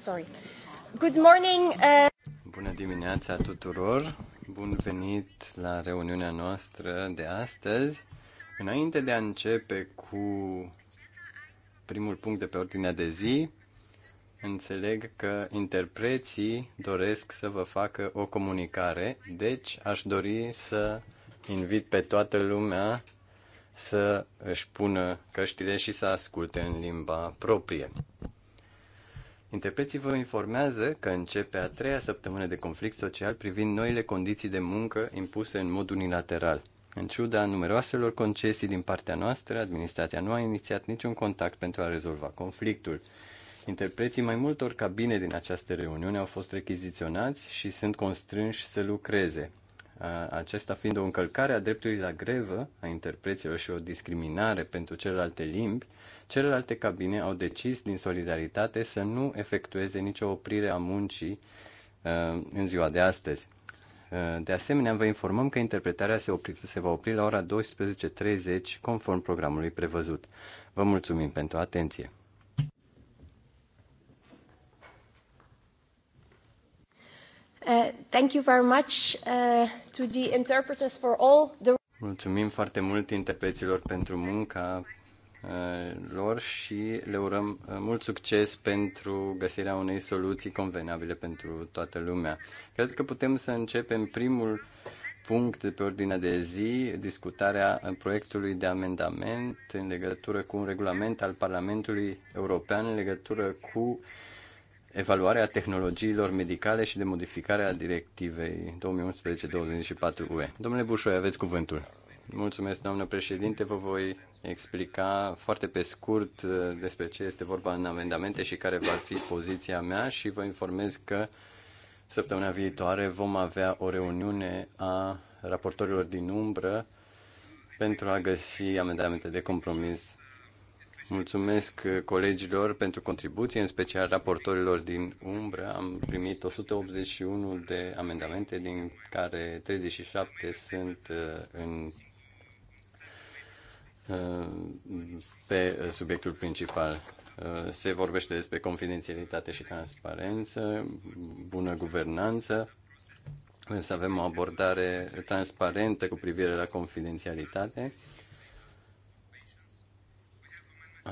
Sorry. Good morning. Uh, Bună dimineața tuturor. Bun venit la reuniunea noastră de astăzi. Înainte de a începe cu primul punct de pe ordinea de zi, înțeleg că interpreții doresc să vă facă o comunicare, deci aș dori să invit pe toată lumea să își pună căștile și să asculte în limba proprie. Interpreții vă informează că începe a treia săptămână de conflict social privind noile condiții de muncă impuse în mod unilateral. În ciuda numeroaselor concesii din partea noastră, administrația nu a inițiat niciun contact pentru a rezolva conflictul. Interpreții mai multor cabine din această reuniune au fost rechiziționați și sunt constrânși să lucreze acesta fiind o încălcare a dreptului la grevă a interpreților și o discriminare pentru celelalte limbi, celelalte cabine au decis din solidaritate să nu efectueze nicio oprire a muncii în ziua de astăzi. De asemenea, vă informăm că interpretarea se, opri, se va opri la ora 12.30 conform programului prevăzut. Vă mulțumim pentru atenție! Uh, thank you very much uh, to the interpreters for all the... Mulțumim foarte mult interpreților pentru munca uh, lor și le urăm uh, mult succes pentru găsirea unei soluții convenabile pentru toată lumea. Cred că putem să începem primul punct de pe ordinea de zi, discutarea uh, proiectului de amendament în legătură cu un regulament al Parlamentului European în legătură cu uh, evaluarea tehnologiilor medicale și de modificare a directivei 2011-24UE. Domnule Bușoi, aveți cuvântul. Mulțumesc, doamnă președinte. Vă voi explica foarte pe scurt uh, despre ce este vorba în amendamente și care va fi poziția mea și vă informez că săptămâna viitoare vom avea o reuniune a raportorilor din umbră pentru a găsi amendamente de compromis Mulțumesc uh, colegilor pentru contribuție, în special raportorilor din umbră. Am primit 181 de amendamente, din care 37 sunt uh, în, uh, pe subiectul principal. Se vorbește despre confidențialitate și transparență, bună guvernanță, să avem o abordare transparentă cu privire la confidențialitate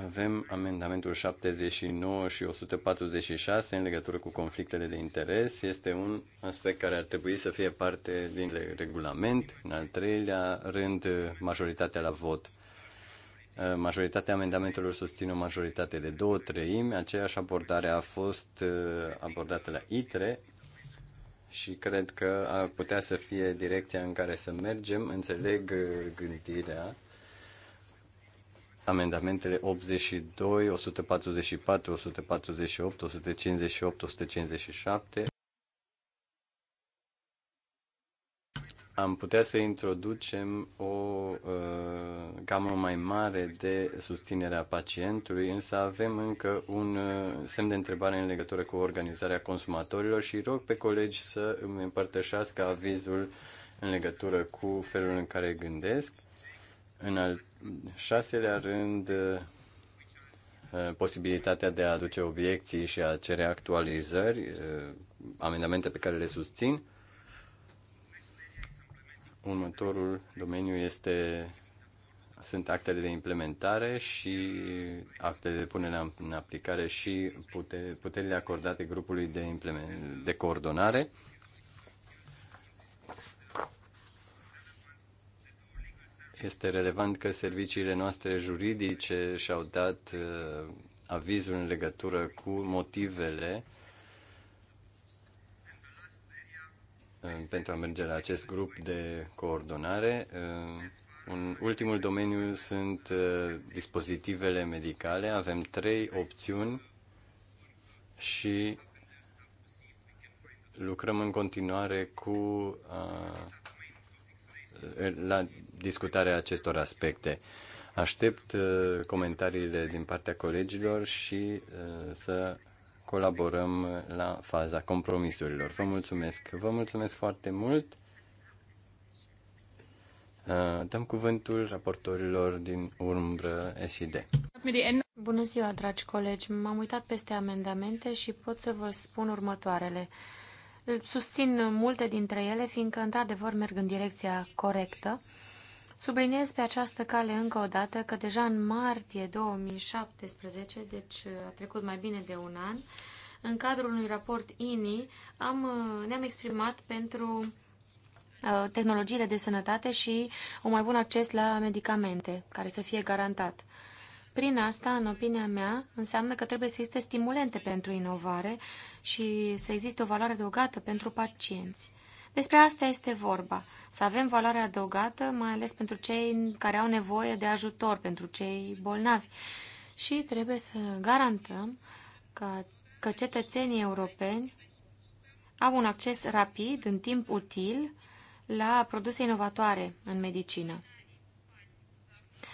avem amendamentul 79 și 146 în legătură cu conflictele de interes. Este un aspect care ar trebui să fie parte din regulament. În al treilea rând, majoritatea la vot. Uh, majoritatea amendamentelor susține o majoritate de două treimi. Aceeași abordare a fost uh, abordată la ITRE și cred că ar putea să fie direcția în care să mergem. Înțeleg uh, gândirea amendamentele 82, 144, 148, 158, 157. Am putea să introducem o uh, gamă mai mare de susținere a pacientului, însă avem încă un uh, semn de întrebare în legătură cu organizarea consumatorilor și rog pe colegi să îmi împărtășească avizul în legătură cu felul în care gândesc în al șaselea rând, uh, posibilitatea de a aduce obiecții și a cere actualizări, uh, amendamente pe care le susțin. Următorul domeniu este sunt actele de implementare și actele de punere în aplicare și puterile acordate grupului de, de coordonare. Este relevant că serviciile noastre juridice și-au dat uh, avizul în legătură cu motivele uh, pentru a merge la acest grup de coordonare. Un uh, ultimul domeniu sunt uh, dispozitivele medicale. Avem trei opțiuni și lucrăm în continuare cu la discutarea acestor aspecte. Aștept uh, comentariile din partea colegilor și uh, să colaborăm la faza compromisurilor. Vă mulțumesc! Vă mulțumesc foarte mult! Uh, dăm cuvântul raportorilor din urmă SID. Bună ziua, dragi colegi! M-am uitat peste amendamente și pot să vă spun următoarele. Susțin multe dintre ele, fiindcă, într-adevăr, merg în direcția corectă. Subliniez pe această cale încă o dată că deja în martie 2017, deci uh, a trecut mai bine de un an, în cadrul unui raport INI am, uh, ne-am exprimat pentru uh, tehnologiile de sănătate și un mai bun acces la medicamente, care să fie garantat. Prin asta, în opinia mea, înseamnă că trebuie să existe stimulente pentru inovare și să existe o valoare adăugată pentru pacienți. Despre asta este vorba, să avem valoare adăugată, mai ales pentru cei care au nevoie de ajutor, pentru cei bolnavi. Și trebuie să garantăm că, că cetățenii europeni au un acces rapid, în timp util, la produse inovatoare în medicină.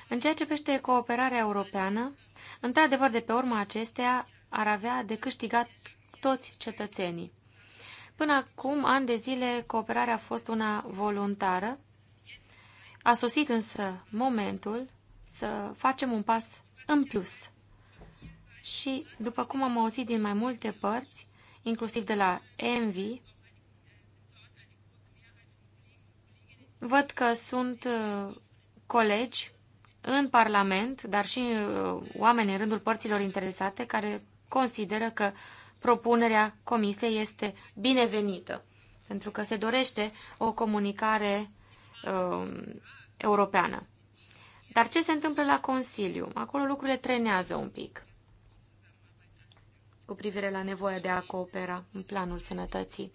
În ceea ce pește cooperarea europeană, într-adevăr, de pe urma acestea ar avea de câștigat toți cetățenii. Până acum, ani de zile, cooperarea a fost una voluntară. A sosit însă momentul să facem un pas în plus. Și, după cum am auzit din mai multe părți, inclusiv de la Envy, văd că sunt uh, colegi în Parlament, dar și uh, oameni în rândul părților interesate care consideră că propunerea comisiei este binevenită, pentru că se dorește o comunicare uh, europeană. Dar ce se întâmplă la Consiliu? Acolo lucrurile trenează un pic cu privire la nevoia de a coopera în planul sănătății.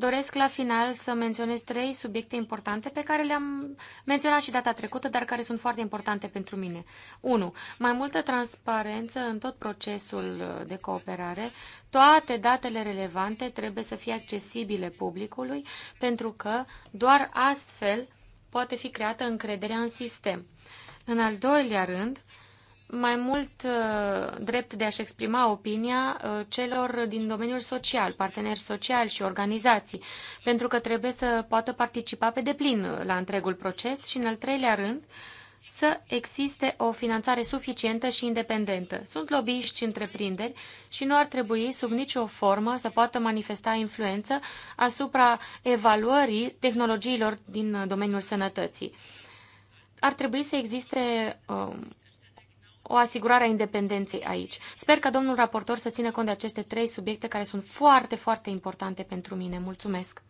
Doresc la final să menționez trei subiecte importante pe care le-am menționat și data trecută, dar care sunt foarte importante pentru mine. 1. Mai multă transparență în tot procesul de cooperare. Toate datele relevante trebuie să fie accesibile publicului, pentru că doar astfel poate fi creată încrederea în sistem. În al doilea rând, mai mult uh, drept de a-și exprima opinia uh, celor din domeniul social, parteneri sociali și organizații, pentru că trebuie să poată participa pe deplin uh, la întregul proces și, în al treilea rând, să existe o finanțare suficientă și independentă. Sunt lobbyiști întreprinderi și nu ar trebui sub nicio formă să poată manifesta influență asupra evaluării tehnologiilor din domeniul sănătății. Ar trebui să existe um, o asigurare a independenței aici. Sper ca domnul raportor să țină cont de aceste trei subiecte care sunt foarte, foarte importante pentru mine. Mulțumesc!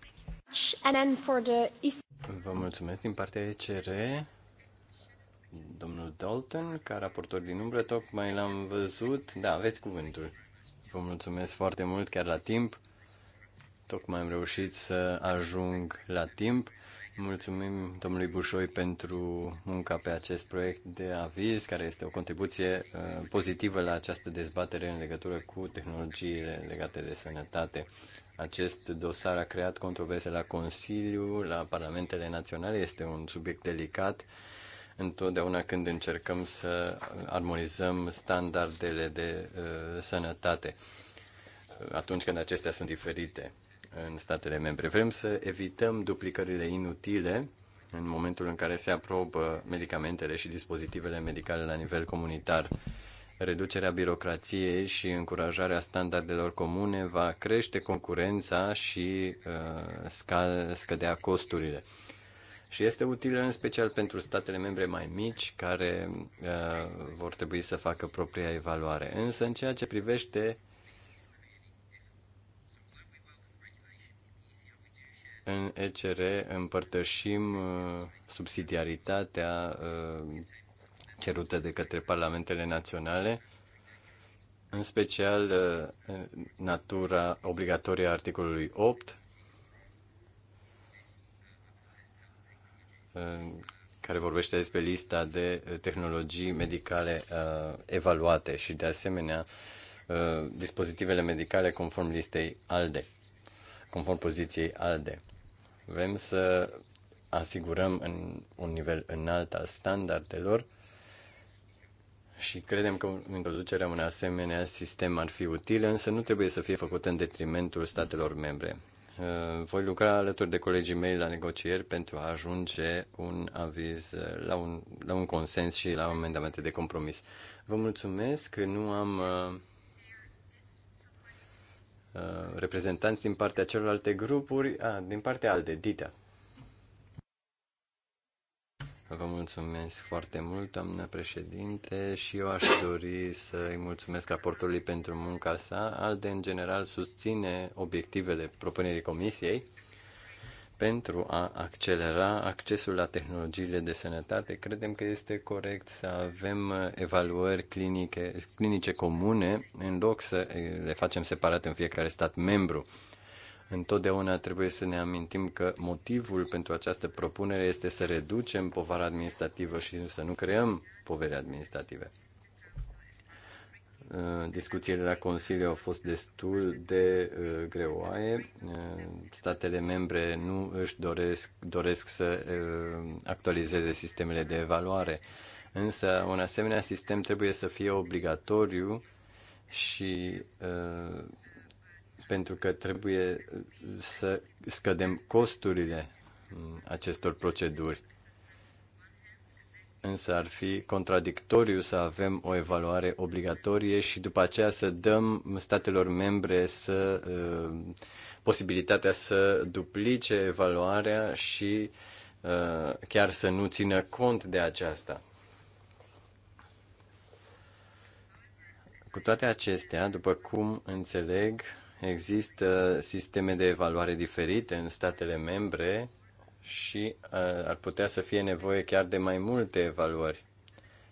Vă mulțumesc din partea ECR. Domnul Dalton, ca raportor din umbră, tocmai l-am văzut. Da, aveți cuvântul. Vă mulțumesc foarte mult, chiar la timp. Tocmai am reușit să ajung la timp. Mulțumim domnului Bușoi pentru munca pe acest proiect de aviz, care este o contribuție uh, pozitivă la această dezbatere în legătură cu tehnologiile legate de sănătate. Acest dosar a creat controverse la Consiliu, la Parlamentele Naționale, este un subiect delicat. Întotdeauna când încercăm să armonizăm standardele de uh, sănătate, uh, atunci când acestea sunt diferite în statele membre. Vrem să evităm duplicările inutile în momentul în care se aprobă medicamentele și dispozitivele medicale la nivel comunitar. Reducerea birocrației și încurajarea standardelor comune va crește concurența și uh, scădea costurile. Și este utilă în special pentru statele membre mai mici care uh, vor trebui să facă propria evaluare. Însă în ceea ce privește În ECR împărtășim uh, subsidiaritatea uh, cerută de către parlamentele naționale, în special uh, natura obligatorie a articolului 8, care vorbește despre lista de tehnologii medicale evaluate și, de asemenea, dispozitivele medicale conform listei ALDE, conform poziției ALDE. Vrem să asigurăm în un nivel înalt al standardelor și credem că introducerea unui asemenea sistem ar fi utilă, însă nu trebuie să fie făcută în detrimentul statelor membre. Uh, voi lucra alături de colegii mei la negocieri pentru a ajunge un aviz uh, la un, la un consens și la amendamente de compromis. Vă mulțumesc, că nu am uh, Uh, reprezentanți din partea celorlalte grupuri, a, uh, din partea alte, Dita. Vă mulțumesc foarte mult, doamnă președinte, și eu aș dori să îi mulțumesc raportului pentru munca sa. ALDE, în general, susține obiectivele propunerii comisiei pentru a accelera accesul la tehnologiile de sănătate, credem că este corect să avem uh, evaluări clinice, clinice comune în loc să uh, le facem separate în fiecare stat membru. Întotdeauna trebuie să ne amintim că motivul pentru această propunere este să reducem povara administrativă și să nu creăm povere administrative. Discuțiile la Consiliu au fost destul de uh, greoaie. Uh, statele membre nu își doresc, doresc să uh, actualizeze sistemele de evaluare, însă un asemenea sistem trebuie să fie obligatoriu și pentru că trebuie să scădem costurile mm, acestor proceduri. Însă ar fi contradictoriu să avem o evaluare obligatorie și după aceea să dăm statelor membre să uh, posibilitatea să duplice evaluarea și uh, chiar să nu țină cont de aceasta. Cu toate acestea, după cum înțeleg, există sisteme de evaluare diferite în statele membre și ar putea să fie nevoie chiar de mai multe evaluări.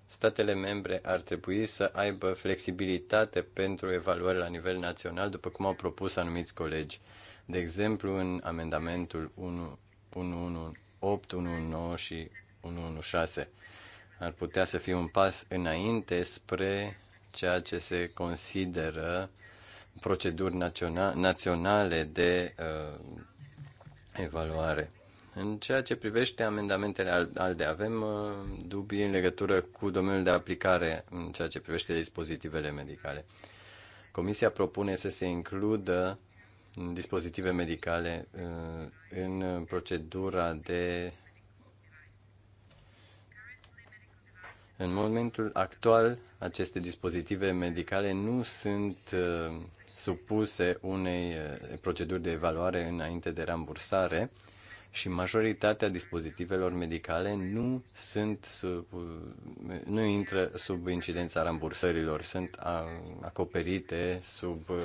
Statele membre ar trebui să aibă flexibilitate pentru evaluări la nivel național, după cum au propus anumiți colegi. De exemplu, în amendamentul 118, 119 și 116 ar putea să fie un pas înainte spre ceea ce se consideră proceduri naționale de uh, evaluare. În ceea ce privește amendamentele ALDE, avem uh, dubii în legătură cu domeniul de aplicare în ceea ce privește dispozitivele medicale. Comisia propune să se includă dispozitive medicale uh, în procedura de. În momentul actual, aceste dispozitive medicale nu sunt uh, supuse unei proceduri de evaluare înainte de rambursare și majoritatea dispozitivelor medicale nu sunt sub, nu intră sub incidența rambursărilor, sunt acoperite sub uh,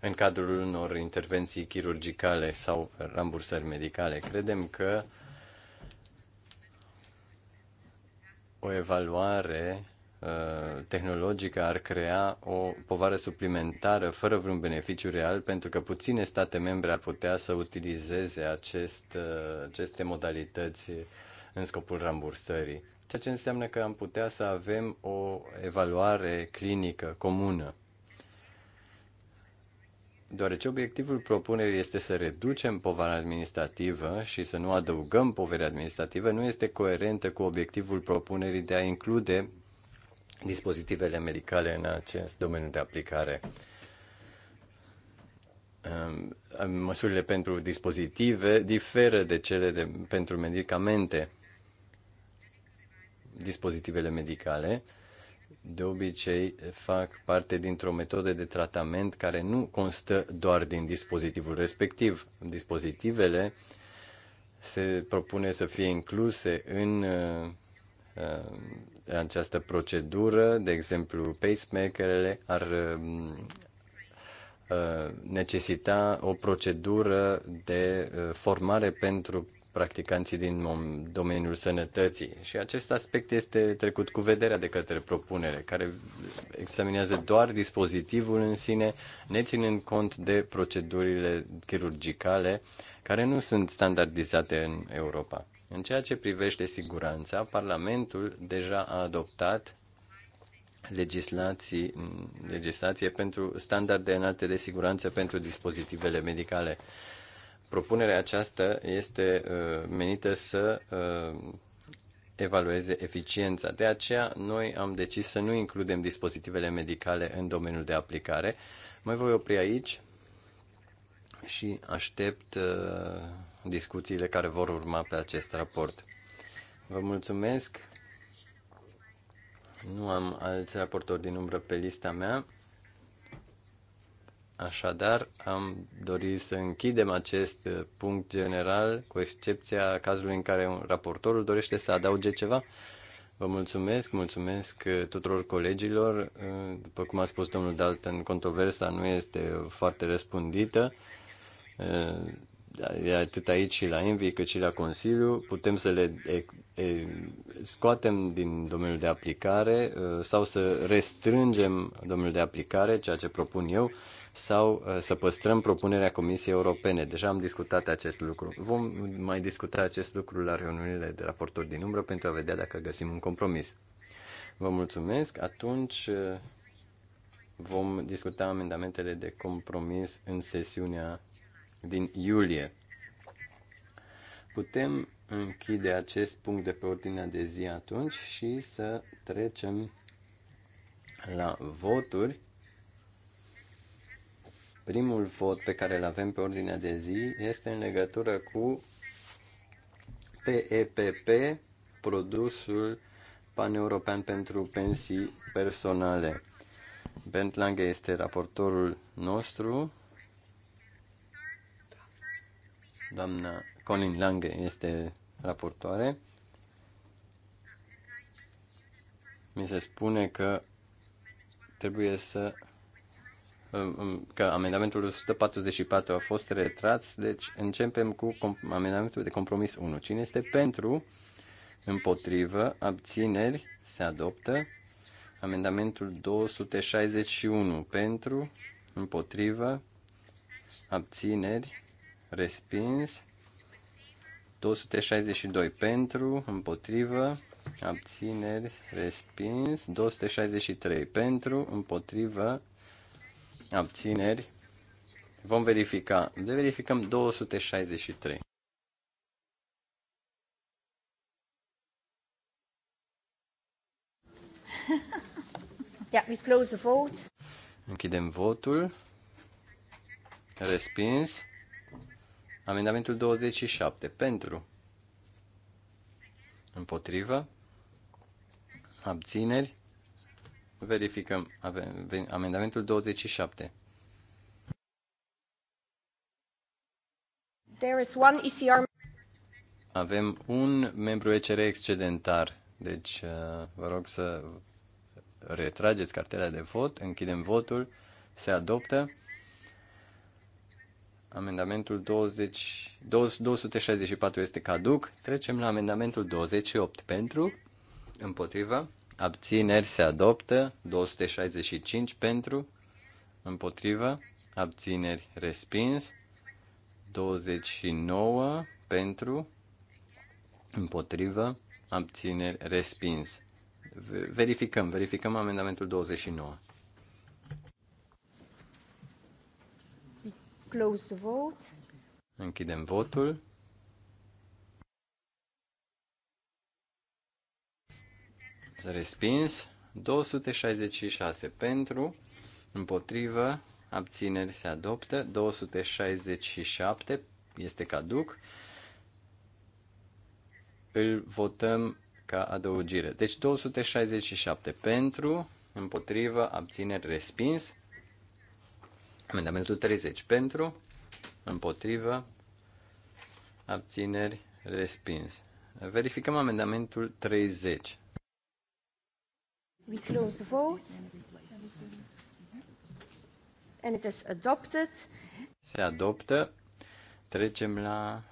în cadrul unor intervenții chirurgicale sau rambursări medicale. Credem că o evaluare Uh, tehnologică ar crea o povară suplimentară fără vreun beneficiu real, pentru că puține state membre ar putea să utilizeze acest, uh, aceste modalități în scopul rambursării. Ceea ce înseamnă că am putea să avem o evaluare clinică comună. Deoarece obiectivul propunerii este să reducem povara administrativă și să nu adăugăm povere administrativă, nu este coerentă cu obiectivul propunerii de a include dispozitivele medicale în acest domeniu de aplicare. Măsurile pentru dispozitive diferă de cele de, pentru medicamente. Dispozitivele medicale de obicei fac parte dintr-o metodă de tratament care nu constă doar din dispozitivul respectiv. Dispozitivele se propune să fie incluse în uh, uh, această procedură, de exemplu, pacemakerele ar um, uh, necesita o procedură de uh, formare pentru practicanții din domeniul sănătății. Și acest aspect este trecut cu vederea de către propunere, care examinează doar dispozitivul în sine, neținând cont de procedurile chirurgicale care nu sunt standardizate în Europa. În ceea ce privește siguranța, Parlamentul deja a adoptat legislații, legislație pentru standarde înalte de siguranță pentru dispozitivele medicale. Propunerea aceasta este uh, menită să uh, evalueze eficiența. De aceea, noi am decis să nu includem dispozitivele medicale în domeniul de aplicare. Mai voi opri aici și aștept uh, discuțiile care vor urma pe acest raport. Vă mulțumesc. Nu am alți raportori din umbră pe lista mea. Așadar, am dorit să închidem acest uh, punct general, cu excepția cazului în care un raportorul dorește să adauge ceva. Vă mulțumesc, mulțumesc uh, tuturor colegilor. După cum a spus domnul Dalton, controversa nu este foarte răspândită. Eh, atât aici și la Envi, cât și la Consiliu, putem să le scoatem din domeniul de aplicare eh, sau să restrângem domeniul de aplicare, ceea ce propun eu, sau eh, să păstrăm propunerea Comisiei Europene. Deja am discutat acest lucru. Vom mai discuta acest lucru la reuniunile de raportori din umbră pentru a vedea dacă găsim un compromis. Vă mulțumesc. Atunci vom discuta amendamentele de compromis în sesiunea din iulie. Putem închide acest punct de pe ordinea de zi atunci și să trecem la voturi. Primul vot pe care îl avem pe ordinea de zi este în legătură cu PEPP, produsul paneuropean pentru pensii personale. Bent Lange este raportorul nostru Doamna Colin Lange este raportoare. Mi se spune că trebuie să um, um, că amendamentul 144 a fost retrat, deci începem cu amendamentul de compromis 1. Cine este pentru, împotrivă, abțineri, se adoptă. Amendamentul 261 pentru, împotrivă, abțineri, Respins. 262 pentru, împotrivă, abțineri, respins. 263 pentru, împotrivă, abțineri. Vom verifica. De verificăm 263. Yeah, we close the vote. Închidem votul. Respins. Amendamentul 27. Pentru. Împotrivă. Abțineri. Verificăm. Avem, amendamentul 27. There is one ECR... Avem un membru ECR excedentar. Deci uh, vă rog să retrageți cartela de vot, închidem votul, se adoptă. Amendamentul 20, 264 este caduc. Trecem la amendamentul 28 pentru, împotriva, abțineri se adoptă, 265 pentru, împotriva, abțineri respins, 29 pentru, împotriva, abțineri, respins. Verificăm, verificăm amendamentul 29. Close the vote. Închidem votul. S-a respins. 266 pentru, împotrivă, abțineri se adoptă. 267 este caduc. Îl votăm ca adăugire. Deci 267 pentru, împotrivă, abțineri, respins. Amendamentul 30 pentru, împotrivă, abțineri, respins. Verificăm amendamentul 30. We close the vote. And it is adopted. Se adoptă. Trecem la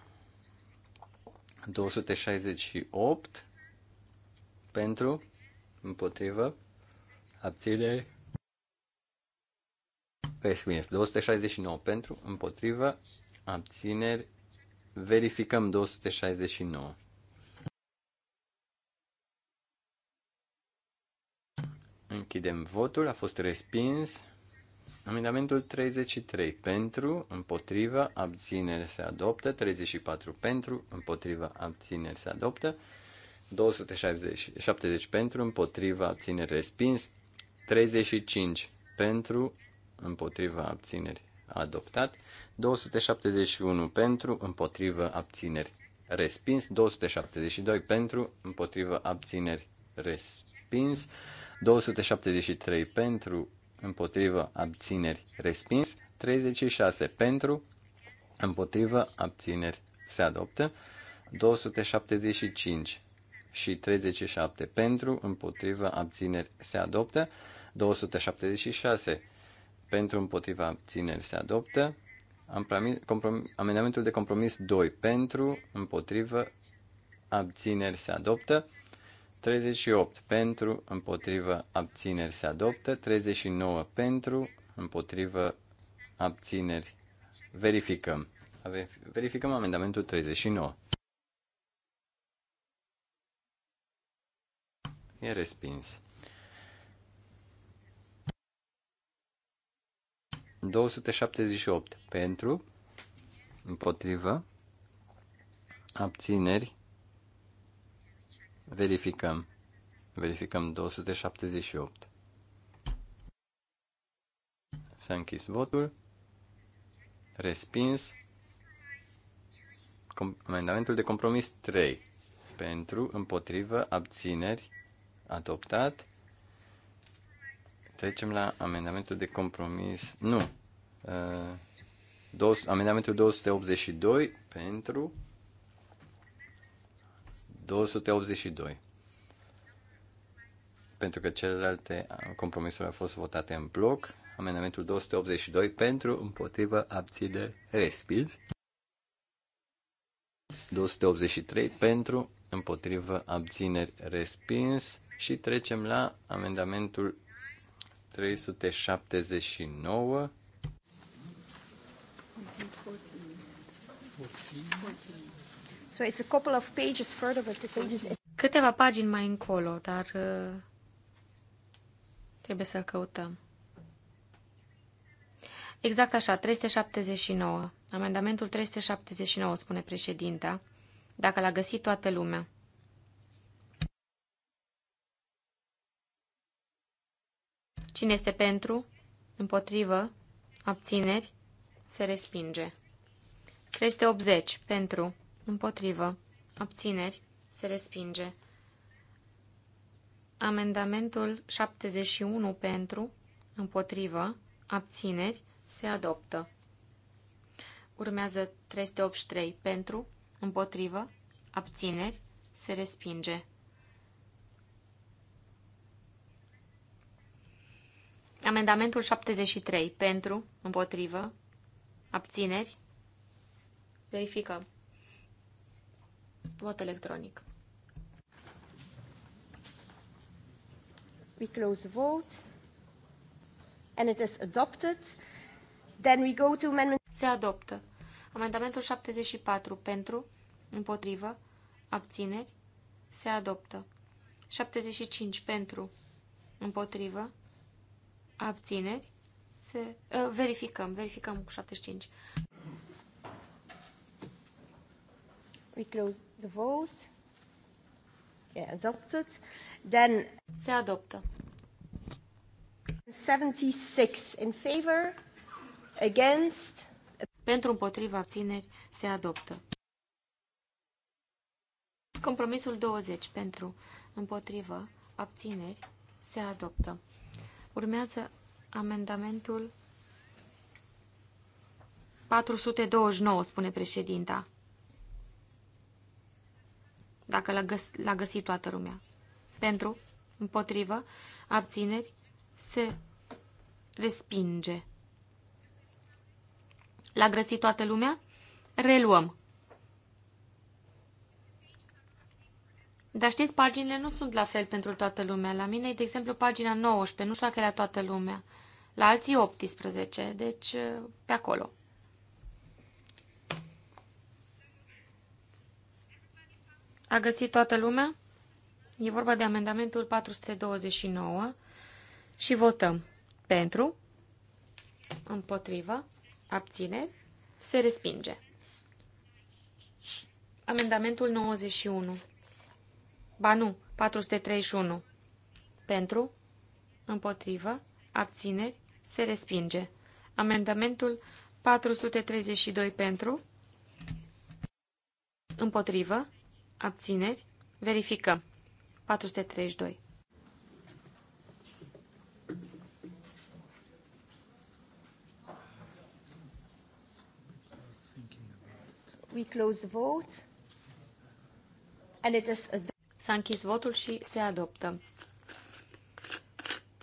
268 pentru, împotrivă, abțineri, respins. 269 pentru, împotrivă, abțineri, verificăm 269. Închidem votul, a fost respins. Amendamentul 33 pentru, împotrivă, abțineri se adoptă, 34 pentru, împotrivă, abțineri se adoptă, 270 pentru, împotrivă, abțineri respins, 35 pentru, împotriva abțineri adoptat, 271 pentru, împotriva abțineri respins, 272 pentru, împotriva abțineri respins, 273 pentru, împotriva abțineri respins, 36 pentru, împotriva abțineri se adoptă, 275 și 37 pentru, împotriva abțineri se adoptă, 276 pentru împotriva abțineri se adoptă. Amendamentul de compromis 2 pentru împotrivă abțineri se adoptă. 38 pentru împotrivă abțineri se adoptă. 39 pentru împotrivă abțineri. Verificăm. Verificăm amendamentul 39. E respins. 278 pentru, împotrivă, abțineri, verificăm. Verificăm 278. S-a închis votul. Respins. Com amendamentul de compromis 3. Pentru, împotrivă, abțineri, adoptat. Trecem la amendamentul de compromis. Nu. Uh, amendamentul 282 pentru 282. Pentru că celelalte uh, compromisuri au fost votate în bloc. Amendamentul 282 pentru, împotrivă, abține, respins. 283 pentru, împotrivă, abțineri, respins. Și trecem la amendamentul 379. So it's a couple of pages further, but the pages... Câteva pagini mai încolo, dar uh, trebuie să-l căutăm. Exact așa, 379. Amendamentul 379, spune președinta, dacă l-a găsit toată lumea. Cine este pentru? Împotrivă? Abțineri? Se respinge. 380. Pentru. Împotrivă. Abțineri. Se respinge. Amendamentul 71 pentru, împotrivă, abțineri, se adoptă. Urmează 383 pentru, împotrivă, abțineri, se respinge. Amendamentul 73. Pentru, împotrivă, abțineri. verifică. Vot electronic. We close vote and it is adopted. Then we go to amendment... Se adoptă. Amendamentul 74 pentru, împotrivă, abțineri, se adoptă. 75 pentru, împotrivă, abțineri, se, uh, verificăm, verificăm cu 75. We close the vote. Yeah, adopted. Then se adoptă. 76 in favor, against. Pentru împotriva abțineri se adoptă. Compromisul 20 pentru împotrivă abțineri se adoptă. Urmează amendamentul 429, spune președinta. Dacă l-a găs găsit toată lumea. Pentru, împotrivă, abțineri, se respinge. L-a găsit toată lumea? Reluăm. Dar știți, paginile nu sunt la fel pentru toată lumea. La mine e, de exemplu, pagina 19, nu știu dacă e la toată lumea. La alții 18, deci uh, pe acolo. A găsit toată lumea? E vorba de amendamentul 429 și votăm pentru, împotrivă, abțineri, se respinge. Amendamentul 91. Ba nu, 431. Pentru, împotrivă, abțineri, se respinge. Amendamentul 432 pentru, împotrivă, abțineri, verificăm. 432. We close the vote and it is S-a închis votul și se adoptă.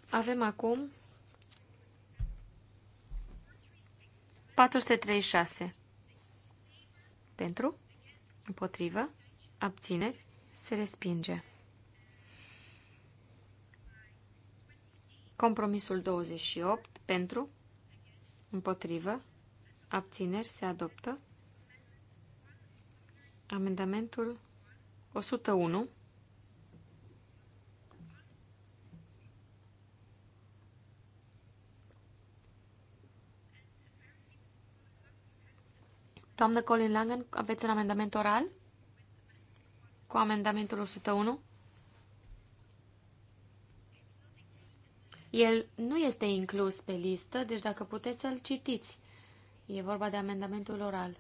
Avem acum 436. Pentru, împotrivă, abține, se respinge. Compromisul 28, pentru, împotrivă, abțineri, se adoptă. Amendamentul 101 Doamnă Colin Langen, aveți un amendament oral? Cu amendamentul 101? El nu este inclus pe listă, deci dacă puteți să-l citiți. E vorba de amendamentul oral.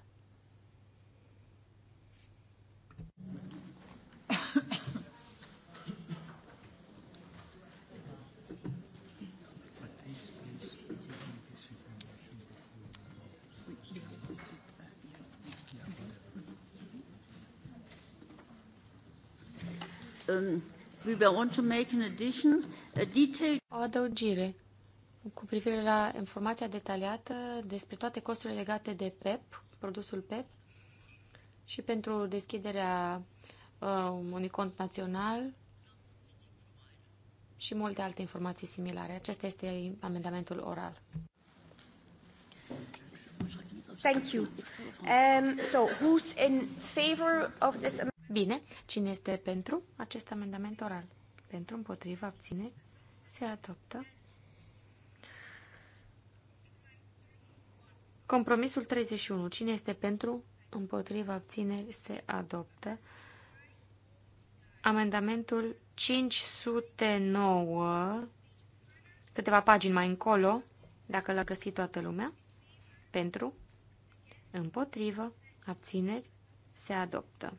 Um, o adăugire cu privire la informația detaliată despre toate costurile legate de PEP, produsul PEP, și pentru deschiderea uh, unui cont național și multe alte informații similare. Acesta este amendamentul oral. Thank you. Um, so, who's in favor of this amendment? Bine, cine este pentru acest amendament oral? Pentru, împotriva, abține, se adoptă. Compromisul 31. Cine este pentru, împotriva, abțineri, se adoptă. Amendamentul 509, câteva pagini mai încolo, dacă l-a găsit toată lumea, pentru, împotrivă, abțineri, se adoptă.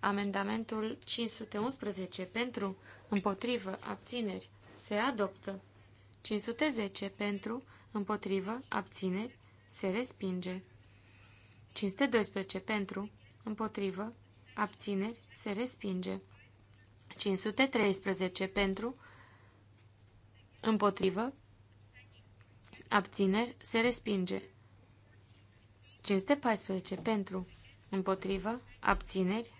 Amendamentul 511 pentru, împotrivă, abțineri, se adoptă. 510 pentru, împotrivă, abțineri, se respinge. 512 pentru, împotrivă, abțineri, se respinge. 513 pentru, împotrivă, abțineri, se respinge. 514 pentru, împotrivă, abțineri,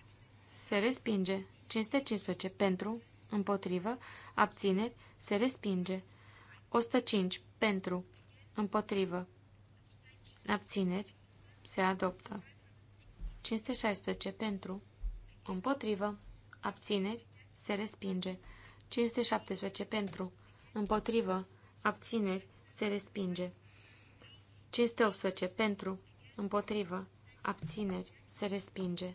se respinge. 515 pentru, împotrivă, abțineri, se respinge. 105 pentru, împotrivă, abțineri, se adoptă. 516 pentru, împotrivă, abțineri, se respinge. 517 pentru, împotrivă, abțineri, se respinge. 518 pentru, împotrivă, abțineri, se respinge.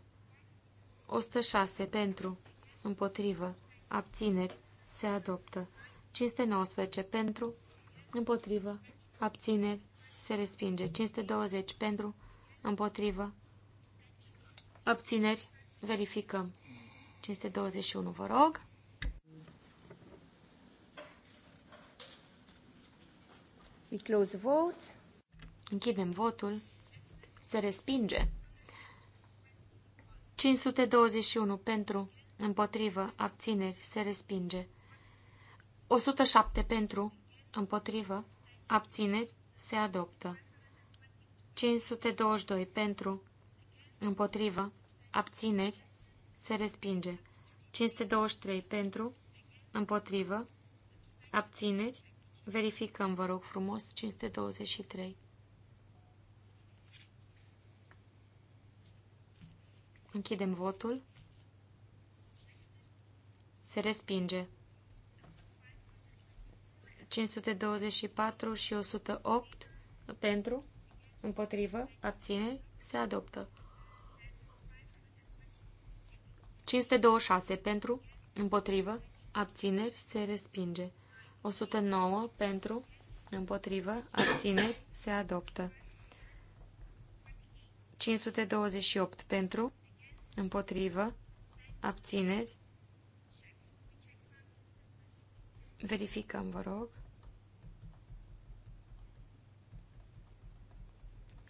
106 pentru, împotrivă, abțineri, se adoptă. 519 pentru, împotrivă, abțineri, se respinge. 520 pentru, împotrivă, abțineri, verificăm. 521, vă rog. We close vote. Închidem votul. Se respinge. 521 pentru, împotrivă, abțineri, se respinge. 107 pentru, împotrivă, abțineri, se adoptă. 522 pentru, împotrivă, abțineri, se respinge. 523 pentru, împotrivă, abțineri, verificăm, vă rog frumos, 523. Închidem votul. Se respinge. 524 și 108 pentru, împotrivă, abține, se adoptă. 526 pentru, împotrivă, abțineri, se respinge. 109 pentru, împotrivă, abțineri, se adoptă. 528 pentru, împotrivă, abțineri. Verificăm, vă rog.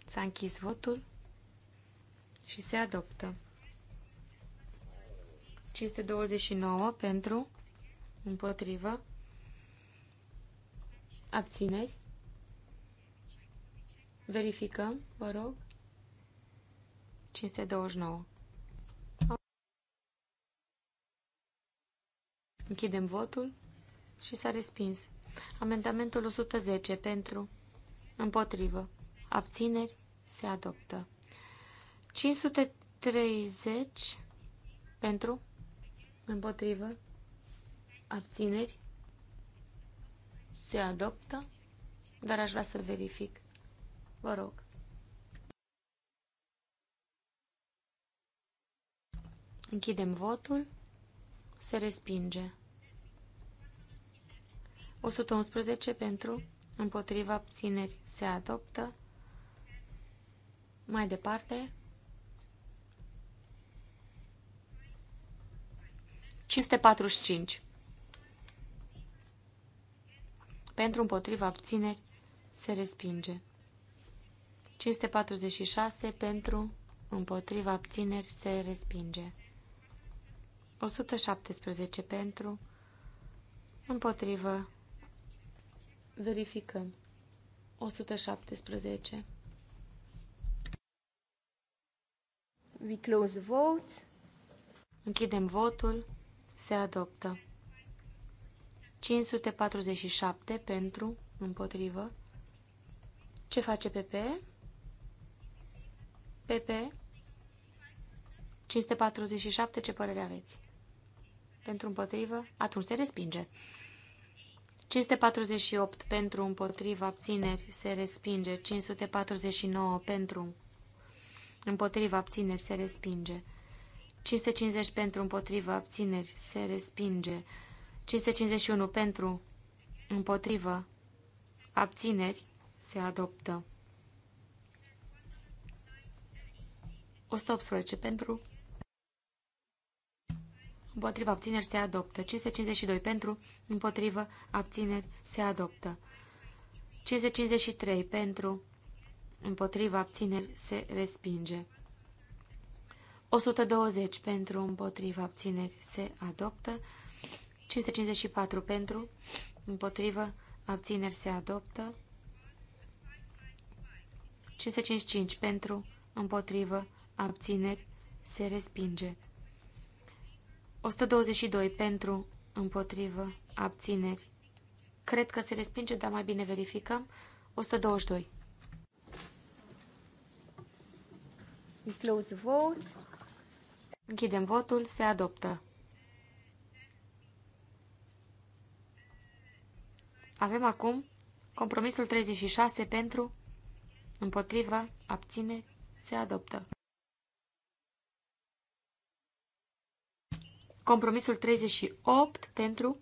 S-a închis votul și se adoptă. 529 pentru, împotrivă, abțineri. Verificăm, vă rog. 529. Închidem votul și s-a respins. Amendamentul 110 pentru, împotrivă, abțineri, se adoptă. 530 pentru, împotrivă, abțineri, se adoptă, dar aș vrea să verific. Vă rog. Închidem votul se respinge. 111 pentru, împotriva abțineri se adoptă. Mai departe, 545 pentru împotriva abțineri se respinge. 546 pentru împotriva abțineri se respinge. 117 pentru, împotrivă, verificăm, 117. We close vote. Închidem votul. Se adoptă. 547 pentru, împotrivă. Ce face PP? PP? 547, ce părere aveți? pentru împotrivă, atunci se respinge. 548 pentru împotrivă, abțineri, se respinge. 549 pentru împotrivă, abțineri, se respinge. 550 pentru împotrivă, abțineri, se respinge. 551 pentru împotrivă, abțineri, se adoptă. 118 pentru împotriva abțineri se adoptă. 552 pentru, împotriva abțineri se adoptă. 553 pentru, împotriva abțineri se respinge. 120 pentru, împotriva abțineri se adoptă. 554 pentru, împotriva abțineri se adoptă. 555 pentru, împotriva abțineri, se respinge. 122 pentru, împotrivă, abțineri. Cred că se respinge, dar mai bine verificăm. 122. We close vote. Închidem votul, se adoptă. Avem acum compromisul 36 pentru, împotrivă, abțineri, se adoptă. Compromisul 38 pentru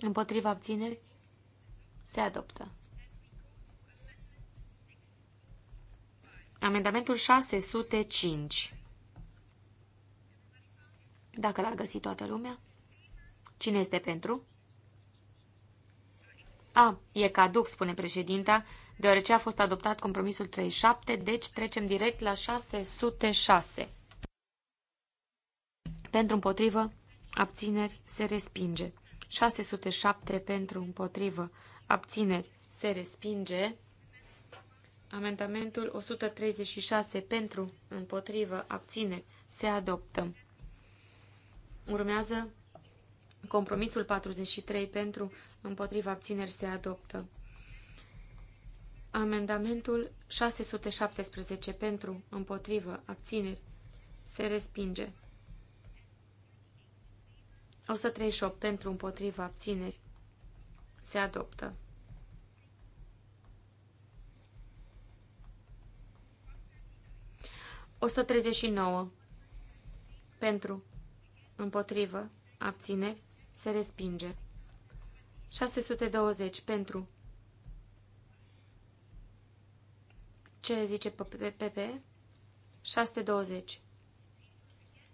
împotriva abțineri se adoptă. Amendamentul 605. Dacă l-a găsit toată lumea. Cine este pentru? A, e caduc, spune președinta, deoarece a fost adoptat compromisul 37, deci trecem direct la 606 pentru împotrivă, abțineri, se respinge. 607 pentru împotrivă, abțineri, se respinge. Amendamentul 136 pentru împotrivă, abțineri, se adoptă. Urmează compromisul 43 pentru împotrivă, abțineri se adoptă. Amendamentul 617 pentru împotrivă abțineri se respinge. 138 pentru împotriva abțineri se adoptă. O 139 pentru împotrivă abțineri se respinge. 620 pentru ce zice PP? 620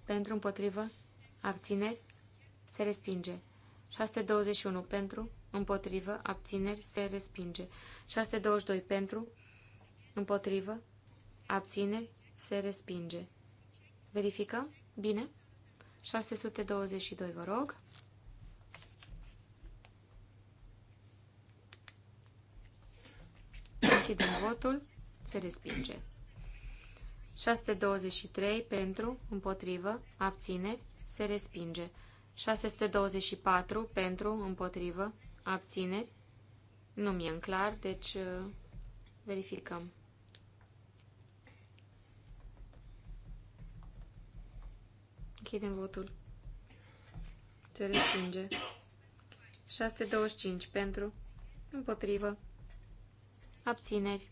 pentru împotrivă abțineri se respinge. 621 pentru, împotrivă, abțineri, se respinge. 622 pentru, împotrivă, abțineri, se respinge. Verificăm? Bine. 622, vă rog. Închidem votul. Se respinge. 623 pentru, împotrivă, abțineri, se respinge. 624 pentru, împotrivă, abțineri. Nu mi-e în clar, deci uh, verificăm. Închidem votul. Se respinge. 625 pentru, împotrivă, abțineri.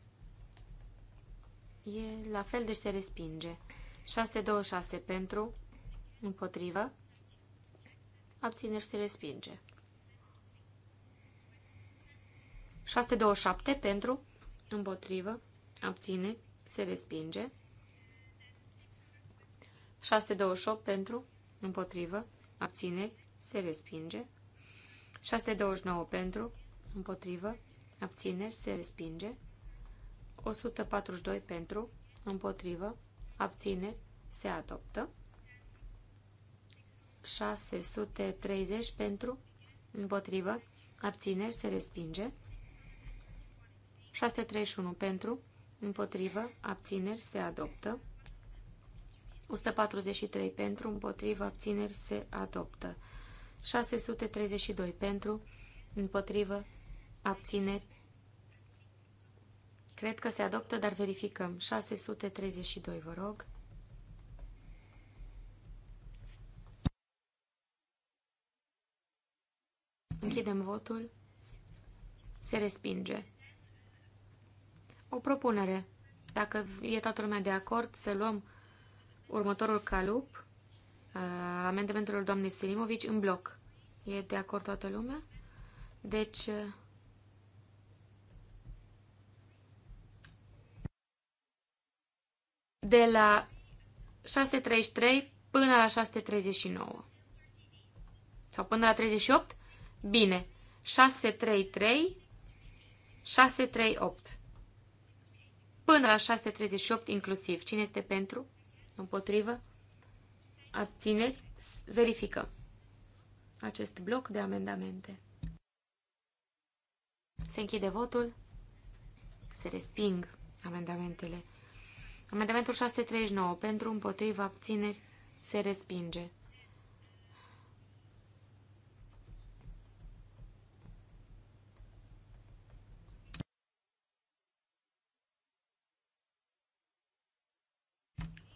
E la fel, deci se respinge. 626 pentru, împotrivă, abțineri se respinge. 627 pentru, împotrivă, abține, se respinge. 628 pentru, împotrivă, abține, se respinge. 629 pentru, împotrivă, abține, se respinge. 142 pentru, împotrivă, abține, se adoptă. 630 pentru, împotrivă, abțineri, se respinge. 631 pentru, împotrivă, abțineri, se adoptă. 143 pentru, împotrivă, abțineri, se adoptă. 632 pentru, împotrivă, abțineri. Cred că se adoptă, dar verificăm. 632, vă rog. Închidem votul. Se respinge. O propunere. Dacă e toată lumea de acord, să luăm următorul calup, uh, amendamentelor doamnei Selimovici, în bloc. E de acord toată lumea? Deci... Uh, de la 633 până la 639. Sau până la 38? Bine. 633, 638. Până la 638 inclusiv. Cine este pentru? Împotrivă? Abțineri? Verificăm acest bloc de amendamente. Se închide votul. Se resping amendamentele. Amendamentul 639 pentru împotriva abțineri se respinge.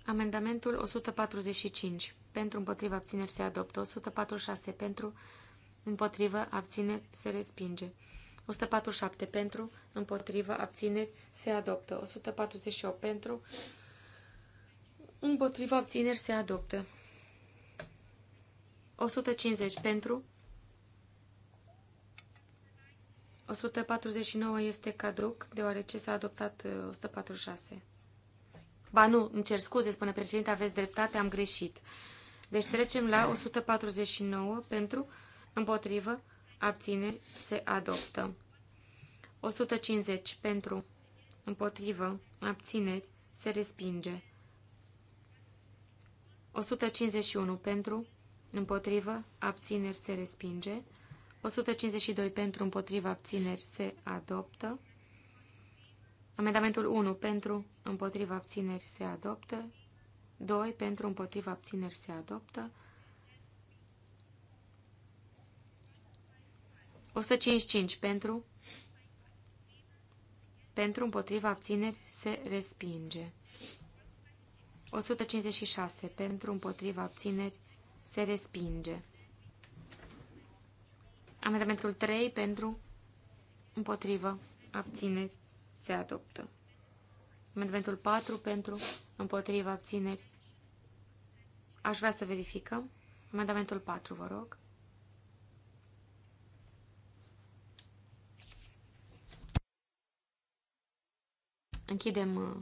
Amendamentul 145. Pentru împotriva abțineri se adoptă. 146. Pentru împotriva abțineri se respinge. 147. Pentru împotriva abțineri se adoptă. 148. Pentru împotriva abțineri se adoptă. 150. Pentru 149 este caduc, deoarece s-a adoptat 146. Uh, Ba nu, îmi cer scuze, spune președinte, aveți dreptate, am greșit. Deci trecem la 149 pentru, împotrivă, abțineri, se adoptă. 150 pentru, împotrivă, abțineri, se respinge. 151 pentru, împotrivă, abțineri, se respinge. 152 pentru, împotrivă, abțineri, se adoptă. Amendamentul 1 pentru, împotriva abțineri se adoptă, 2 pentru împotriva abțineri se adoptă, 155 pentru, pentru împotriva abțineri se respinge, 156 pentru împotriva abțineri se respinge, amendamentul 3 pentru împotriva abțineri se adoptă. Amendamentul 4 pentru, împotriva, abțineri. Aș vrea să verificăm. Amendamentul 4, vă rog. Închidem uh,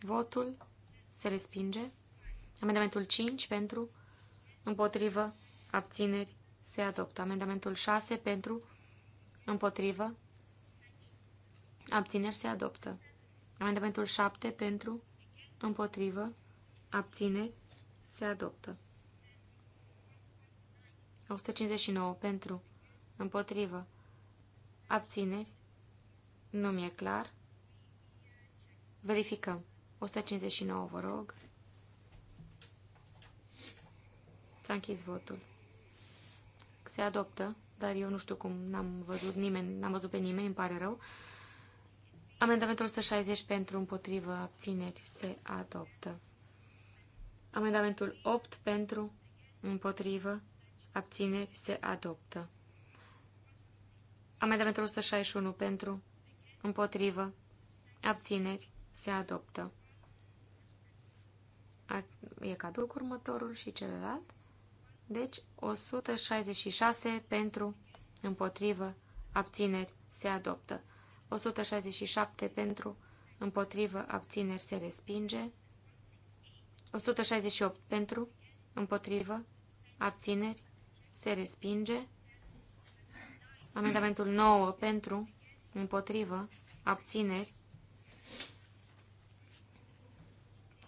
votul. Se respinge. Amendamentul 5 pentru, împotrivă, abțineri. Se adoptă. Amendamentul 6 pentru, împotrivă, abțineri. Se adoptă. Amendamentul 7 pentru, împotrivă, abțineri, se adoptă. 159 pentru, împotrivă, abțineri, nu mi-e clar. Verificăm. 159, vă rog. S-a închis votul. Se adoptă, dar eu nu știu cum, n-am văzut nimeni, n-am văzut pe nimeni, îmi pare rău. Amendamentul 160 pentru împotrivă abțineri se adoptă. Amendamentul 8 pentru împotrivă abțineri se adoptă. Amendamentul 161 pentru împotrivă abțineri se adoptă. E caduc următorul și celălalt. Deci 166 pentru împotrivă abțineri se adoptă. 167 pentru, împotrivă, abțineri se respinge. 168 pentru, împotrivă, abțineri se respinge. Amendamentul 9 pentru, împotrivă, abțineri.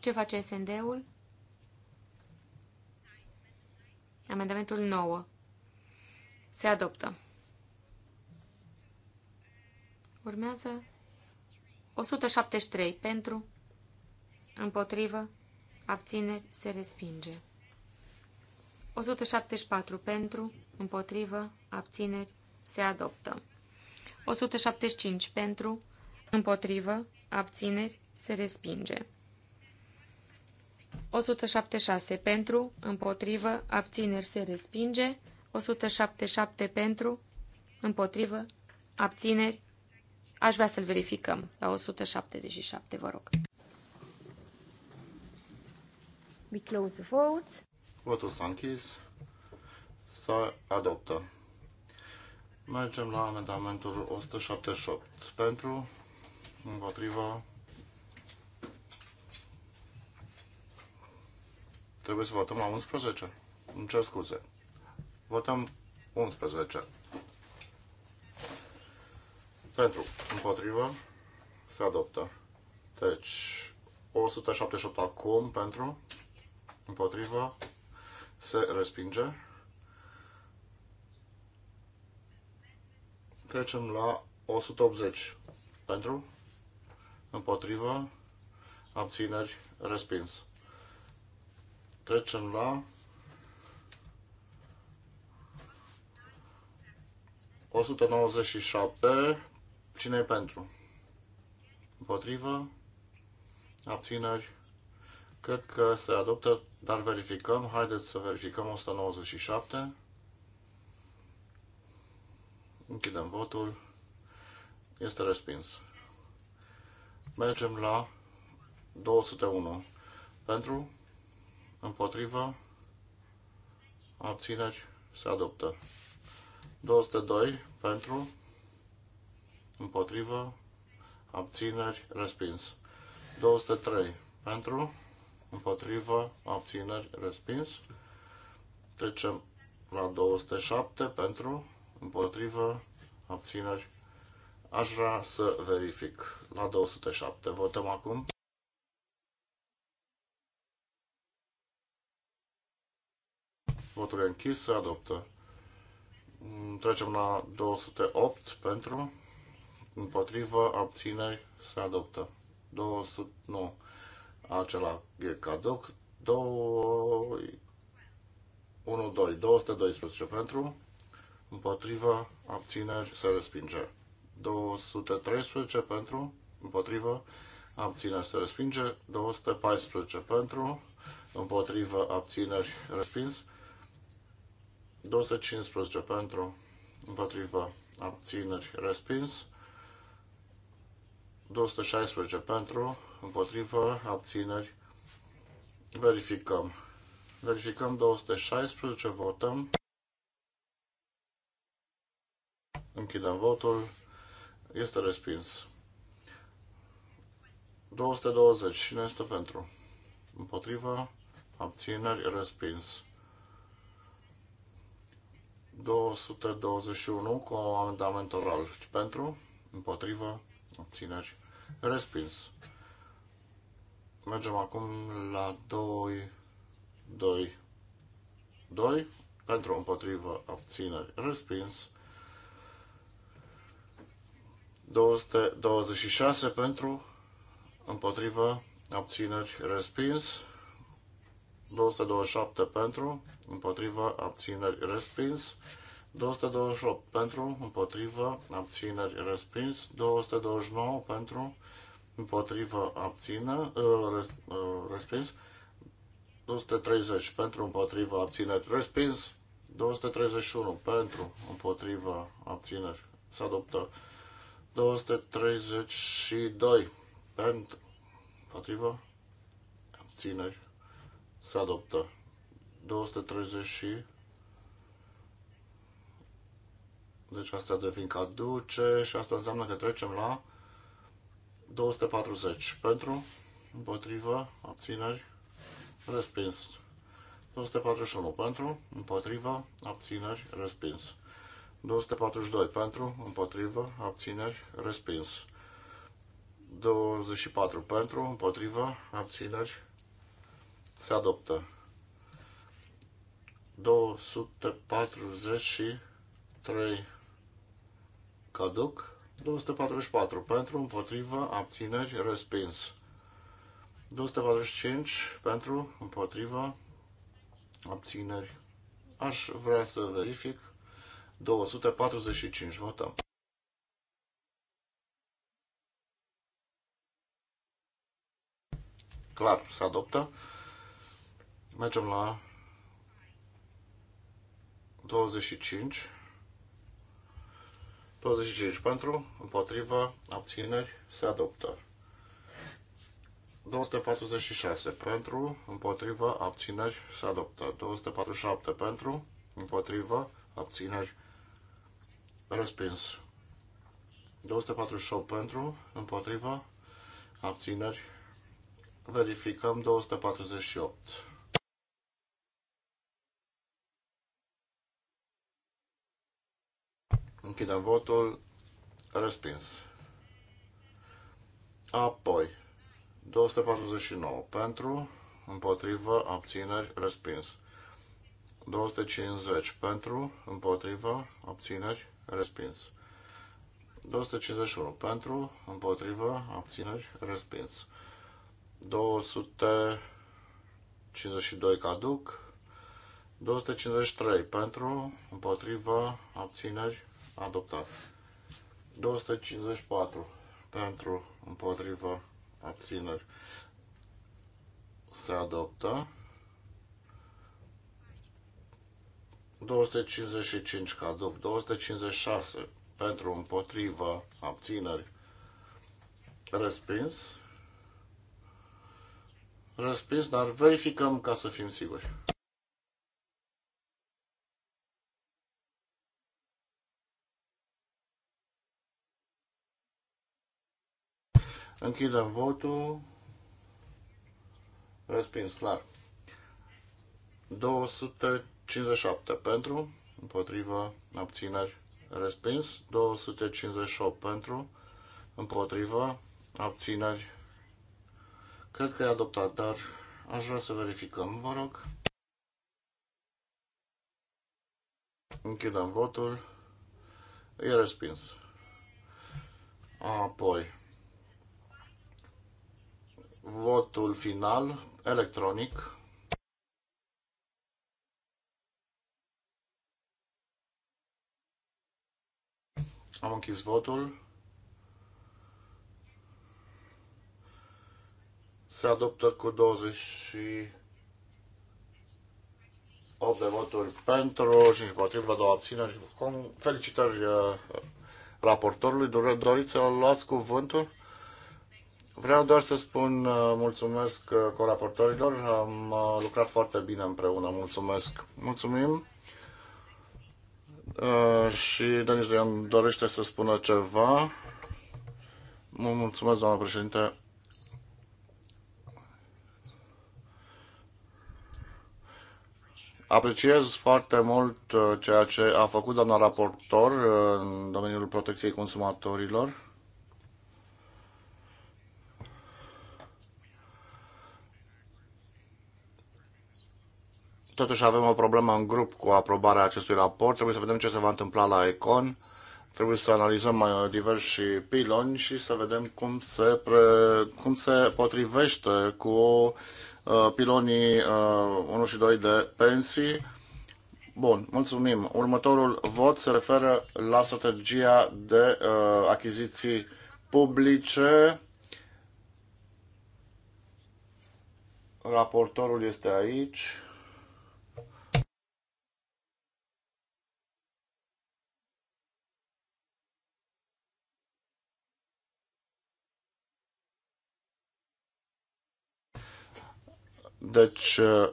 Ce face SND-ul? Amendamentul 9. Se adoptă. Urmează 173 pentru, împotrivă, abțineri, se respinge. 174 pentru, împotrivă, abțineri, se adoptă. 175 pentru, împotrivă, abțineri, se respinge. 176 pentru, împotrivă, abțineri, se respinge. 177 pentru, împotrivă, abțineri, Aș vrea să-l verificăm la 177, vă rog. We close the votes. Votul s-a închis. Să adoptă. Mergem la amendamentul 178. Pentru, împotriva, trebuie să votăm la 11. Îmi cer scuze. Votăm 11. Pentru, împotrivă, se adoptă. Deci, 178 acum pentru, împotrivă, se respinge. Trecem la 180 pentru, împotrivă, abțineri, respins. Trecem la 197 Cine e pentru? Împotrivă? Abțineri? Cred că se adoptă, dar verificăm. Haideți să verificăm 197. Închidem votul. Este respins. Mergem la 201. Pentru? Împotrivă? Abțineri? Se adoptă. 202 pentru împotrivă, abțineri, respins. 203 pentru, împotrivă, abțineri, respins. Trecem la 207 pentru, împotrivă, abțineri. Aș vrea să verific. La 207 votăm acum. Votul e închis, se adoptă. Trecem la 208 pentru, împotrivă, abțineri, se adoptă. 200, nu, acela e caduc. 2, 1, 2, 212 pentru, împotrivă, abțineri, se respinge. 213 pentru, împotrivă, abțineri, se respinge. 214 pentru, împotrivă, abțineri, respins. 215 pentru, împotrivă, abțineri, respins. 216 pentru, împotrivă, abțineri. Verificăm. Verificăm 216, votăm. Închidem votul. Este respins. 220. Cine este pentru? Împotrivă. Abțineri. Respins. 221 cu amendament oral. Pentru? Împotrivă obțineri respins. Mergem acum la 2, 2, 2, pentru împotrivă, obțineri respins. 226 pentru împotrivă, obțineri respins. 227 pentru, împotrivă obțineri respins. 228 pentru, împotrivă, abțineri, respins. 229 pentru, împotrivă, abțină ă, respins. 230 pentru, împotrivă, abțineri, respins. 231 pentru, împotrivă, abțineri, se adoptă. 232 pentru, împotrivă, abțineri, se adoptă. 230 Deci astea devin caduce și asta înseamnă că trecem la 240 pentru, împotrivă, abțineri, respins. 241 pentru, împotrivă, abțineri, respins. 242 pentru, împotrivă, abțineri, respins. 24 pentru, împotrivă, abțineri, se adoptă. 243 caduc. 244 pentru, împotrivă, abțineri, respins. 245 pentru, împotrivă, abțineri. Aș vrea să verific. 245, votăm. Clar, se adoptă. Mergem la 25. 25 pentru, împotrivă, abțineri, se adoptă. 246 pentru, împotrivă, abțineri, se adoptă. 247 pentru, împotrivă, abțineri, respins. 248 pentru, împotrivă, abțineri, verificăm 248. Închidem votul. Respins. Apoi, 249 pentru, împotrivă, abțineri, respins. 250 pentru, împotrivă, abțineri, respins. 251 pentru, împotrivă, abțineri, respins. 252 caduc. 253 pentru, împotrivă, abțineri, adoptat. 254 pentru, împotriva, abțineri se adoptă. 255 cadou, 256 pentru, împotriva, abțineri respins. Respins, dar verificăm ca să fim siguri. Închidem votul. Respins, clar. 257 pentru, împotrivă, abțineri, respins. 258 pentru, împotrivă, abțineri. Cred că e adoptat, dar aș vrea să verificăm, vă rog. Închidem votul. E respins. Apoi, Votul final electronic. Am închis votul. Se adoptă cu 28 de voturi pentru, 5 împotrivă, 2 abțineri. Felicitări uh, raportorului. Doriți să luați cuvântul? Vreau doar să spun uh, mulțumesc uh, coraportorilor, am uh, lucrat foarte bine împreună, mulțumesc. Mulțumim. Și Denis Leon dorește să spună ceva. mulțumesc, doamna președinte. Apreciez foarte mult ceea ce a făcut doamna raportor în domeniul protecției consumatorilor. Totuși avem o problemă în grup cu aprobarea acestui raport. Trebuie să vedem ce se va întâmpla la Econ. Trebuie să analizăm mai diversi piloni și să vedem cum se, pre, cum se potrivește cu uh, pilonii 1 uh, și 2 de pensii. Bun, mulțumim. Următorul vot se referă la strategia de uh, achiziții publice. Raportorul este aici. Deci uh,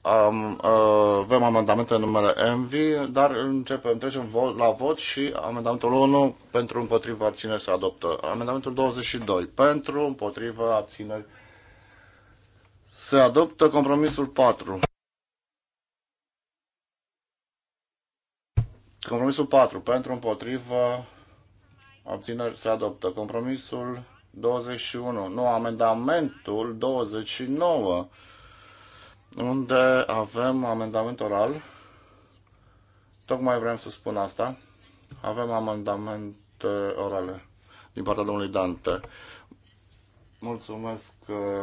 am, uh, avem amendamente în numele Envy, dar începem, trecem la vot și amendamentul 1 pentru împotriva abțineri se adoptă. Amendamentul 22 pentru împotriva abțineri se adoptă compromisul 4. Compromisul 4 pentru împotriva abțineri se adoptă. Compromisul 21, nu, amendamentul 29, unde avem amendament oral. Tocmai vrem să spun asta. Avem amendamente orale din partea domnului Dante. Mulțumesc,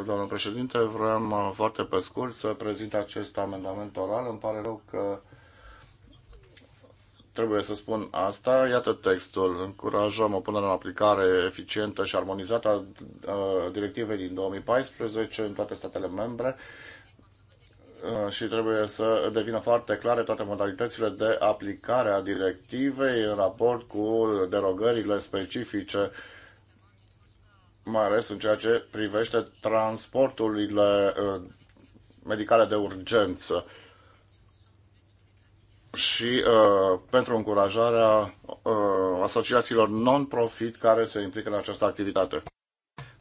domnul președinte. Vrem foarte pe scurt să prezint acest amendament oral. Îmi pare rău că trebuie să spun asta. Iată textul. Încurajăm o punere în aplicare eficientă și armonizată a directivei din 2014 în toate statele membre și trebuie să devină foarte clare toate modalitățile de aplicare a directivei în raport cu derogările specifice, mai ales în ceea ce privește transporturile uh, medicale de urgență și uh, pentru încurajarea uh, asociațiilor non-profit care se implică în această activitate.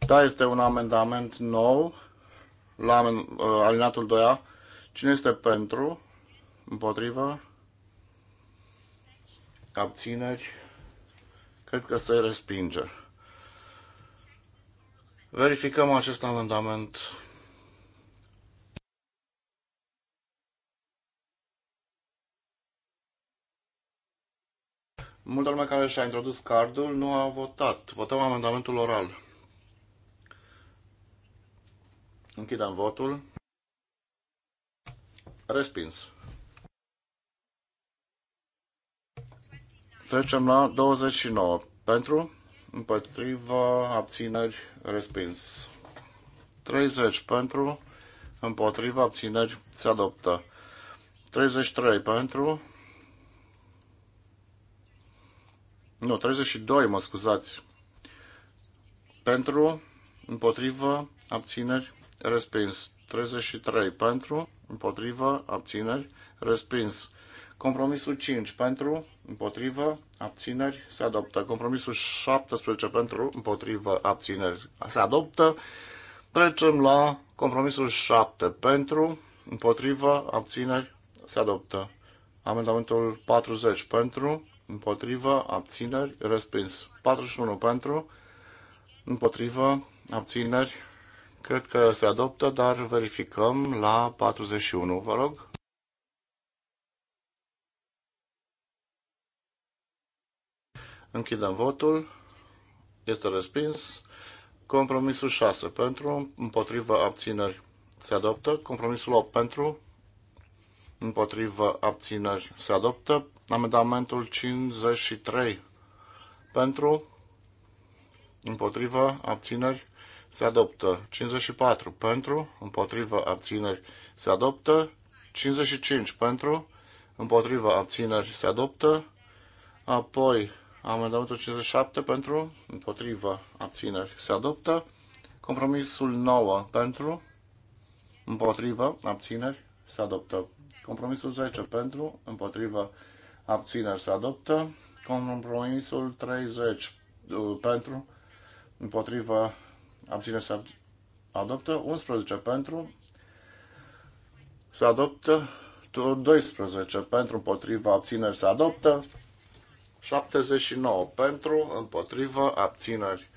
Da, este un amendament nou la uh, alinatul 2A. Cine este pentru? Împotrivă? Abțineri? Cred că se respinge. Verificăm acest amendament Multă lume care și-a introdus cardul nu a votat. Votăm amendamentul oral. Închidem votul. Respins. Trecem la 29. Pentru, împotriva, abțineri, respins. 30 pentru, împotriva, abțineri, se adoptă. 33 pentru, Nu, 32, mă scuzați. Pentru, împotrivă, abțineri, respins. 33 pentru, împotrivă, abțineri, respins. Compromisul 5 pentru, împotrivă, abțineri, se adoptă. Compromisul 17 pentru, împotrivă, abțineri, se adoptă. Trecem la compromisul 7 pentru, împotrivă, abțineri, se adoptă. Amendamentul 40 pentru, împotrivă, abțineri, respins. 41 pentru, împotrivă, abțineri, cred că se adoptă, dar verificăm la 41, vă rog. Închidem votul. Este respins. Compromisul 6 pentru, împotrivă, abțineri, se adoptă. Compromisul 8 pentru, împotrivă, abțineri, se adoptă. Amendamentul 53 pentru, împotrivă, abțineri, se adoptă. 54 pentru, împotrivă, abțineri, se adoptă. 55 pentru, împotrivă, abțineri, se adoptă. Apoi, amendamentul 57 pentru, împotrivă, abțineri, se adoptă. Compromisul 9 pentru, împotrivă, abțineri, se adoptă. Compromisul 10 pentru, împotrivă, abțineri, abțineri se adoptă. Compromisul 30 uh, pentru, împotriva, abțineri se adoptă. 11 pentru, se adoptă. 12 pentru, împotriva, abțineri se adoptă. 79 pentru, împotriva, abțineri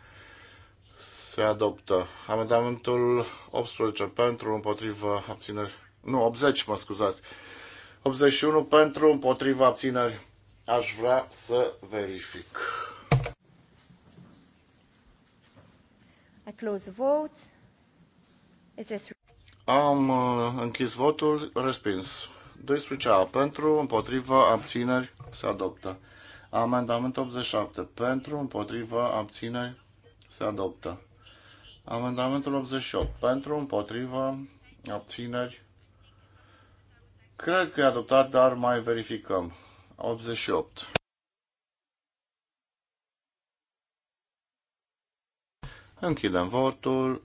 se adoptă. Amendamentul 18 pentru, împotriva, abțineri. Nu, 80, mă scuzați. 81 pentru, împotriva abțineri. Aș vrea să verific. I close vote. It's a... Am uh, închis votul, respins. 12 a pentru, împotriva abțineri, se adoptă. Amendament 87 pentru, împotriva abțineri, se adoptă. Amendamentul 88 pentru, împotriva abțineri, Cred că e adoptat, dar mai verificăm. 88. Închidem votul.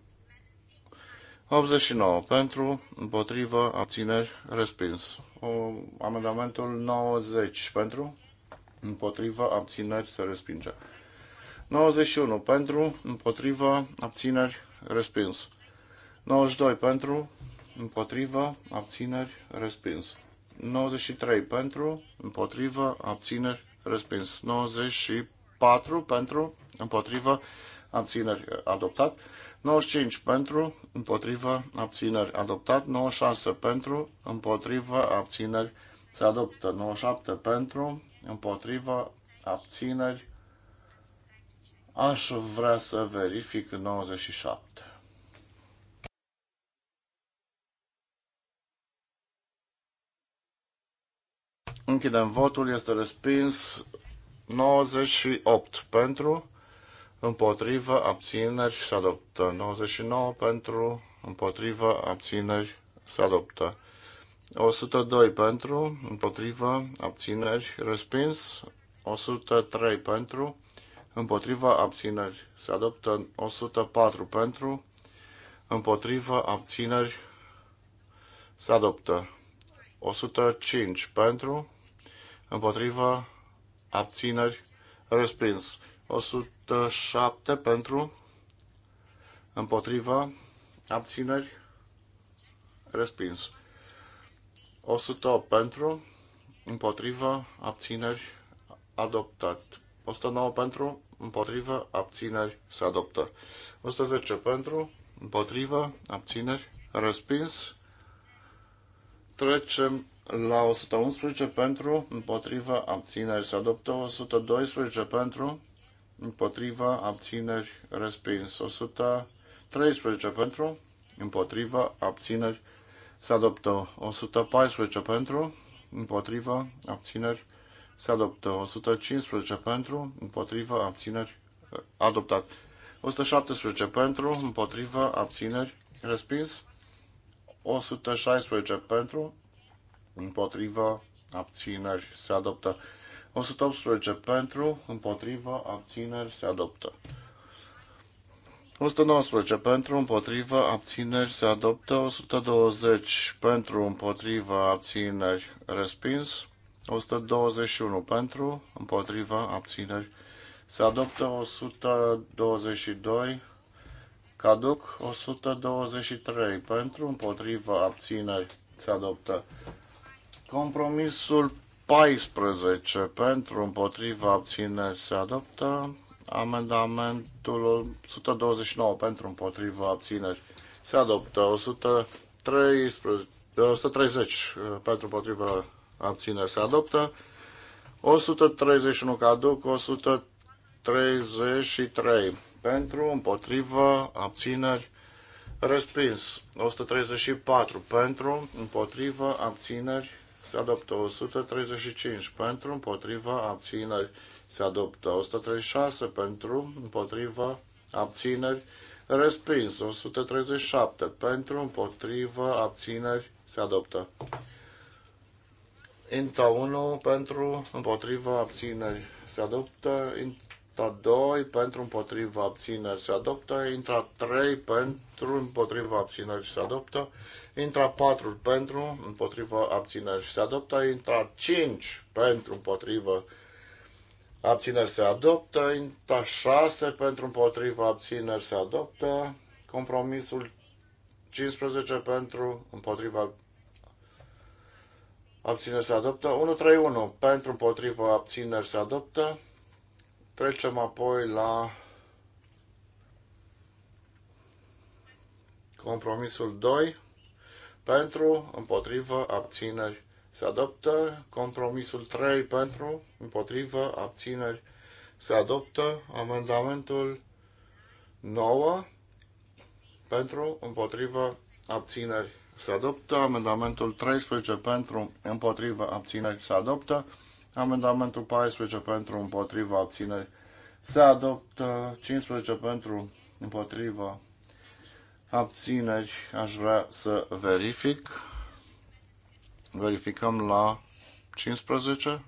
89 pentru, împotrivă, abțineri, respins. O, amendamentul 90 pentru, împotrivă, abțineri, se respinge. 91 pentru, împotrivă, abțineri, respins. 92 pentru, împotrivă, abțineri, respins. 93 pentru, împotrivă, abțineri, respins. 94 pentru, împotrivă, abțineri, adoptat. 95 pentru, împotrivă, abțineri, adoptat. 96 pentru, împotrivă, abțineri, se adoptă. 97 pentru, împotrivă, abțineri, aș vrea să verific 97. Închidem votul, este respins 98 pentru, împotrivă, abțineri, se adoptă 99 pentru, împotrivă, abțineri, se adoptă 102 pentru, împotrivă, abțineri, respins 103 pentru, împotrivă, abțineri. Se adoptă 104 pentru, împotrivă, abțineri. Se adoptă 105 pentru, împotrivă, abțineri, respins. 107 pentru, împotrivă, abțineri, respins. 108 pentru, împotrivă, abțineri, adoptat. 109 pentru, împotrivă, abțineri, se adoptă. 110 pentru, împotrivă, abțineri, respins. Trecem la 111 pentru, împotriva abțineri se adoptă, 112 pentru, împotriva abțineri respins, 113 pentru, împotriva abțineri se adoptă, 114 pentru, împotriva abțineri se adoptă, 115 pentru, împotriva abțineri adoptat, 117 pentru, împotriva abțineri respins, 116 pentru, împotrivă, abțineri, se adoptă. 118 pentru, împotrivă, abțineri, se adoptă. 119 pentru, împotrivă, abțineri, se adoptă. 120 pentru, împotrivă, abțineri, respins. 121 pentru, împotrivă, abțineri, se adoptă. 122 caduc. 123 pentru, împotrivă, abțineri, se adoptă. Compromisul 14 pentru împotriva abține se adoptă. Amendamentul 129 pentru împotriva abțineri se adoptă. 113, 130 pentru împotriva abțineri se adoptă. 131 uh, caduc, 133 pentru împotriva abțineri respins. 134 pentru împotriva abțineri se adoptă 135 pentru, împotriva, abțineri, se adoptă 136 pentru, împotriva, abțineri, respins 137 pentru, împotriva, abțineri, se adoptă. Inta 1 pentru, împotriva, abțineri, se adoptă. Intra 2 pentru împotriva abțineri se adoptă. Intra 3 pentru împotriva abțineri se adoptă. Intra 4 pentru împotriva abțineri se adoptă. Intra 5 pentru împotriva abțineri se adoptă. Intra 6 pentru împotriva abțineri se adoptă. Compromisul 15 pentru împotriva abțineri se adoptă. 131 pentru împotriva abțineri se adoptă. Trecem apoi la compromisul 2. Pentru, împotrivă, abțineri. Se adoptă compromisul 3 pentru, împotrivă, abțineri. Se adoptă amendamentul 9 pentru, împotrivă, abțineri. Se adoptă amendamentul 13 pentru, împotrivă, abțineri. Se adoptă Amendamentul 14 pentru împotriva abțineri se adoptă. 15 pentru împotriva abțineri. Aș vrea să verific. Verificăm la 15.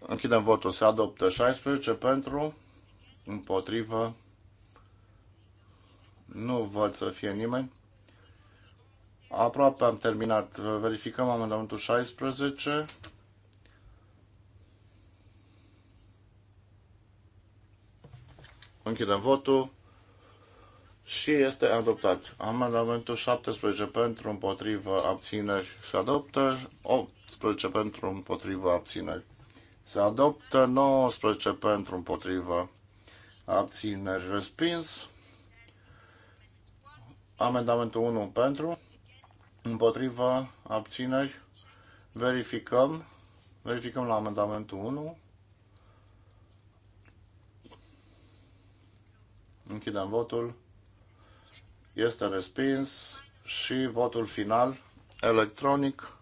Închidem votul. Se adoptă 16 pentru, împotrivă. Nu văd să fie nimeni. Aproape am terminat. Verificăm amendamentul 16. Închidem votul și este adoptat. Amendamentul 17 pentru împotrivă abțineri se adoptă, 18 pentru împotrivă abțineri se adoptă, 19 pentru împotrivă abțineri respins, amendamentul 1 pentru împotriva, abțineri, verificăm, verificăm la amendamentul 1, închidem votul, este respins și votul final electronic.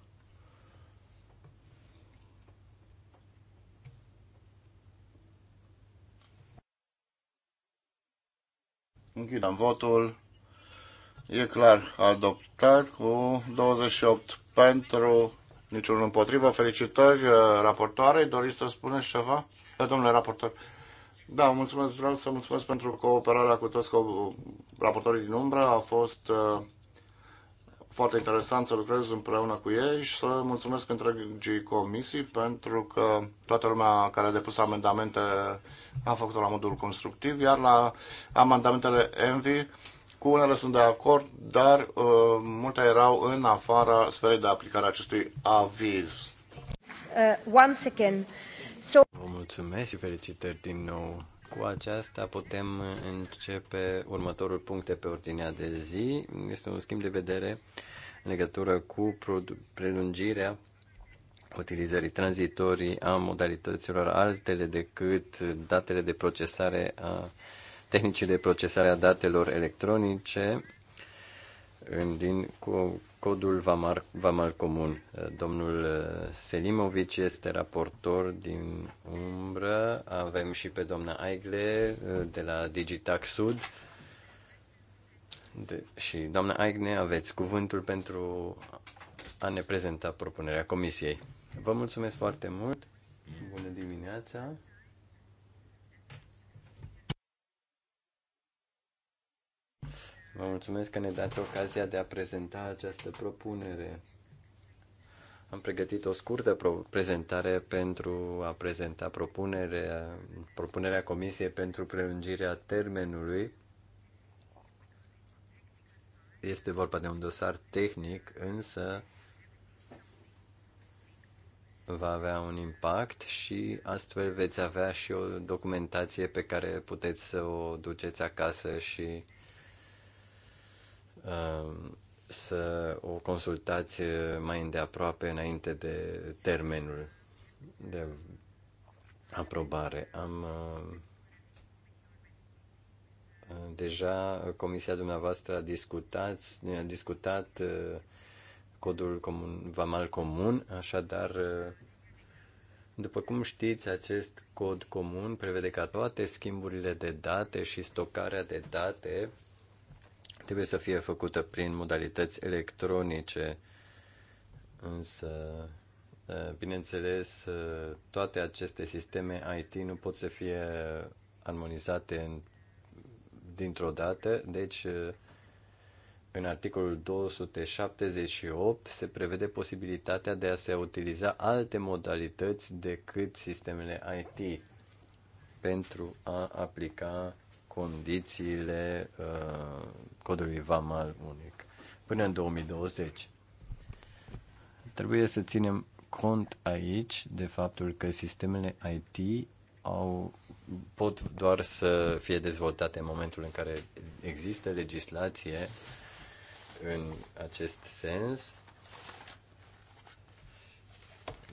Închidem votul. E clar adoptat cu 28 pentru, niciunul împotrivă. Felicitări uh, raportoare. Doriți să spuneți ceva? Da, domnule raportor. Da, mulțumesc. Vreau să mulțumesc pentru cooperarea cu toți raportorii din umbră. A fost uh, foarte interesant să lucrez împreună cu ei și să mulțumesc întregii comisii pentru că toată lumea care a depus amendamente a făcut-o la modul constructiv, iar la amendamentele Envy cu unele sunt de acord, dar uh, multe erau în afara sferei de aplicare a acestui aviz. Uh, once again. So... Vă mulțumesc și felicitări din nou. Cu aceasta putem începe următorul punct pe ordinea de zi. Este un schimb de vedere în legătură cu prelungirea utilizării tranzitorii a modalităților altele decât datele de procesare a tehnicii de procesare a datelor electronice în, din cu codul Vamar, Vamar Comun. Domnul uh, Selimovic este raportor din umbră. Avem și pe doamna Aigle uh, de la Digitax Sud. De, și doamna Aigne, aveți cuvântul pentru a ne prezenta propunerea comisiei. Vă mulțumesc foarte mult. Bună dimineața. Vă mulțumesc că ne dați ocazia de a prezenta această propunere. Am pregătit o scurtă prezentare pentru a prezenta propunerea, propunerea Comisiei pentru prelungirea termenului. Este vorba de un dosar tehnic, însă va avea un impact și astfel veți avea și o documentație pe care puteți să o duceți acasă și Uh, să o consultați mai îndeaproape înainte de termenul de aprobare. Am uh, deja comisia dumneavoastră a discutat, a discutat uh, codul comun, vamal comun, așadar după cum știți, acest cod comun prevede ca toate schimburile de date și stocarea de date trebuie să fie făcută prin modalități electronice, însă, bineînțeles, toate aceste sisteme IT nu pot să fie armonizate dintr-o dată, deci în articolul 278 se prevede posibilitatea de a se utiliza alte modalități decât sistemele IT pentru a aplica condițiile uh, codului VAMAL unic până în 2020. Trebuie să ținem cont aici de faptul că sistemele IT au, pot doar să fie dezvoltate în momentul în care există legislație în acest sens.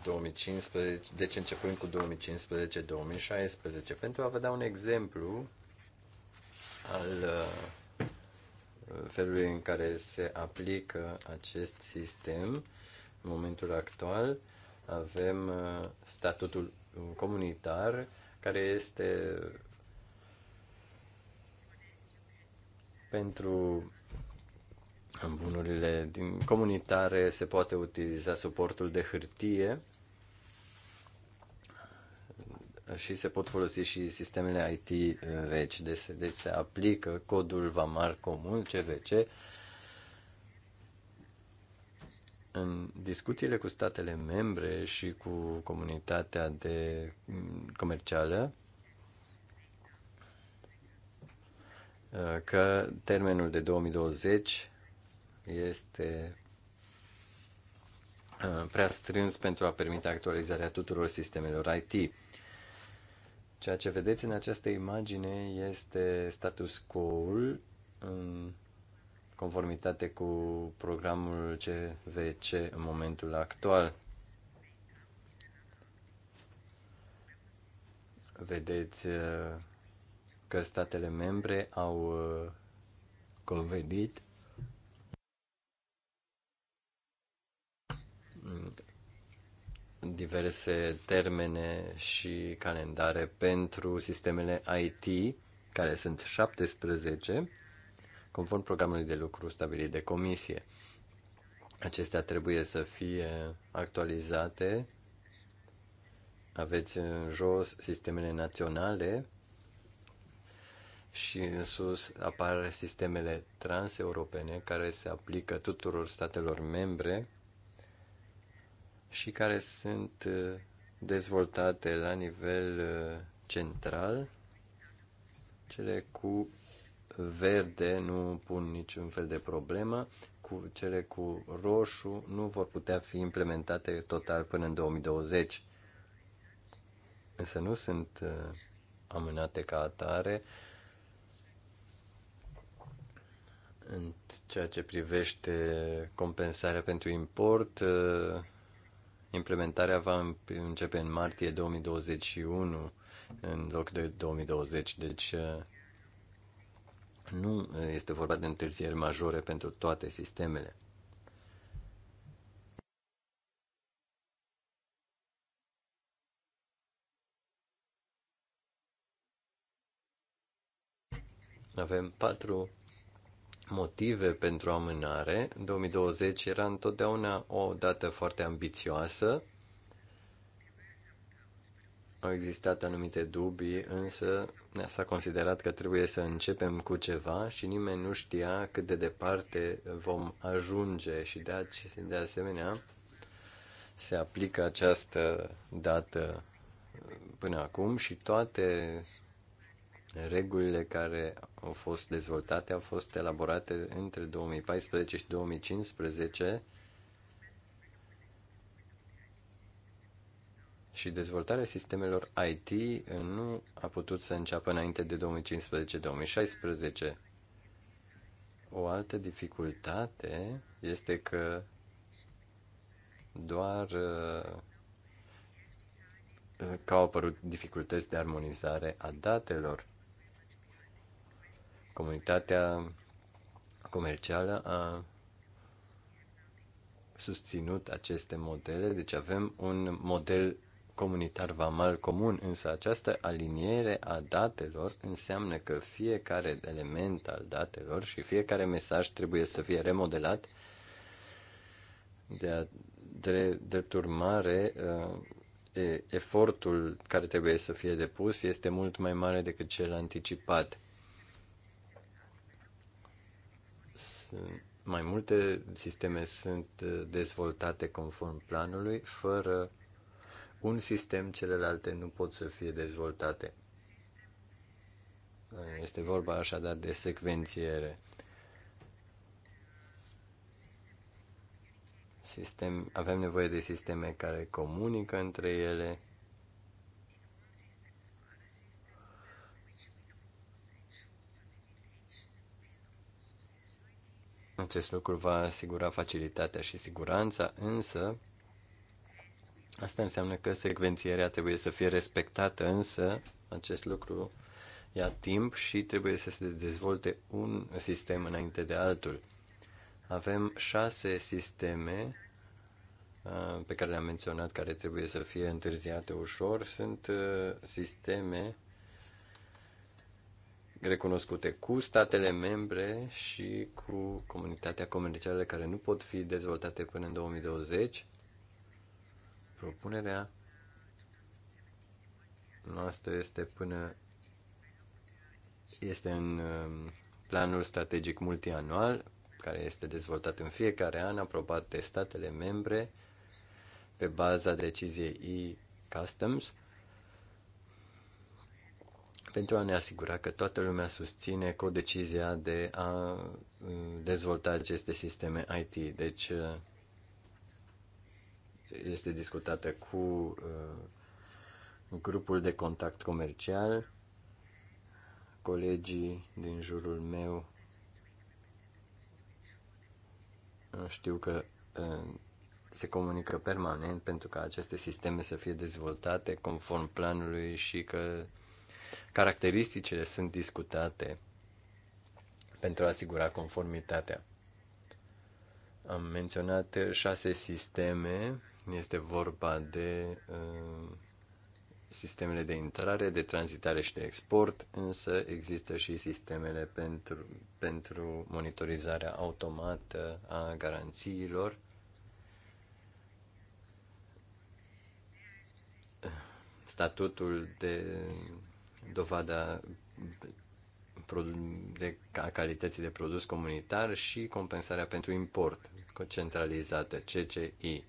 2015, deci începând cu 2015-2016, pentru a vă da un exemplu al uh, felului în care se aplică acest sistem. În momentul actual avem uh, statutul comunitar care este pentru bunurile din comunitare se poate utiliza suportul de hârtie și se pot folosi și sistemele IT vechi. Deci, deci se aplică codul VAMAR comun, CVC. În discuțiile cu statele membre și cu comunitatea de mm, comercială, că termenul de 2020 este uh, prea strâns pentru a permite actualizarea tuturor sistemelor IT. Ceea ce vedeți în această imagine este status quo-ul în conformitate cu programul CVC în momentul actual. Vedeți uh, că statele membre au uh, convenit diverse termene și calendare pentru sistemele IT, care sunt 17, conform programului de lucru stabilit de comisie. Acestea trebuie să fie actualizate. Aveți în jos sistemele naționale și în sus apar sistemele transeuropene care se aplică tuturor statelor membre și care sunt uh, dezvoltate la nivel uh, central. Cele cu verde nu pun niciun fel de problemă, cu cele cu roșu nu vor putea fi implementate total până în 2020. Însă nu sunt uh, amânate ca atare în ceea ce privește compensarea pentru import Implementarea va începe în martie 2021 în loc de 2020, deci uh, nu este vorba de întârzieri majore pentru toate sistemele. Avem patru motive pentru amânare. 2020 era întotdeauna o dată foarte ambițioasă. Au existat anumite dubii, însă s-a considerat că trebuie să începem cu ceva și nimeni nu știa cât de departe vom ajunge și de, de asemenea se aplică această dată până acum și toate Regulile care au fost dezvoltate au fost elaborate între 2014 și 2015 și dezvoltarea sistemelor IT nu a putut să înceapă înainte de 2015-2016. O altă dificultate este că doar uh, că au apărut dificultăți de armonizare a datelor. Comunitatea comercială a susținut aceste modele, deci avem un model comunitar vamal comun, însă această aliniere a datelor înseamnă că fiecare element al datelor și fiecare mesaj trebuie să fie remodelat. De a, drept, drept urmare, uh, efortul care trebuie să fie depus este mult mai mare decât cel anticipat. mai multe sisteme sunt dezvoltate conform planului, fără un sistem celelalte nu pot să fie dezvoltate. Este vorba așadar de secvențiere. Sistem, avem nevoie de sisteme care comunică între ele Acest lucru va asigura facilitatea și siguranța, însă asta înseamnă că secvențierea trebuie să fie respectată, însă acest lucru ia timp și trebuie să se dezvolte un sistem înainte de altul. Avem șase sisteme uh, pe care le-am menționat, care trebuie să fie întârziate ușor, sunt uh, sisteme recunoscute cu statele membre și cu comunitatea comercială care nu pot fi dezvoltate până în 2020. Propunerea noastră este până este în um, planul strategic multianual care este dezvoltat în fiecare an, aprobat de statele membre pe baza deciziei e-Customs pentru a ne asigura că toată lumea susține cu decizia de a uh, dezvolta aceste sisteme IT. Deci uh, este discutată cu uh, grupul de contact comercial, colegii din jurul meu știu că se comunică permanent pentru ca aceste sisteme să fie dezvoltate conform planului și că Caracteristicile sunt discutate pentru a asigura conformitatea. Am menționat șase sisteme. Este vorba de uh, sistemele de intrare, de tranzitare și de export, însă există și sistemele pentru, pentru monitorizarea automată a garanțiilor. Statutul de dovada de calității de produs comunitar și compensarea pentru import centralizată, CCI.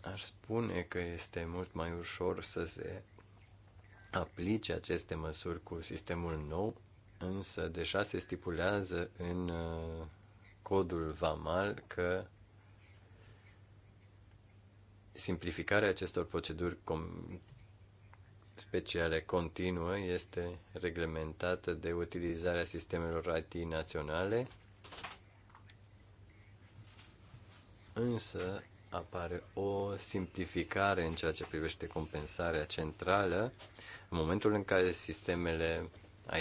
Aș spune că este mult mai ușor să se aplice aceste măsuri cu sistemul nou, însă deja se stipulează în uh, codul VAMAL că simplificarea acestor proceduri speciale continuă este reglementată de utilizarea sistemelor IT naționale, însă apare o simplificare în ceea ce privește compensarea centrală. În momentul în care sistemele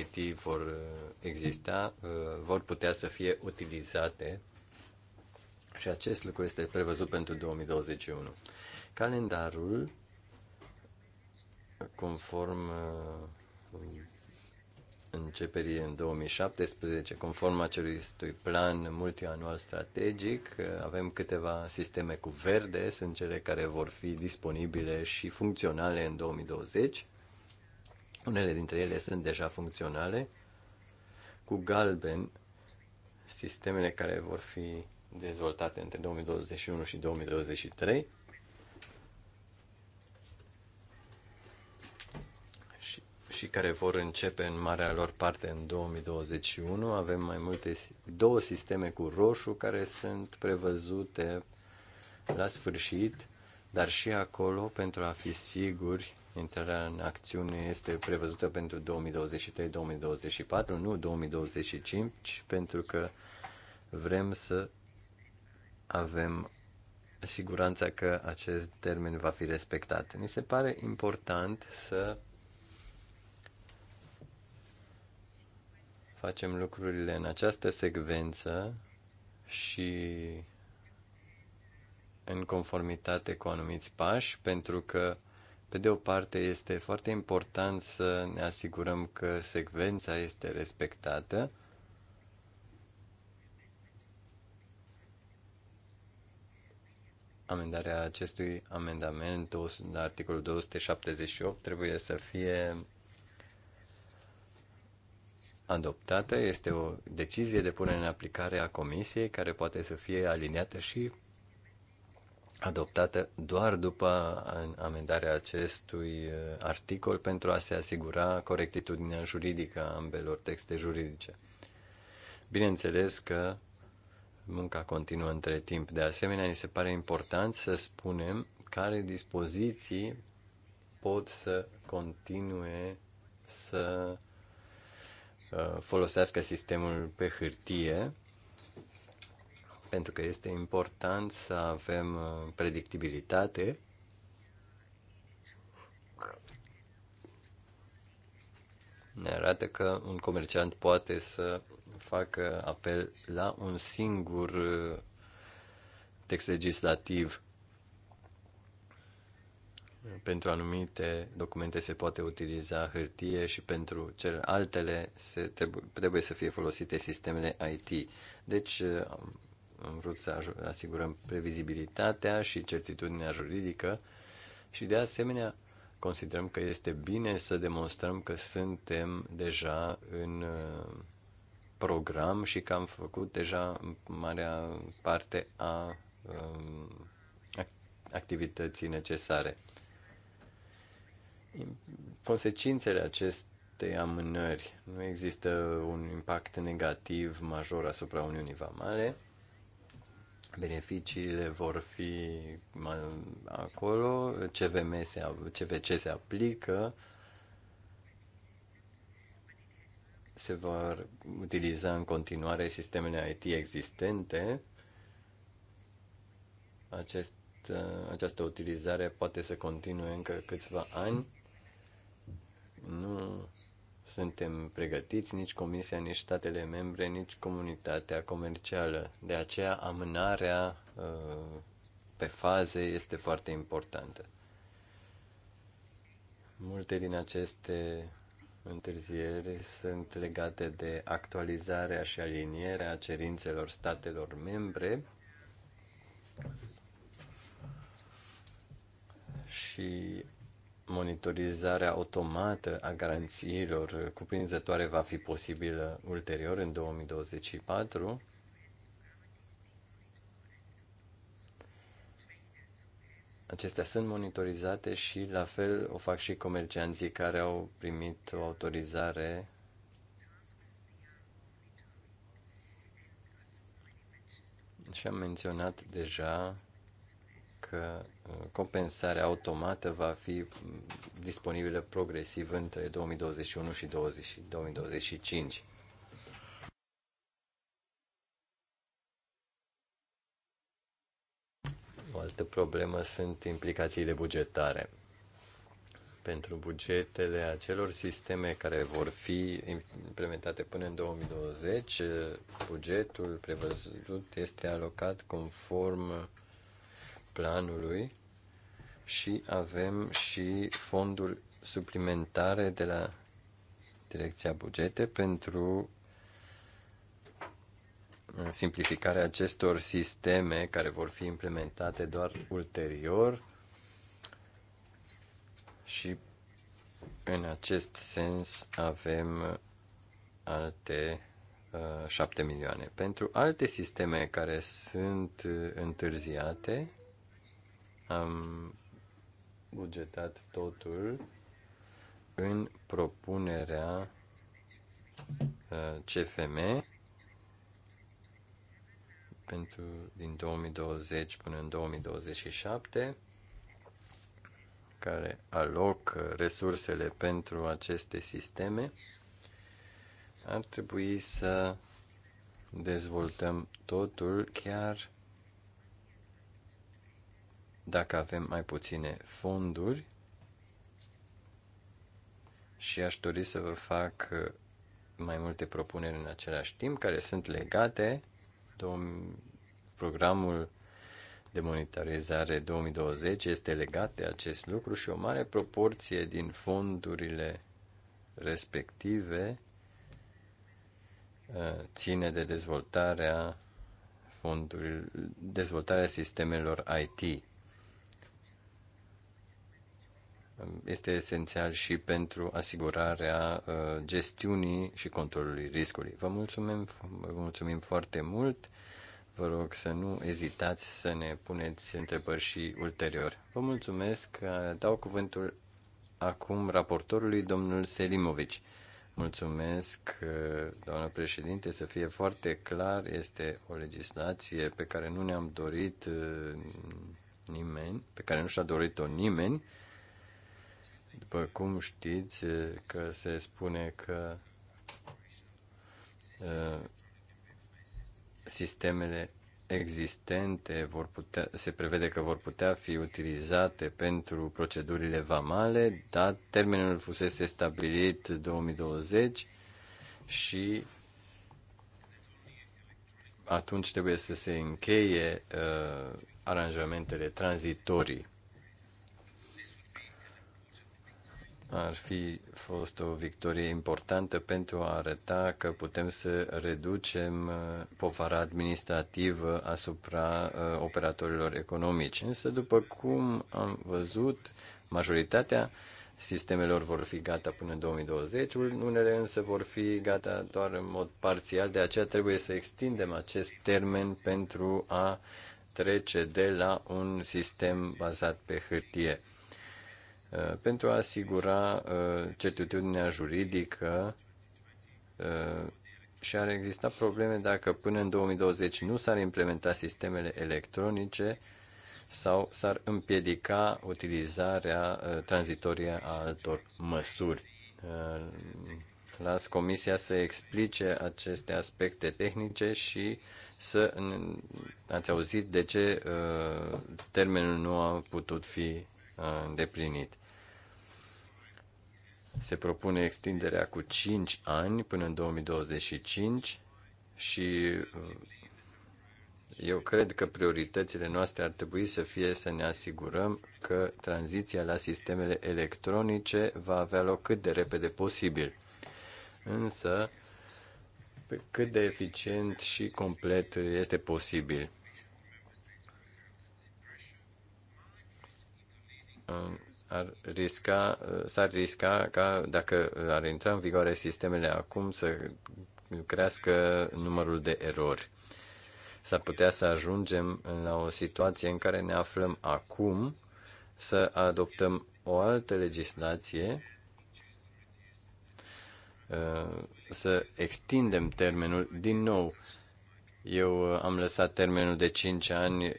IT vor uh, exista, uh, vor putea să fie utilizate și acest lucru este prevăzut pentru 2021. Calendarul, conform uh, începerii în 2017, conform acestui plan multianual strategic, uh, avem câteva sisteme cu verde, sunt cele care vor fi disponibile și funcționale în 2020. Unele dintre ele sunt deja funcționale. Cu galben, sistemele care vor fi dezvoltate între 2021 și 2023. Și, care vor începe în marea lor parte în 2021. Avem mai multe, două sisteme cu roșu care sunt prevăzute la sfârșit, dar și acolo, pentru a fi siguri, intrarea în acțiune este prevăzută pentru 2023-2024, nu 2025, pentru că vrem să avem siguranța că acest termen va fi respectat. Mi se pare important să facem lucrurile în această secvență și în conformitate cu anumiți pași, pentru că, pe de o parte, este foarte important să ne asigurăm că secvența este respectată, amendarea acestui amendament la articolul 278 trebuie să fie adoptată. Este o decizie de punere în aplicare a Comisiei care poate să fie aliniată și adoptată doar după amendarea acestui uh, articol pentru a se asigura corectitudinea juridică a ambelor texte juridice. Bineînțeles că munca continuă între timp. De asemenea, mi se pare important să spunem care dispoziții pot să continue să uh, folosească sistemul pe hârtie, pentru că este important să avem uh, predictibilitate ne arată că un comerciant poate să facă apel la un singur uh, text legislativ. Pentru anumite documente se poate utiliza hârtie și pentru cel altele se trebuie, trebuie să fie folosite sistemele IT. Deci uh, am vrut să asigurăm previzibilitatea și certitudinea juridică și de asemenea considerăm că este bine să demonstrăm că suntem deja în uh, program și că am făcut deja marea parte a um, activității necesare. Consecințele acestei amânări nu există un impact negativ major asupra Uniunii Vamale beneficiile vor fi acolo, CVM se, CVC se aplică, se vor utiliza în continuare sistemele IT existente. Acest, această utilizare poate să continue încă câțiva ani. Nu suntem pregătiți, nici Comisia, nici statele membre, nici comunitatea comercială. De aceea amânarea uh, pe faze este foarte importantă. Multe din aceste întârzieri sunt legate de actualizarea și alinierea cerințelor statelor membre și monitorizarea automată a garanțiilor cuprinzătoare va fi posibilă ulterior în 2024. Acestea sunt monitorizate și la fel o fac și comercianții care au primit o autorizare și am menționat deja că uh, compensarea automată va fi mm, disponibilă progresiv între 2021 și 20, 2025. O altă problemă sunt implicațiile bugetare. Pentru bugetele acelor sisteme care vor fi implementate până în 2020, bugetul prevăzut este alocat conform planului și avem și fonduri suplimentare de la Direcția Bugete pentru uh, simplificarea acestor sisteme care vor fi implementate doar ulterior și în acest sens avem uh, alte uh, 7 milioane. Pentru alte sisteme care sunt uh, întârziate, am bugetat totul în propunerea uh, CFM pentru din 2020 până în 2027 care aloc resursele pentru aceste sisteme, ar trebui să dezvoltăm totul chiar dacă avem mai puține fonduri și aș dori să vă fac uh, mai multe propuneri în același timp care sunt legate de programul de monitorizare 2020 este legat de acest lucru și o mare proporție din fondurile respective uh, ține de dezvoltarea fondurilor, dezvoltarea sistemelor IT este esențial și pentru asigurarea uh, gestiunii și controlului riscului. Vă mulțumim, vă mulțumim foarte mult. Vă rog să nu ezitați să ne puneți întrebări și ulterior. Vă mulțumesc. Dau cuvântul acum raportorului, domnul Selimovici. Mulțumesc, uh, doamnă președinte, să fie foarte clar, este o legislație pe care nu ne-am dorit uh, nimeni, pe care nu și-a dorit-o nimeni, după cum știți că se spune că sistemele existente vor putea, se prevede că vor putea fi utilizate pentru procedurile vamale, dar termenul fusese stabilit 2020 și atunci trebuie să se încheie uh, aranjamentele tranzitorii. ar fi fost o victorie importantă pentru a arăta că putem să reducem uh, povara administrativă asupra uh, operatorilor economici. Însă, după cum am văzut, majoritatea sistemelor vor fi gata până în 2020, unele însă vor fi gata doar în mod parțial, de aceea trebuie să extindem acest termen pentru a trece de la un sistem bazat pe hârtie Uh, pentru a asigura uh, certitudinea juridică uh, și ar exista probleme dacă până în 2020 nu s-ar implementa sistemele electronice sau s-ar împiedica utilizarea tranzitorie a altor măsuri. Las Comisia să explice aceste aspecte tehnice și să ați auzit de ce termenul nu a putut fi îndeplinit. Se propune extinderea cu 5 ani până în 2025 și uh, eu cred că prioritățile noastre ar trebui să fie să ne asigurăm că tranziția la sistemele electronice va avea loc cât de repede posibil. Însă, cât de eficient și complet este posibil. Uh, ar risca, s-ar risca ca dacă ar intra în vigoare sistemele acum să crească numărul de erori. S-ar putea să ajungem la o situație în care ne aflăm acum să adoptăm o altă legislație, uh, să extindem termenul din nou eu uh, am lăsat termenul de 5 ani uh,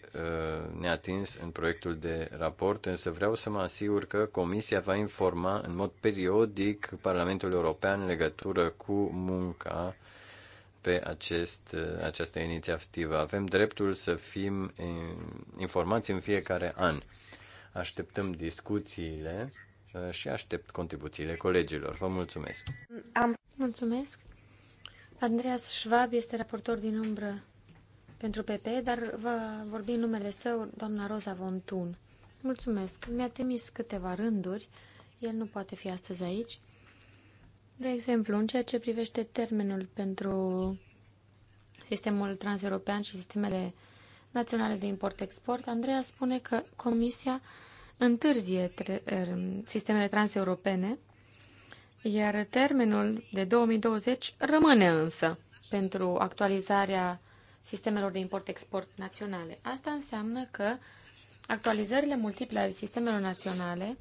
neatins în proiectul de raport, însă vreau să mă asigur că Comisia va informa în mod periodic Parlamentul European în legătură cu munca pe acest, uh, această inițiativă. Avem dreptul să fim informați în fiecare an. Așteptăm discuțiile și aștept contribuțiile colegilor. Vă mulțumesc! Am... Mulțumesc! Andreas Schwab este raportor din umbră pentru PP, dar va vorbi în numele său doamna Roza Von Thun. Mulțumesc. Mi-a trimis câteva rânduri. El nu poate fi astăzi aici. De exemplu, în ceea ce privește termenul pentru sistemul transeuropean și sistemele naționale de import-export, Andreea spune că Comisia întârzie er, sistemele transeuropene iar termenul de 2020 rămâne însă pentru actualizarea sistemelor de import-export naționale. Asta înseamnă că actualizările multiple ale sistemelor naționale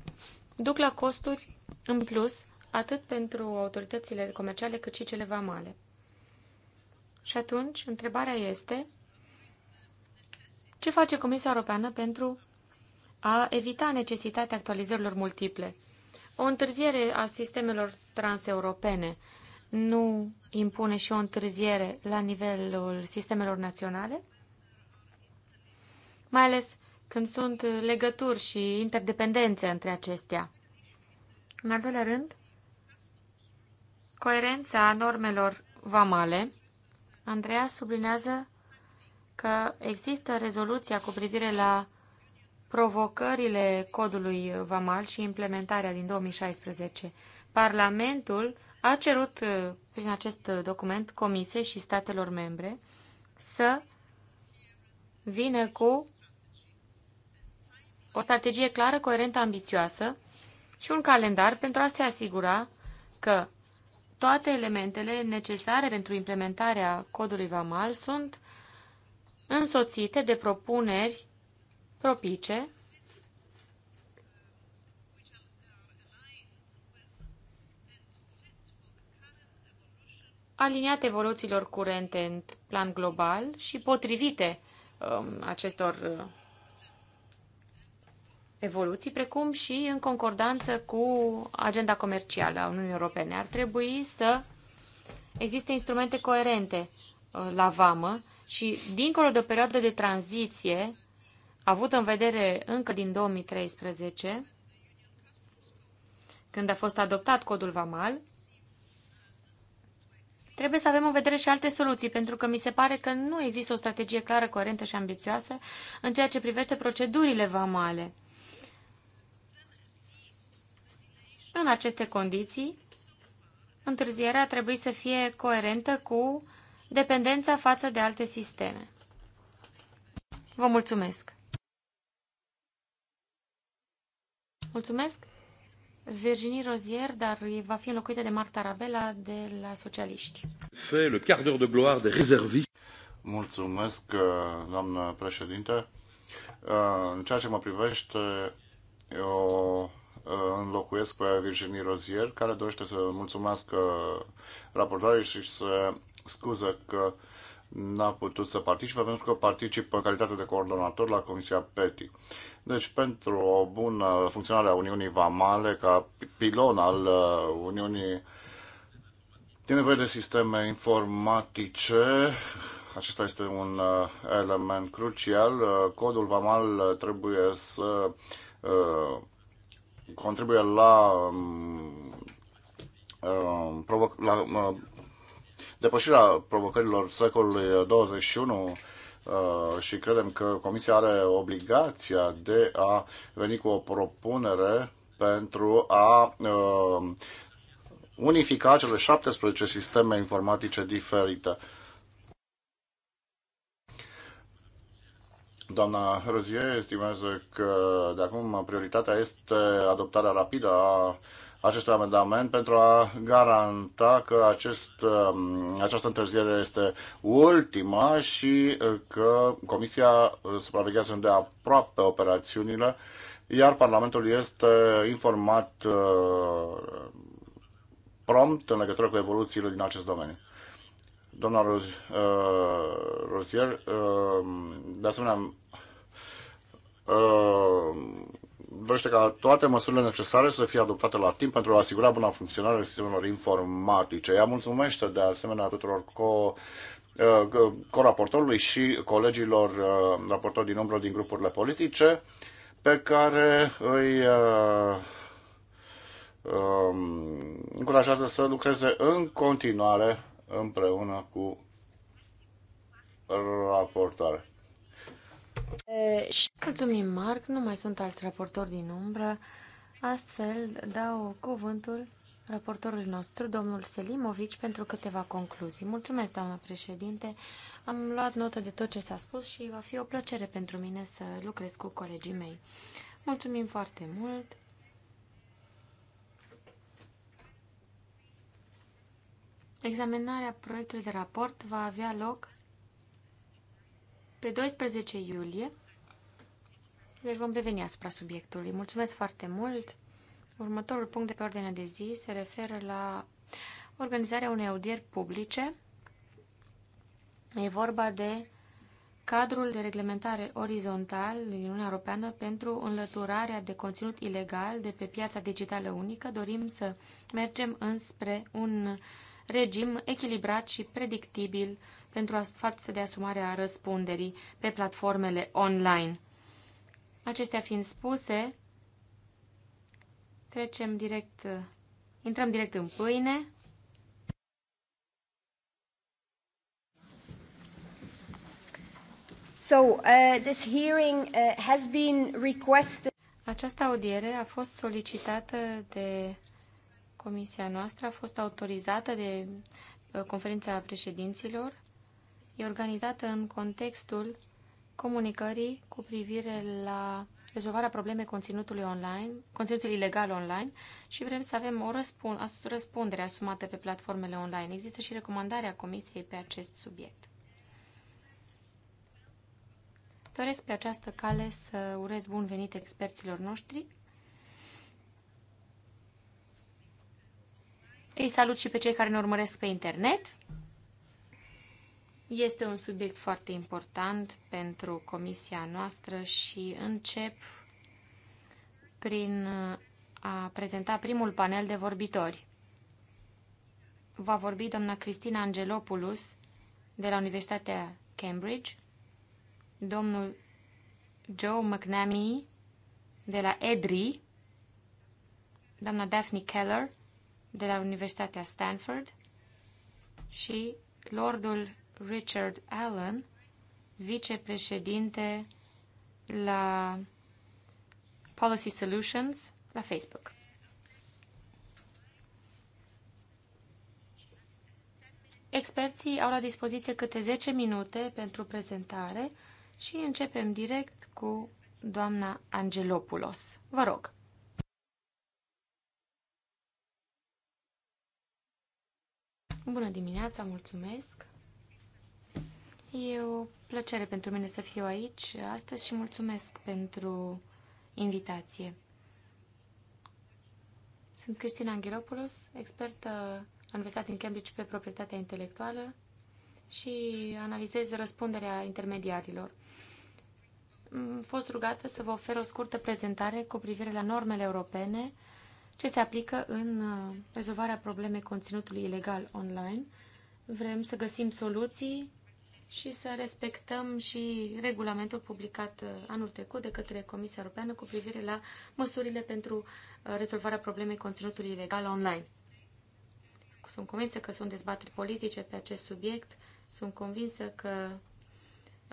duc la costuri în plus atât pentru autoritățile comerciale cât și cele vamale. Și atunci, întrebarea este ce face Comisia Europeană pentru a evita necesitatea actualizărilor multiple? O întârziere a sistemelor transeuropene nu impune și o întârziere la nivelul sistemelor naționale? Mai ales când sunt legături și interdependențe între acestea. În al doilea rând, coerența normelor vamale. Andreea sublinează că există rezoluția cu privire la provocările codului VAMAL și implementarea din 2016. Parlamentul a cerut uh, prin acest document Comisiei și statelor membre să vină cu o strategie clară, coerentă, ambițioasă și un calendar pentru a se asigura că toate elementele necesare pentru implementarea codului VAMAL sunt însoțite de propuneri propice aliniate evoluțiilor curente în plan global și potrivite um, acestor uh, evoluții, precum și în concordanță cu agenda comercială a Uniunii Europene. Ar trebui să existe instrumente coerente uh, la vamă și, dincolo de o perioadă de tranziție, avut în vedere încă din 2013, când a fost adoptat codul VAMAL, trebuie să avem în vedere și alte soluții, pentru că mi se pare că nu există o strategie clară, coerentă și ambițioasă în ceea ce privește procedurile VAMALE. În aceste condiții, întârzierea trebuie să fie coerentă cu dependența față de alte sisteme. Vă mulțumesc! Mulțumesc! Virginie Rozier, dar va fi înlocuită de Marta Rabela de la Socialiști. Fait le quart d'heure de gloire des réservistes. Mulțumesc, uh, doamnă președinte. Uh, în ceea ce mă privește, eu uh, înlocuiesc pe Virginie Rozier, care dorește să mulțumesc raportoarei și să scuză că n-a putut să participe, pentru că participă în calitate de coordonator la Comisia PETI. Deci, pentru o bună funcționare a Uniunii Vamale, ca pilon al uh, Uniunii, e nevoie de sisteme informatice. Acesta este un uh, element crucial. Uh, codul Vamal trebuie să contribuie la, um, la depășirea provocărilor secolului 21 Uh, și credem că Comisia are obligația de a veni cu o propunere pentru a uh, unifica cele 17 sisteme informatice diferite. Doamna Răzie estimează că de acum prioritatea este adoptarea rapidă a acestui amendament pentru a garanta că acest, um, această întârziere este ultima și uh, că Comisia uh, supraveghează de aproape operațiunile, iar Parlamentul este informat uh, prompt în legătură cu evoluțiile din acest domeniu. Doamna Rozier, de asemenea, dorește ca toate măsurile necesare să fie adoptate la timp pentru a asigura buna funcționare a sistemelor informatice. Ea mulțumește de asemenea tuturor co uh, coraportorului și colegilor uh, raportori din umbră din grupurile politice pe care îi uh, um, încurajează să lucreze în continuare împreună cu raportoare. Eh, mulțumim, Marc. Nu mai sunt alți raportori din umbră. Astfel, dau cuvântul raportorului nostru, domnul Selimovic, pentru câteva concluzii. Mulțumesc, doamnă președinte. Am luat notă de tot ce s-a spus și va fi o plăcere pentru mine să lucrez cu colegii mei. Mulțumim foarte mult! Examinarea proiectului de raport va avea loc pe 12 iulie deci vom reveni asupra subiectului. Mulțumesc foarte mult! Următorul punct de pe ordinea de zi se referă la organizarea unei audieri publice. E vorba de cadrul de reglementare orizontal din Uniunea Europeană pentru înlăturarea de conținut ilegal de pe piața digitală unică. Dorim să mergem înspre un regim echilibrat și predictibil pentru a față de asumarea răspunderii pe platformele online. Acestea fiind spuse, trecem direct, intrăm direct în pâine. So, uh, this hearing uh, has been requested. Această audiere a fost solicitată de comisia noastră, a fost autorizată de uh, conferința președinților e organizată în contextul comunicării cu privire la rezolvarea problemei conținutului online, conținutul ilegal online și vrem să avem o răspundere asumată pe platformele online. Există și recomandarea Comisiei pe acest subiect. Doresc pe această cale să urez bun venit experților noștri. Îi salut și pe cei care ne urmăresc pe internet. Este un subiect foarte important pentru comisia noastră și încep prin a prezenta primul panel de vorbitori. Va vorbi doamna Cristina Angelopoulos de la Universitatea Cambridge, domnul Joe McNamee de la EDRI, doamna Daphne Keller de la Universitatea Stanford și lordul Richard Allen, vicepreședinte la Policy Solutions la Facebook. Experții au la dispoziție câte 10 minute pentru prezentare și începem direct cu doamna Angelopoulos. Vă rog! Bună dimineața, mulțumesc! E o plăcere pentru mine să fiu aici astăzi și mulțumesc pentru invitație. Sunt Cristina Angelopoulos, expertă la Universitatea din Cambridge pe proprietatea intelectuală și analizez răspunderea intermediarilor. Am fost rugată să vă ofer o scurtă prezentare cu privire la normele europene ce se aplică în uh, rezolvarea problemei conținutului ilegal online. Vrem să găsim soluții și să respectăm și regulamentul publicat uh, anul trecut de către Comisia Europeană cu privire la măsurile pentru uh, rezolvarea problemei conținutului ilegal online. Sunt convinsă că sunt dezbateri politice pe acest subiect, sunt convinsă că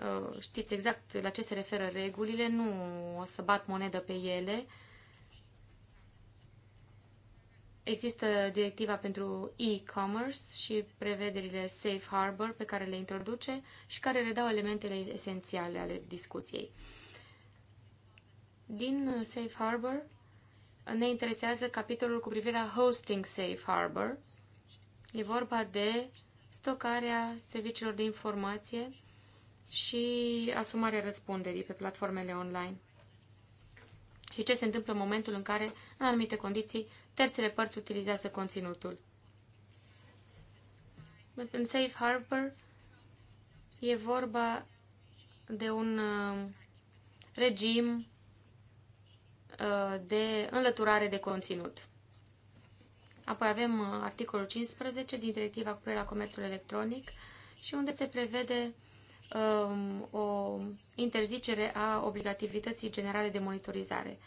uh, știți exact la ce se referă regulile, nu o să bat monedă pe ele, Există directiva pentru e-commerce și prevederile safe harbor pe care le introduce și care redau elementele esențiale ale discuției. Din safe harbor ne interesează capitolul cu privire la hosting safe harbor. E vorba de stocarea serviciilor de informație și asumarea răspunderii pe platformele online și ce se întâmplă în momentul în care, în anumite condiții, terțele părți utilizează conținutul. În Safe Harbor e vorba de un uh, regim uh, de înlăturare de conținut. Apoi avem uh, articolul 15 din directiva cu la comerțul electronic și unde se prevede um, o interzicere a obligativității generale de monitorizare.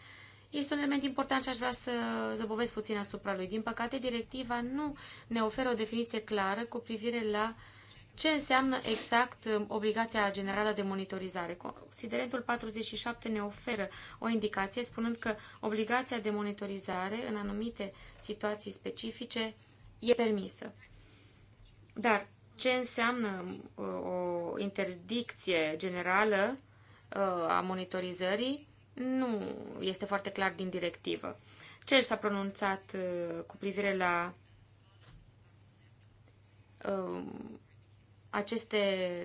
Este un element important și aș vrea să zăbovesc puțin asupra lui. Din păcate, directiva nu ne oferă o definiție clară cu privire la ce înseamnă exact um, obligația generală de monitorizare. Considerentul 47 ne oferă o indicație spunând că obligația de monitorizare în anumite situații specifice e permisă. Dar ce înseamnă uh, o interdicție generală uh, a monitorizării nu este foarte clar din directivă. ce s-a pronunțat uh, cu privire la um, aceste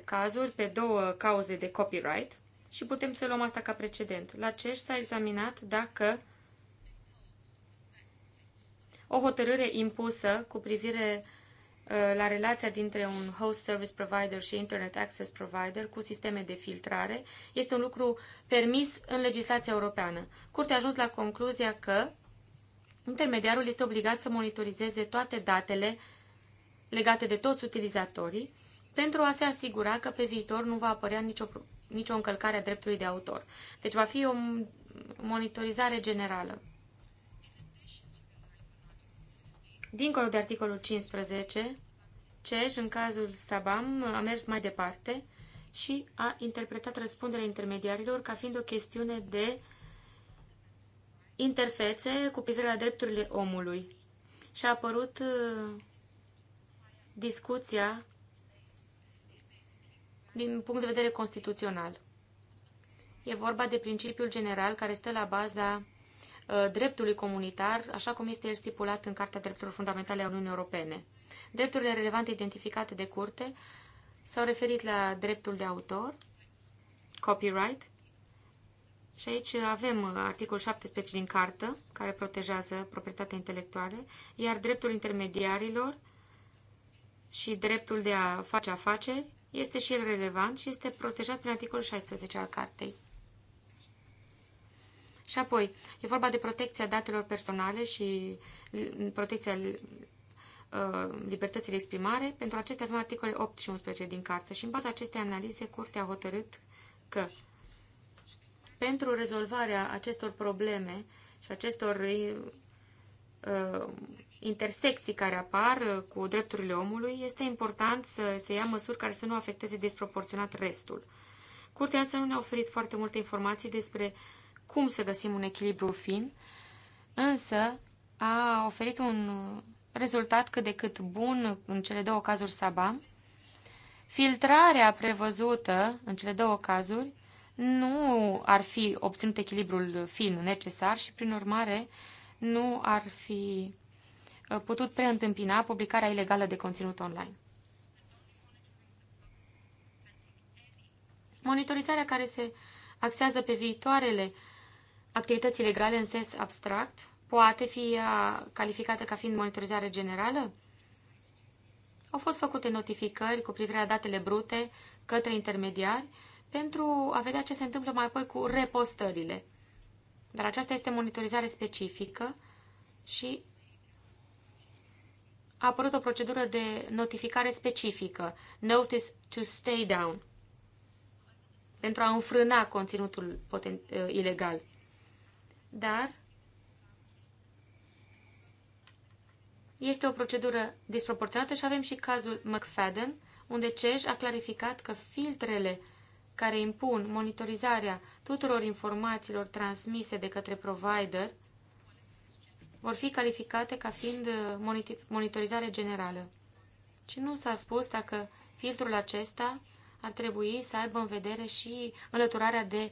cazuri pe două cauze de copyright și putem să luăm asta ca precedent. La ce s-a examinat dacă o hotărâre impusă cu privire uh, Uh, la relația dintre un host service provider și internet access provider cu sisteme de filtrare este un lucru permis în legislația europeană. Curtea a ajuns la concluzia că intermediarul este obligat să monitorizeze toate datele legate de toți utilizatorii pentru a se asigura că pe viitor nu va apărea nicio, nicio încălcare a dreptului de autor. Deci va fi o monitorizare generală. Dincolo de articolul 15, Ceș, în cazul Sabam, a mers mai departe și a interpretat răspunderea intermediarilor ca fiind o chestiune de interfețe cu privire la drepturile omului. Și a apărut uh, discuția din punct de vedere constituțional. E vorba de principiul general care stă la baza Uh, dreptului comunitar, așa cum este el stipulat în Carta Drepturilor Fundamentale a Uniunii Europene. Drepturile relevante identificate de curte s-au referit la dreptul de autor, copyright, și aici avem uh, articolul 17 din cartă, care protejează proprietatea intelectuală, iar dreptul intermediarilor și dreptul de a face afaceri este și el relevant și este protejat prin articolul 16 al cartei. Și apoi, e vorba de protecția datelor personale și protecția uh, libertății de exprimare. Pentru acestea avem articole 8 și 11 din carte și în baza acestei analize, Curtea a hotărât că pentru rezolvarea acestor probleme și acestor uh, intersecții care apar uh, cu drepturile omului, este important să se ia măsuri care să nu afecteze disproporționat restul. Curtea însă nu ne-a oferit foarte multe informații despre uh, cum să găsim un echilibru fin, însă a oferit un rezultat cât de cât bun în cele două cazuri Sabam. Filtrarea prevăzută în cele două cazuri nu ar fi obținut echilibrul fin necesar și, prin urmare, nu ar fi uh, putut preîntâmpina publicarea ilegală de conținut online. Monitorizarea care se axează pe viitoarele activități legale în sens abstract poate fi uh, calificată ca fiind monitorizare generală? Au fost făcute notificări cu privire la datele brute către intermediari pentru a vedea ce se întâmplă mai apoi cu repostările. Dar aceasta este monitorizare specifică și a apărut o procedură de notificare specifică, Notice to Stay Down, pentru a înfrâna conținutul uh, ilegal dar este o procedură disproporționată și avem și cazul McFadden, unde CEJ a clarificat că filtrele care impun monitorizarea tuturor informațiilor transmise de către provider vor fi calificate ca fiind uh, monitorizare generală. Și nu s-a spus dacă filtrul acesta ar trebui să aibă în vedere și înlăturarea de uh,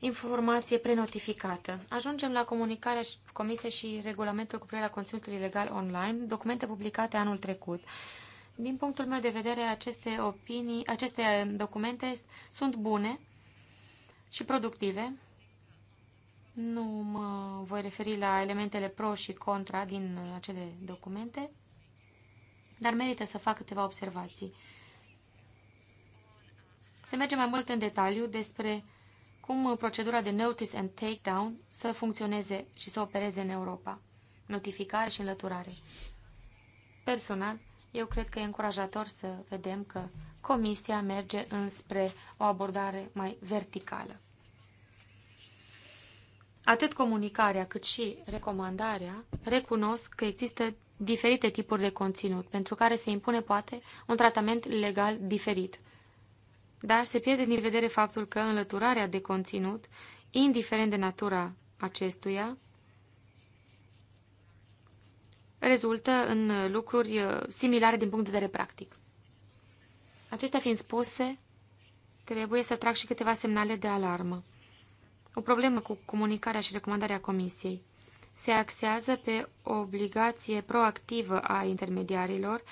informație prenotificată. Ajungem la comunicarea Comisiei și regulamentul cu privire la conținutul ilegal online, documente publicate anul trecut. Din punctul meu de vedere, aceste opinii, aceste documente sunt bune și productive. Nu mă voi referi la elementele pro și contra din acele documente, dar merită să fac câteva observații. Se merge mai mult în detaliu despre cum uh, procedura de notice and takedown să funcționeze și să opereze în Europa. Notificare și înlăturare. Personal, eu cred că e încurajator să vedem că Comisia merge înspre o abordare mai verticală. Atât comunicarea cât și recomandarea recunosc că există diferite tipuri de conținut, pentru care se impune poate un tratament legal diferit dar se pierde din vedere faptul că înlăturarea de conținut, indiferent de natura acestuia, rezultă în lucruri uh, similare din punct de vedere practic. Acestea fiind spuse, trebuie să trag și câteva semnale de alarmă. O problemă cu comunicarea și recomandarea comisiei se axează pe o obligație proactivă a intermediarilor,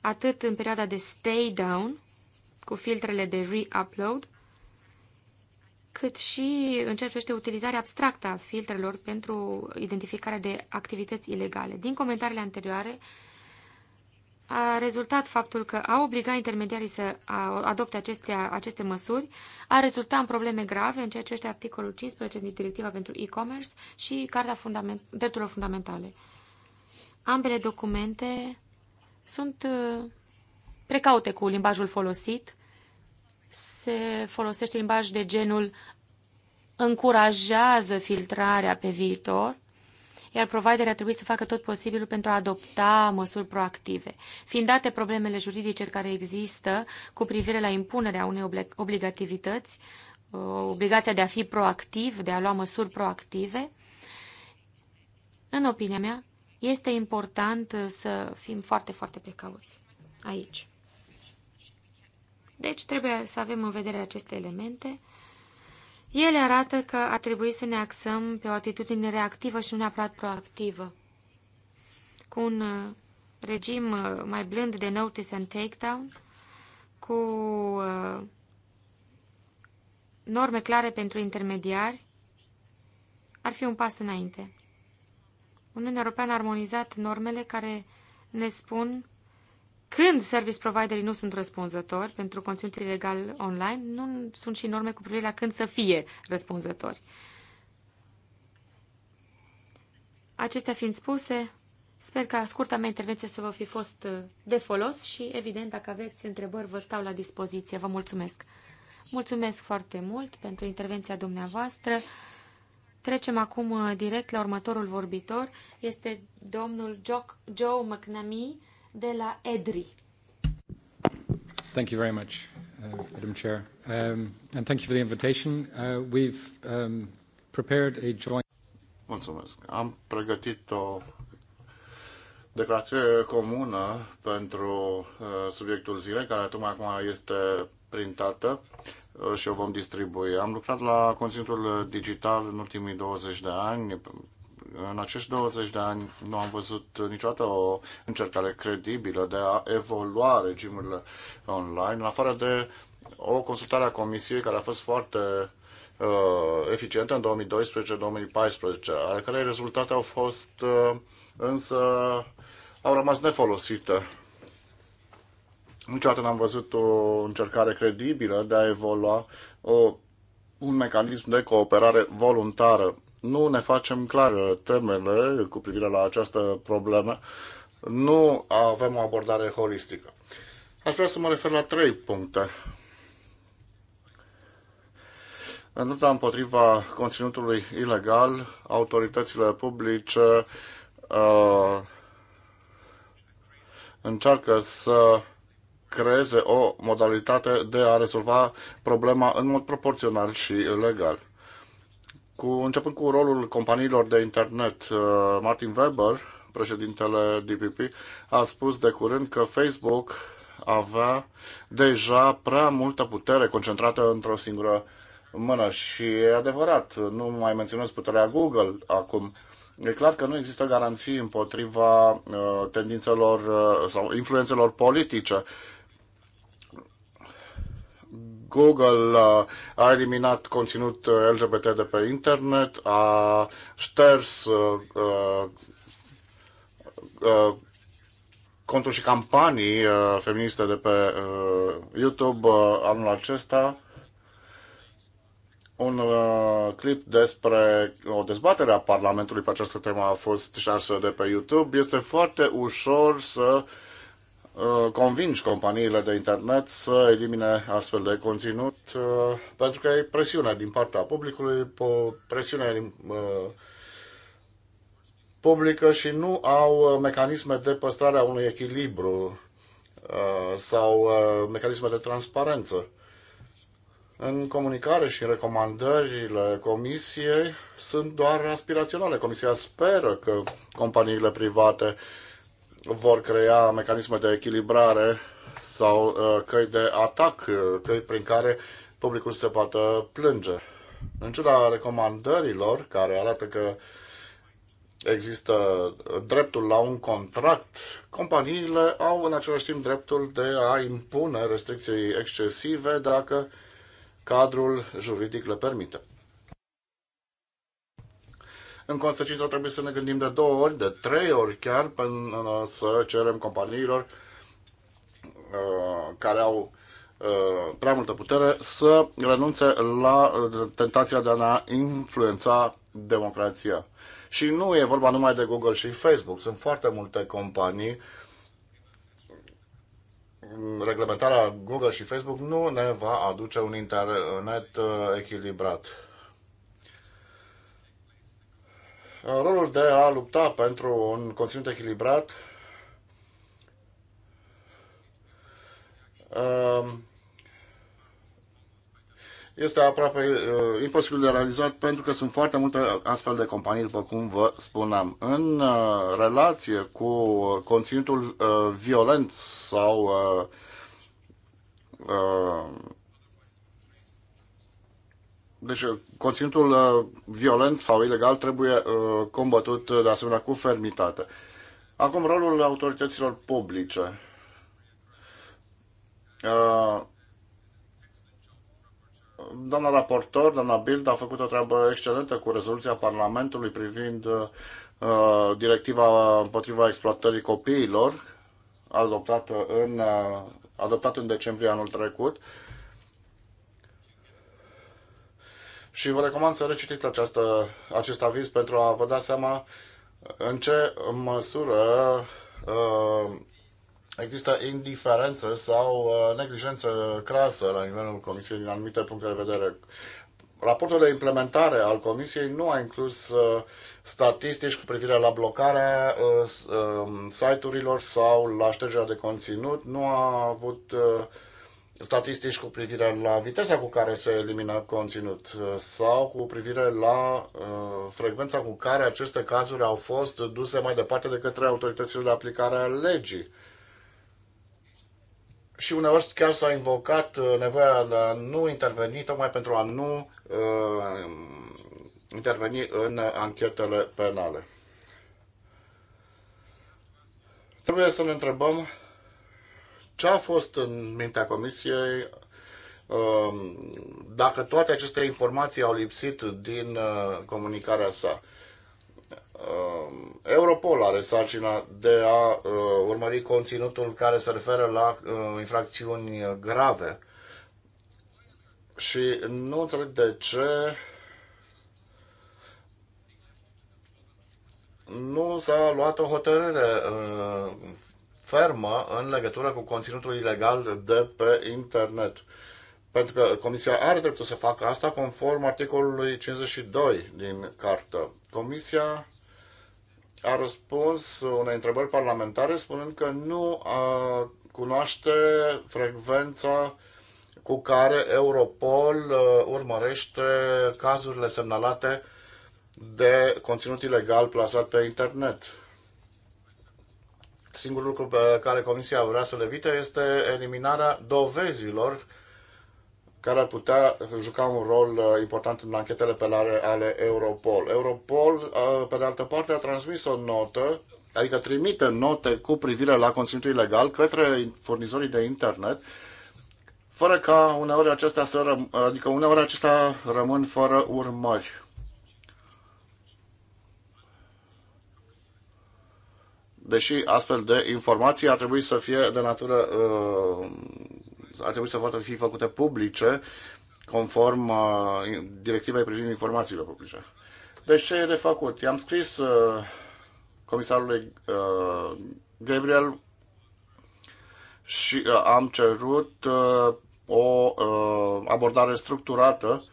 atât în perioada de stay down, cu filtrele de re-upload, cât și încercește utilizarea abstractă a filtrelor pentru identificarea de activități ilegale. Din comentariile anterioare, a rezultat faptul că a obliga intermediarii să adopte aceste aceste măsuri, a rezultat în probleme grave în ceea ce este articolul 15 din Directiva pentru e-commerce și Carta fundament, Drepturilor Fundamentale. Ambele documente sunt uh, precaute cu limbajul folosit. Se folosește limbaj de genul încurajează filtrarea pe viitor, iar providerii ar trebui să facă tot posibilul pentru a adopta măsuri proactive. Fiind date problemele juridice care există cu privire la impunerea unei obligativități, obligația de a fi proactiv, de a lua măsuri proactive, în opinia mea, este important să fim foarte, foarte precauți aici. Deci trebuie să avem în vedere aceste elemente. Ele arată că ar trebui să ne axăm pe o atitudine reactivă și nu neapărat proactivă. Cu un uh, regim uh, mai blând de notice and takedown, cu uh, norme clare pentru intermediari, ar fi un pas înainte. Uniunea Europeană a armonizat normele care ne spun când service providerii nu sunt răspunzători pentru conținut ilegal online, nu sunt și norme cu privire la când să fie răspunzători. Acestea fiind spuse, sper că scurta mea intervenție să vă fi fost uh, de folos și, evident, dacă aveți întrebări, vă stau la dispoziție. Vă mulțumesc! Mulțumesc foarte mult pentru intervenția dumneavoastră. Trecem acum uh, direct la următorul vorbitor. Este domnul Joe McNamee, de la EDRI. Thank you very much, uh, Madam Chair, um, and thank you for the invitation. Uh, we've um, prepared a joint. Mulțumesc. Am pregătit o declarație comună pentru uh, subiectul zilei, care tocmai acum este printată uh, și o vom distribui. Am lucrat la conținutul digital în ultimii 20 de ani în acești 20 de ani nu am văzut niciodată o încercare credibilă de a evolua regimurile online, în afară de o consultare a Comisiei care a fost foarte uh, eficientă în 2012-2014, ale cărei rezultate au fost uh, însă au rămas nefolosite. Niciodată n-am văzut o încercare credibilă de a evolua o, uh, un mecanism de cooperare voluntară nu ne facem clar temele cu privire la această problemă, nu avem o abordare holistică. Aș vrea să mă refer la trei puncte. În lupta împotriva conținutului ilegal, autoritățile publice uh, încearcă să creeze o modalitate de a rezolva problema în mod proporțional și legal cu, începând cu rolul companiilor de internet, uh, Martin Weber, președintele DPP, a spus de curând că Facebook avea deja prea multă putere concentrată într-o singură mână și e adevărat, nu mai menționez puterea Google acum. E clar că nu există garanții împotriva uh, tendințelor uh, sau influențelor politice Google a eliminat conținut uh, LGBT de pe internet, a șters uh, uh, uh, conturi și campanii uh, feministe de pe uh, YouTube uh, anul acesta un uh, clip despre o dezbatere a Parlamentului pe această temă a fost șarsă de pe YouTube. Este foarte ușor să uh, Uh, convingi companiile de internet să elimine astfel de conținut uh, pentru că e presiunea din partea publicului, presiunea uh, publică și nu au mecanisme de păstrare a unui echilibru sau mecanisme de transparență. În comunicare și recomandările comisiei sunt doar aspiraționale. Comisia speră că companiile private uh, vor crea mecanisme de echilibrare sau uh, căi de atac, uh, căi prin care publicul se poate plânge. În ciuda recomandărilor care arată că există dreptul la un contract, companiile au în același timp dreptul de a impune restricții excesive dacă cadrul juridic le permite. În consecință trebuie să ne gândim de două ori, de trei ori chiar, până să cerem companiilor uh, care au uh, prea multă putere să renunțe la uh, tentația de a influența democrația. Și nu e vorba numai de Google și Facebook. Sunt foarte multe companii. Reglementarea Google și Facebook nu ne va aduce un internet echilibrat. rolul de a lupta pentru un conținut echilibrat um, este aproape uh, imposibil de realizat pentru că sunt foarte multe astfel de companii, după cum vă spuneam. În uh, relație cu conținutul uh, violent sau deci uh, conținutul uh, violent sau ilegal trebuie uh, combătut de asemenea cu fermitate. Acum rolul autorităților publice. Doamna raportor, doamna Bild, a făcut o treabă excelentă cu rezoluția Parlamentului privind directiva împotriva exploatării copiilor, adoptată în, adoptat în decembrie anul trecut. Uh, și vă recomand să recitiți această, acest aviz pentru a vă da seama în ce măsură uh, există indiferență sau uh, neglijență crasă la nivelul Comisiei din anumite puncte de vedere. Raportul de implementare al Comisiei nu a inclus uh, statistici cu privire la blocarea uh, uh site-urilor sau la ștergerea de conținut, nu a avut uh, statistici cu privire la viteza cu care se elimină conținut uh, sau cu privire la uh, frecvența cu care aceste cazuri au fost duse mai departe de către autoritățile de aplicare a legii. Și uneori chiar s-a invocat uh, nevoia de a nu interveni tocmai pentru a nu uh, interveni în anchetele penale. Trebuie să ne întrebăm ce a fost în mintea comisiei um, dacă toate aceste informații au lipsit din uh, comunicarea sa? Um, Europol are sarcina de a uh, urmări conținutul care se referă la uh, infracțiuni grave și nu înțeleg de ce nu s-a luat o hotărâre fermă în legătură cu conținutul ilegal de pe internet. Pentru că Comisia are dreptul să facă asta conform articolului 52 din cartă. Comisia a răspuns unei întrebări parlamentare spunând că nu a cunoaște frecvența cu care Europol uh, urmărește cazurile semnalate de conținut ilegal plasat pe internet. Singurul lucru pe care Comisia vrea să le evite este eliminarea dovezilor care ar putea juca un rol uh, important în anchetele penale ale Europol. Europol, uh, pe de altă parte, a transmis o notă, adică trimite note cu privire la conținutul ilegal către furnizorii de internet, fără ca uneori acestea să răm- adică uneori acestea rămân fără urmări. deși astfel de informații ar trebui să fie de natură, uh, ar trebui să poată fi făcute publice conform uh, directivei privind informațiile publice. Deci ce e de făcut? I-am scris uh, comisarului Gabriel și am cerut o abordare structurată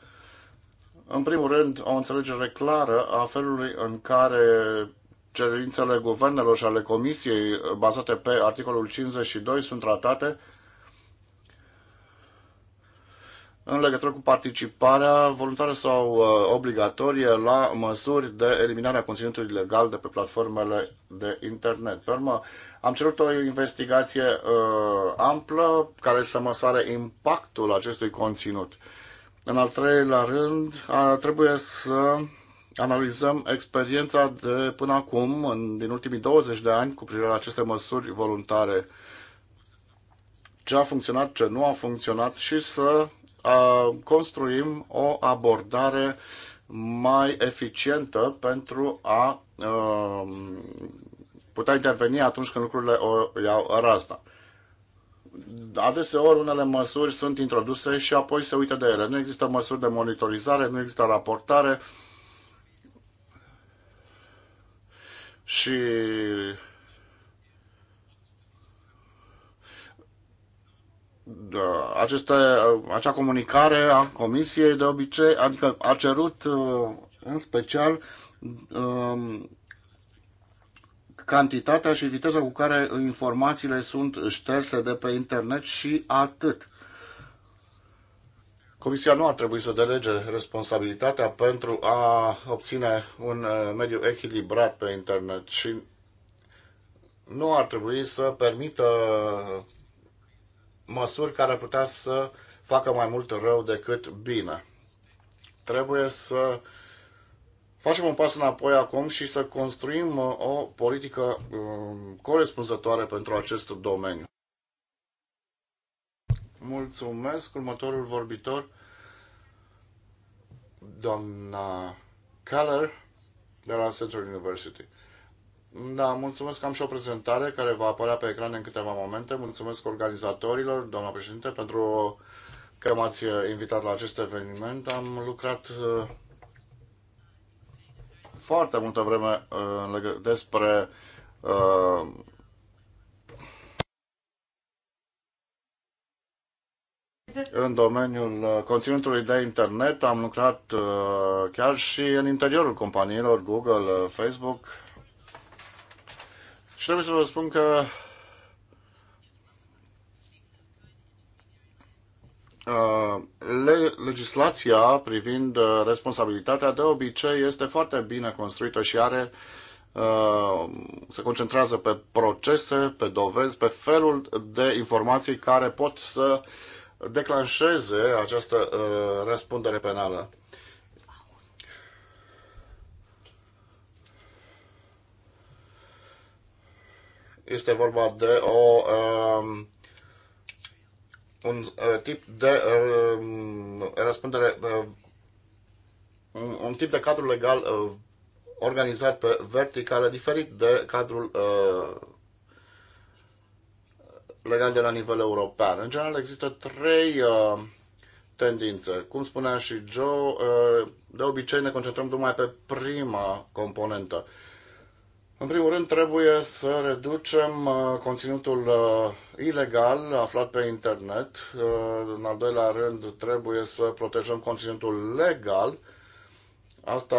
în primul rând, o înțelegere clară a felului în care cerințele guvernelor și ale comisiei uh, bazate pe articolul 52 sunt tratate în legătură cu participarea voluntară sau uh, obligatorie la măsuri de eliminare a conținutului ilegal de pe platformele de internet. Pe urmă, am cerut o investigație uh, amplă care să măsoare impactul acestui conținut. În al treilea rând, trebuie să analizăm experiența de până acum, în, din ultimii 20 de ani, cu privire la aceste măsuri voluntare, ce a funcționat, ce nu a funcționat și să a, construim o abordare mai eficientă pentru a a putea interveni atunci când lucrurile o iau rasta. Adeseori unele măsuri sunt introduse și apoi se uită de ele. Nu există măsuri de monitorizare, nu există raportare, uh, și da aceste, acea comunicare a Comisiei de obicei, adică a cerut uh, în special um, cantitatea și viteza cu care informațiile sunt șterse de pe internet și atât. Comisia nu ar trebui să delege responsabilitatea pentru a obține un uh, mediu echilibrat pe internet și nu ar trebui să permită măsuri care ar putea să facă mai mult rău decât bine. Trebuie să facem un pas înapoi acum și să construim uh, o politică um, corespunzătoare pentru acest domeniu. Mulțumesc. Următorul vorbitor, doamna Keller, de la Central University. Da, mulțumesc că am și o prezentare care va apărea pe ecran în câteva momente. Mulțumesc organizatorilor, doamna președinte, pentru că m-ați invitat la acest eveniment. Am lucrat uh, foarte multă vreme uh, despre uh, În domeniul uh, conținutului de internet am lucrat uh, chiar și în interiorul companiilor Google, uh, Facebook. Și trebuie să vă spun că legislația privind responsabilitatea de obicei este foarte bine construită și are se concentrează pe procese, pe dovezi, pe felul de informații care pot să uh, declanșeze această uh, răspundere penală. Este vorba de o, um, un uh, tip de uh, răspundere, uh, un, un tip de cadru legal uh, organizat pe verticală, diferit de cadrul uh, legat de la nivel european. În general există trei uh, tendințe. Cum spunea și Joe, uh, de obicei ne concentrăm numai pe prima componentă. În primul rând, trebuie să reducem uh, conținutul uh, ilegal aflat pe internet. Uh, în al doilea rând, trebuie să protejăm conținutul legal. Asta,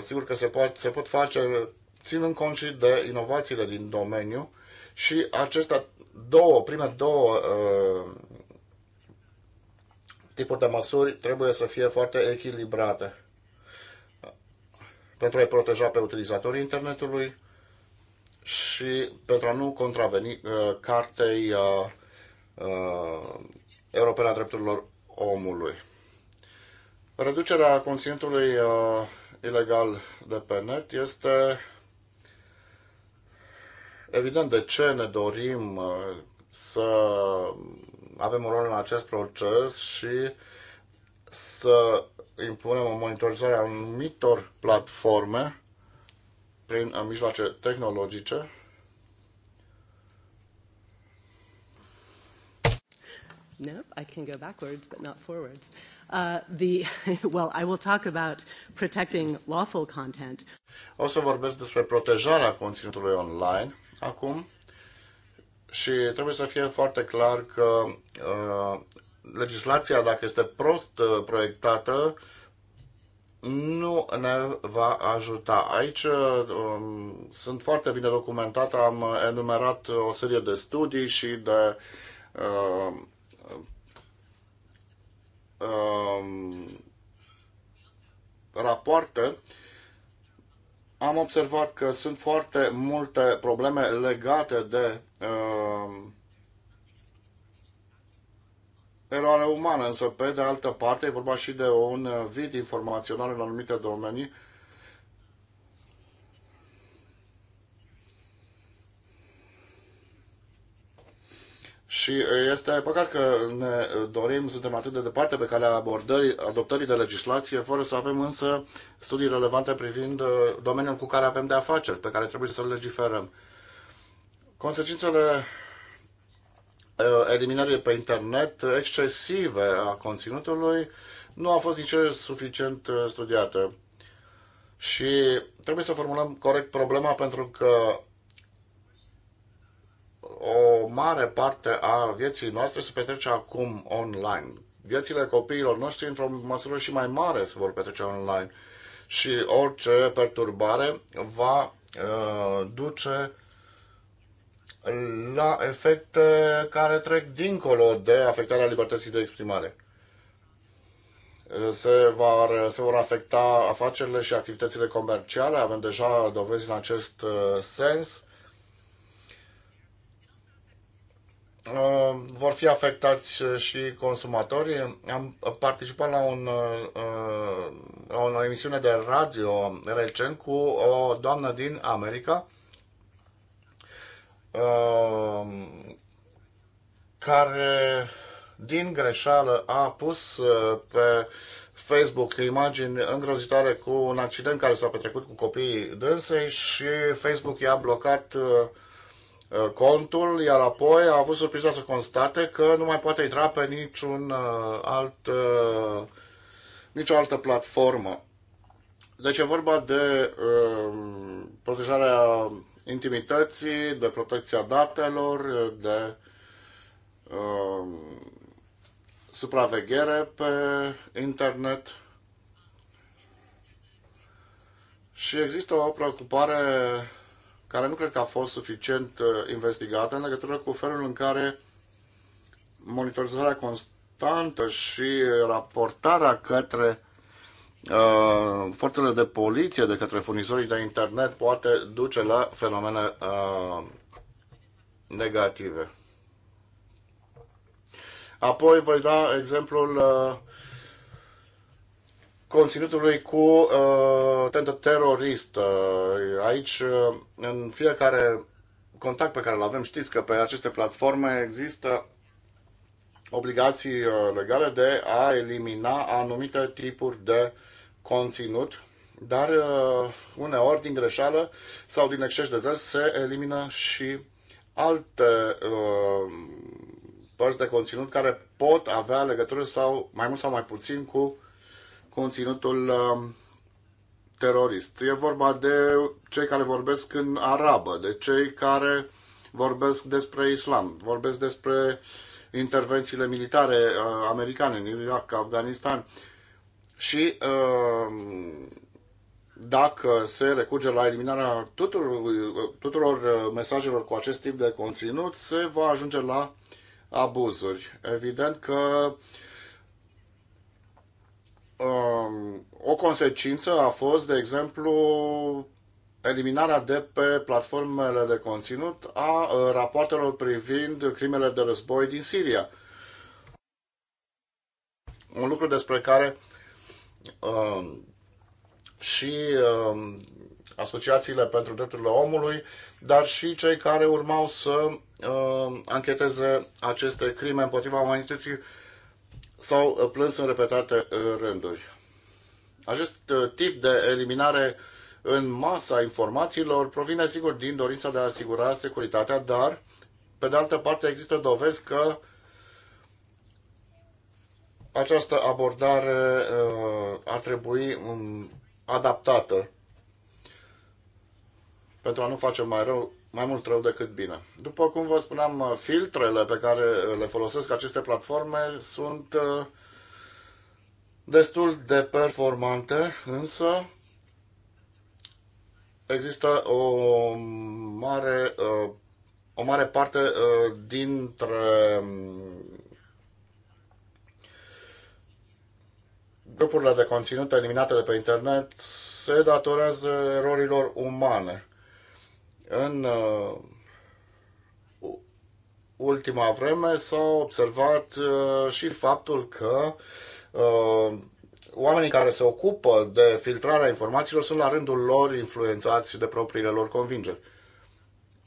sigur că se, pot, se pot face ținând cont și de inovațiile din domeniu și acestea două, prime două uh, tipuri de măsuri trebuie să fie foarte echilibrate pentru a-i proteja pe utilizatorii internetului și pentru a nu contraveni uh, cartei uh, uh, europene a drepturilor omului. Reducerea conținutului uh, ilegal de pe net este Evident, de ce ne dorim uh, să avem un rol în acest proces și să impunem o monitorizare a anumitor platforme prin mijloace tehnologice. No, I can go backwards, but not forwards. Uh, the, well, I will talk about protecting lawful content. O să vorbesc despre protejarea conținutului online acum și trebuie să fie foarte clar că uh, legislația, dacă este prost uh, proiectată, nu ne va ajuta. Aici uh, um, sunt foarte bine documentate, am enumerat o serie de studii și de uh, uh, rapoarte am observat că sunt foarte multe probleme legate de uh, eroare umană, însă pe de altă parte e vorba și de un vid informațional în anumite domenii Și este păcat că ne dorim, suntem atât de departe pe calea abordării, adoptării de legislație, fără să avem însă studii relevante privind uh, domeniul cu care avem de-a face, pe care trebuie să-l legiferăm. Consecințele uh, eliminării pe internet excesive a conținutului nu a fost nici suficient uh, studiate. Și trebuie să formulăm corect problema pentru că o mare parte a vieții noastre se petrece acum online. Viețile copiilor noștri, într-o măsură și mai mare, se vor petrece online. Și orice perturbare va uh, duce la efecte care trec dincolo de afectarea libertății de exprimare. Se, va, se vor afecta afacerile și activitățile comerciale, avem deja dovezi în acest uh, sens vor fi afectați și consumatorii. Am participat la, un, uh, la o emisiune de radio recent cu o doamnă din America uh, care din greșeală a pus uh, pe Facebook imagini îngrozitoare cu un accident care s-a petrecut cu copiii dânsei și Facebook i-a blocat uh, Uh, contul, iar apoi a avut surpriza să constate că nu mai poate intra pe niciun uh, alt, uh, nicio altă platformă. Deci e vorba de protejarea intimității, de protecția datelor, de supraveghere pe internet. Și există o preocupare care nu cred că a fost suficient uh, investigată în legătură cu felul în care monitorizarea constantă și raportarea către uh, forțele de poliție, de către furnizorii de internet, poate duce la fenomene uh, negative. Apoi voi da exemplul uh, conținutului cu uh, tentă teroristă. Aici, uh, în fiecare contact pe care îl avem, știți că pe aceste platforme există obligații uh, legale de a elimina anumite tipuri de conținut, dar uh, uneori, din greșeală sau din exces de zel, se elimină și alte uh, părți de conținut care pot avea legătură sau mai mult sau mai puțin cu conținutul um, terorist. E vorba de cei care vorbesc în arabă, de cei care vorbesc despre islam, vorbesc despre intervențiile militare uh, americane în Irak, Afganistan. Și um, dacă se recurge la eliminarea tuturor, tuturor uh, mesajelor cu acest tip de conținut, se va ajunge la abuzuri. Evident că uh, Um, o consecință a fost, de exemplu, eliminarea de pe platformele de conținut a uh, rapoartelor privind crimele de război din Siria. Un lucru despre care uh, și uh, asociațiile pentru drepturile omului, dar și cei care urmau să uh, ancheteze aceste crime împotriva umanității sau uh, plâns în repetate uh, rânduri. Acest uh, tip de eliminare în masa informațiilor provine, sigur, din dorința de a asigura securitatea, dar, pe de altă parte, există dovezi că această abordare ar trebui um, adaptată pentru a nu face mai rău mai mult rău decât bine. După cum vă spuneam, uh, filtrele pe care uh, le folosesc aceste platforme sunt uh, destul de performante, însă există o mare, o mare parte dintre um, grupurile de conținut eliminate de pe internet se datorează erorilor umane. În uh, ultima vreme s-a observat uh, și faptul că uh, oamenii care se ocupă de filtrarea informațiilor sunt la rândul lor influențați de propriile lor convingeri.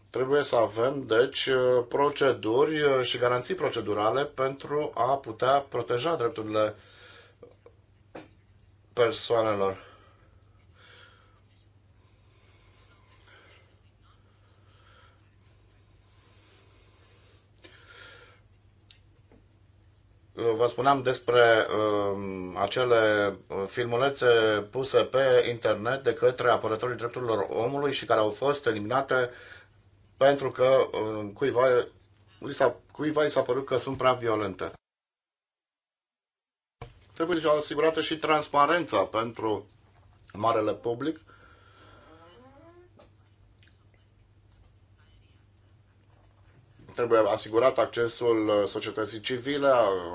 Trebuie să avem, deci, proceduri și garanții procedurale pentru a putea proteja drepturile persoanelor. vă spuneam despre um, uh, acele filmulețe puse pe internet de către apărătorii drepturilor omului și care au fost eliminate pentru că uh, cuiva, li s-a, cuiva i s-a părut că sunt prea violente. Trebuie asigurată și transparența pentru marele public trebuie asigurat accesul uh, societății civile,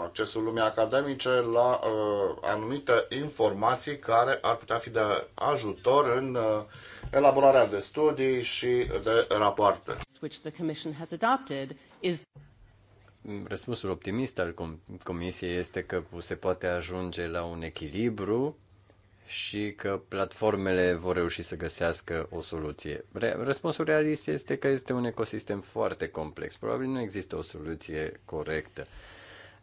accesul lumii academice la uh, anumite informații care ar putea fi de ajutor în uh, elaborarea de studii și de rapoarte. Răspunsul optimist al com Comisiei este că se poate ajunge la un echilibru și că platformele vor reuși să găsească o soluție. Răspunsul realist este că este un ecosistem foarte complex. Probabil nu există o soluție corectă.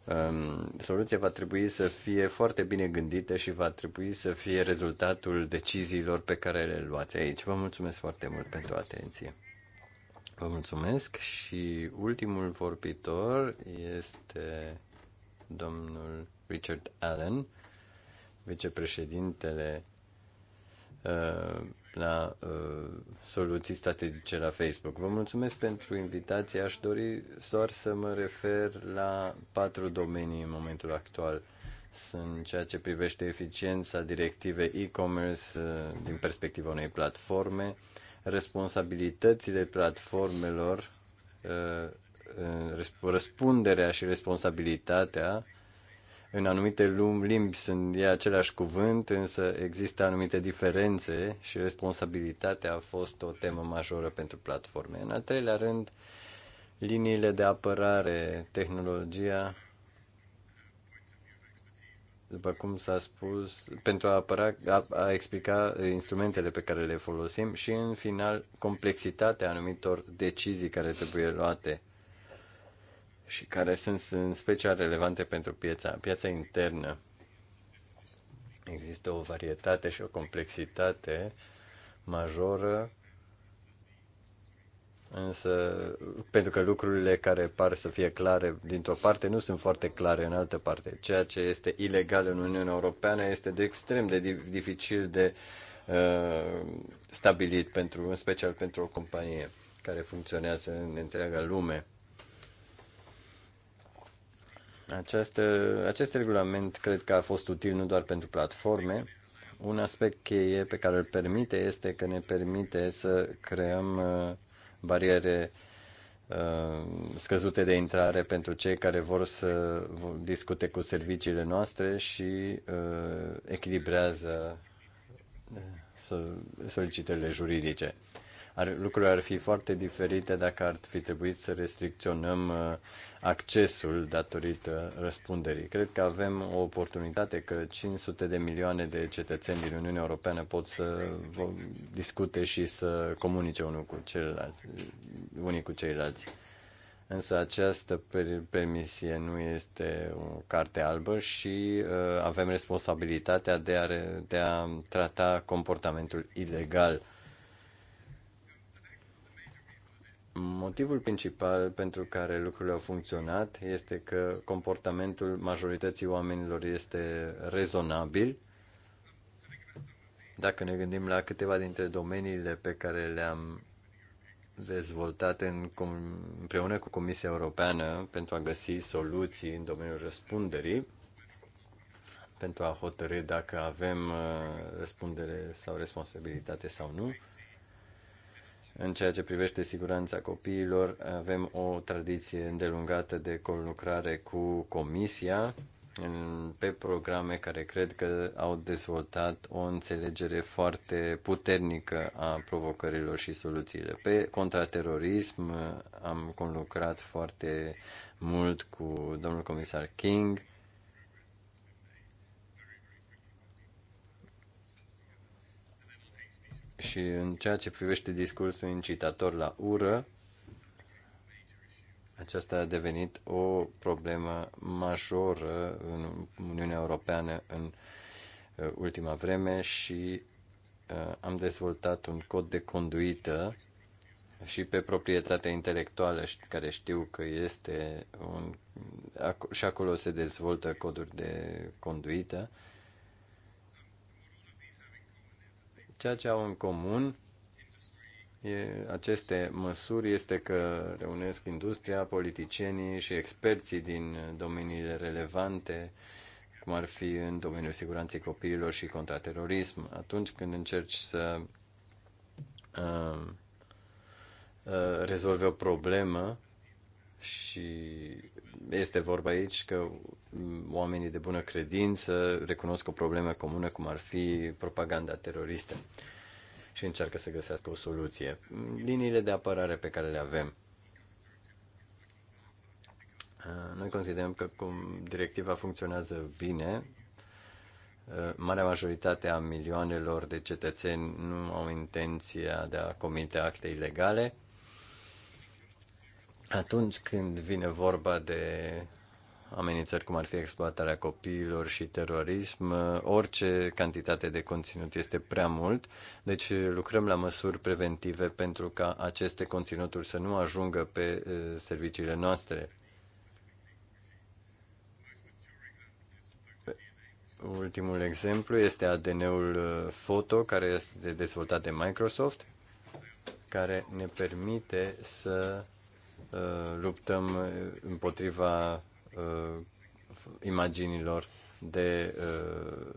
Um, soluția va trebui să fie foarte bine gândită și va trebui să fie rezultatul deciziilor pe care le luați aici. Vă mulțumesc foarte mult pentru atenție. Vă mulțumesc și ultimul vorbitor este domnul Richard Allen vicepreședintele uh, la uh, soluții strategice la Facebook. Vă mulțumesc pentru invitație. Aș dori doar să mă refer la patru domenii în momentul actual. Sunt ceea ce privește eficiența directive e-commerce uh, din perspectiva unei platforme, responsabilitățile platformelor, răspunderea și responsabilitatea în anumite limbi sunt, e același cuvânt, însă există anumite diferențe și responsabilitatea a fost o temă majoră pentru platforme. În al treilea rând, liniile de apărare, tehnologia, după cum s-a spus, pentru a, apăra, a, a explica instrumentele pe care le folosim și, în final, complexitatea anumitor decizii care trebuie luate și care sunt în special relevante pentru piața, piața internă. Există o varietate și o complexitate majoră, însă pentru că lucrurile care par să fie clare dintr-o parte nu sunt foarte clare în altă parte. Ceea ce este ilegal în Uniunea Europeană este de extrem de dificil de uh, stabilit, pentru, în special pentru o companie care funcționează în întreaga lume această, acest regulament cred că a fost util nu doar pentru platforme. Un aspect cheie pe care îl permite este că ne permite să creăm uh, bariere uh, scăzute de intrare pentru cei care vor să discute cu serviciile noastre și uh, echilibrează solicitările juridice. Ar, lucrurile ar fi foarte diferite dacă ar fi trebuit să restricționăm uh, accesul datorită răspunderii. Cred că avem o oportunitate că 500 de milioane de cetățeni din Uniunea Europeană pot să discute și să comunice unul cu celălalt, unii cu ceilalți. Însă această permisie nu este o carte albă și uh, avem responsabilitatea de a, de a trata comportamentul ilegal Motivul principal pentru care lucrurile au funcționat este că comportamentul majorității oamenilor este rezonabil. Dacă ne gândim la câteva dintre domeniile pe care le-am dezvoltat în, împreună cu Comisia Europeană pentru a găsi soluții în domeniul răspunderii, pentru a hotărâi dacă avem uh, răspundere sau responsabilitate sau nu, în ceea ce privește siguranța copiilor, avem o tradiție îndelungată de colucrare cu Comisia pe programe care cred că au dezvoltat o înțelegere foarte puternică a provocărilor și soluțiile. Pe contraterorism am conlucrat foarte mult cu domnul comisar King Și în ceea ce privește discursul incitator la ură, aceasta a devenit o problemă majoră în Uniunea Europeană în uh, ultima vreme și uh, am dezvoltat un cod de conduită și pe proprietatea intelectuală, care știu că este un. și acolo se dezvoltă coduri de conduită Ceea ce au în comun e, aceste măsuri este că reunesc industria, politicienii și experții din domeniile relevante, cum ar fi în domeniul siguranței copiilor și contraterorism. Atunci când încerci să uh, uh, rezolvi o problemă, și este vorba aici că oamenii de bună credință recunosc o problemă comună cum ar fi propaganda teroristă și încearcă să găsească o soluție. Liniile de apărare pe care le avem. Noi considerăm că cum directiva funcționează bine, marea majoritate a milioanelor de cetățeni nu au intenția de a comite acte ilegale atunci când vine vorba de amenințări cum ar fi exploatarea copiilor și terorism, orice cantitate de conținut este prea mult, deci lucrăm la măsuri preventive pentru ca aceste conținuturi să nu ajungă pe eh, serviciile noastre. Ultimul exemplu este ADN-ul foto eh, care este dezvoltat de Microsoft, care ne permite să Uh, luptăm uh, împotriva uh, imaginilor de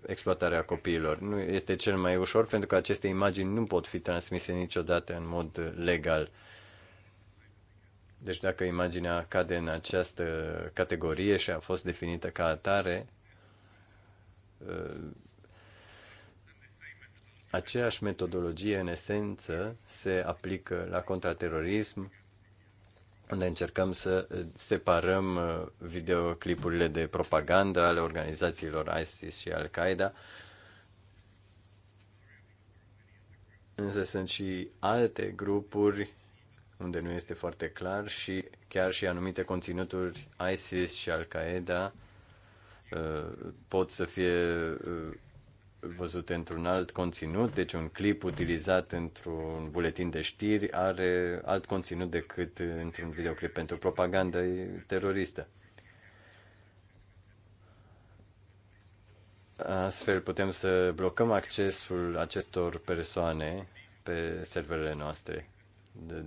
exploatarea copiilor. Nu este cel mai ușor pentru că aceste imagini nu pot fi transmise niciodată în mod legal. Deci dacă imaginea cade în această categorie și a fost definită ca atare, aceeași metodologie în esență se aplică la contraterorism, unde încercăm să uh, separăm uh, videoclipurile de propagandă ale organizațiilor ISIS și Al-Qaeda. Însă sunt și alte grupuri unde nu este foarte clar și chiar și anumite conținuturi ISIS și Al-Qaeda uh, pot să fie văzute într-un alt conținut, deci un clip utilizat într-un buletin de știri are alt conținut decât într-un videoclip pentru propagandă teroristă. Astfel putem să blocăm accesul acestor persoane pe serverele noastre.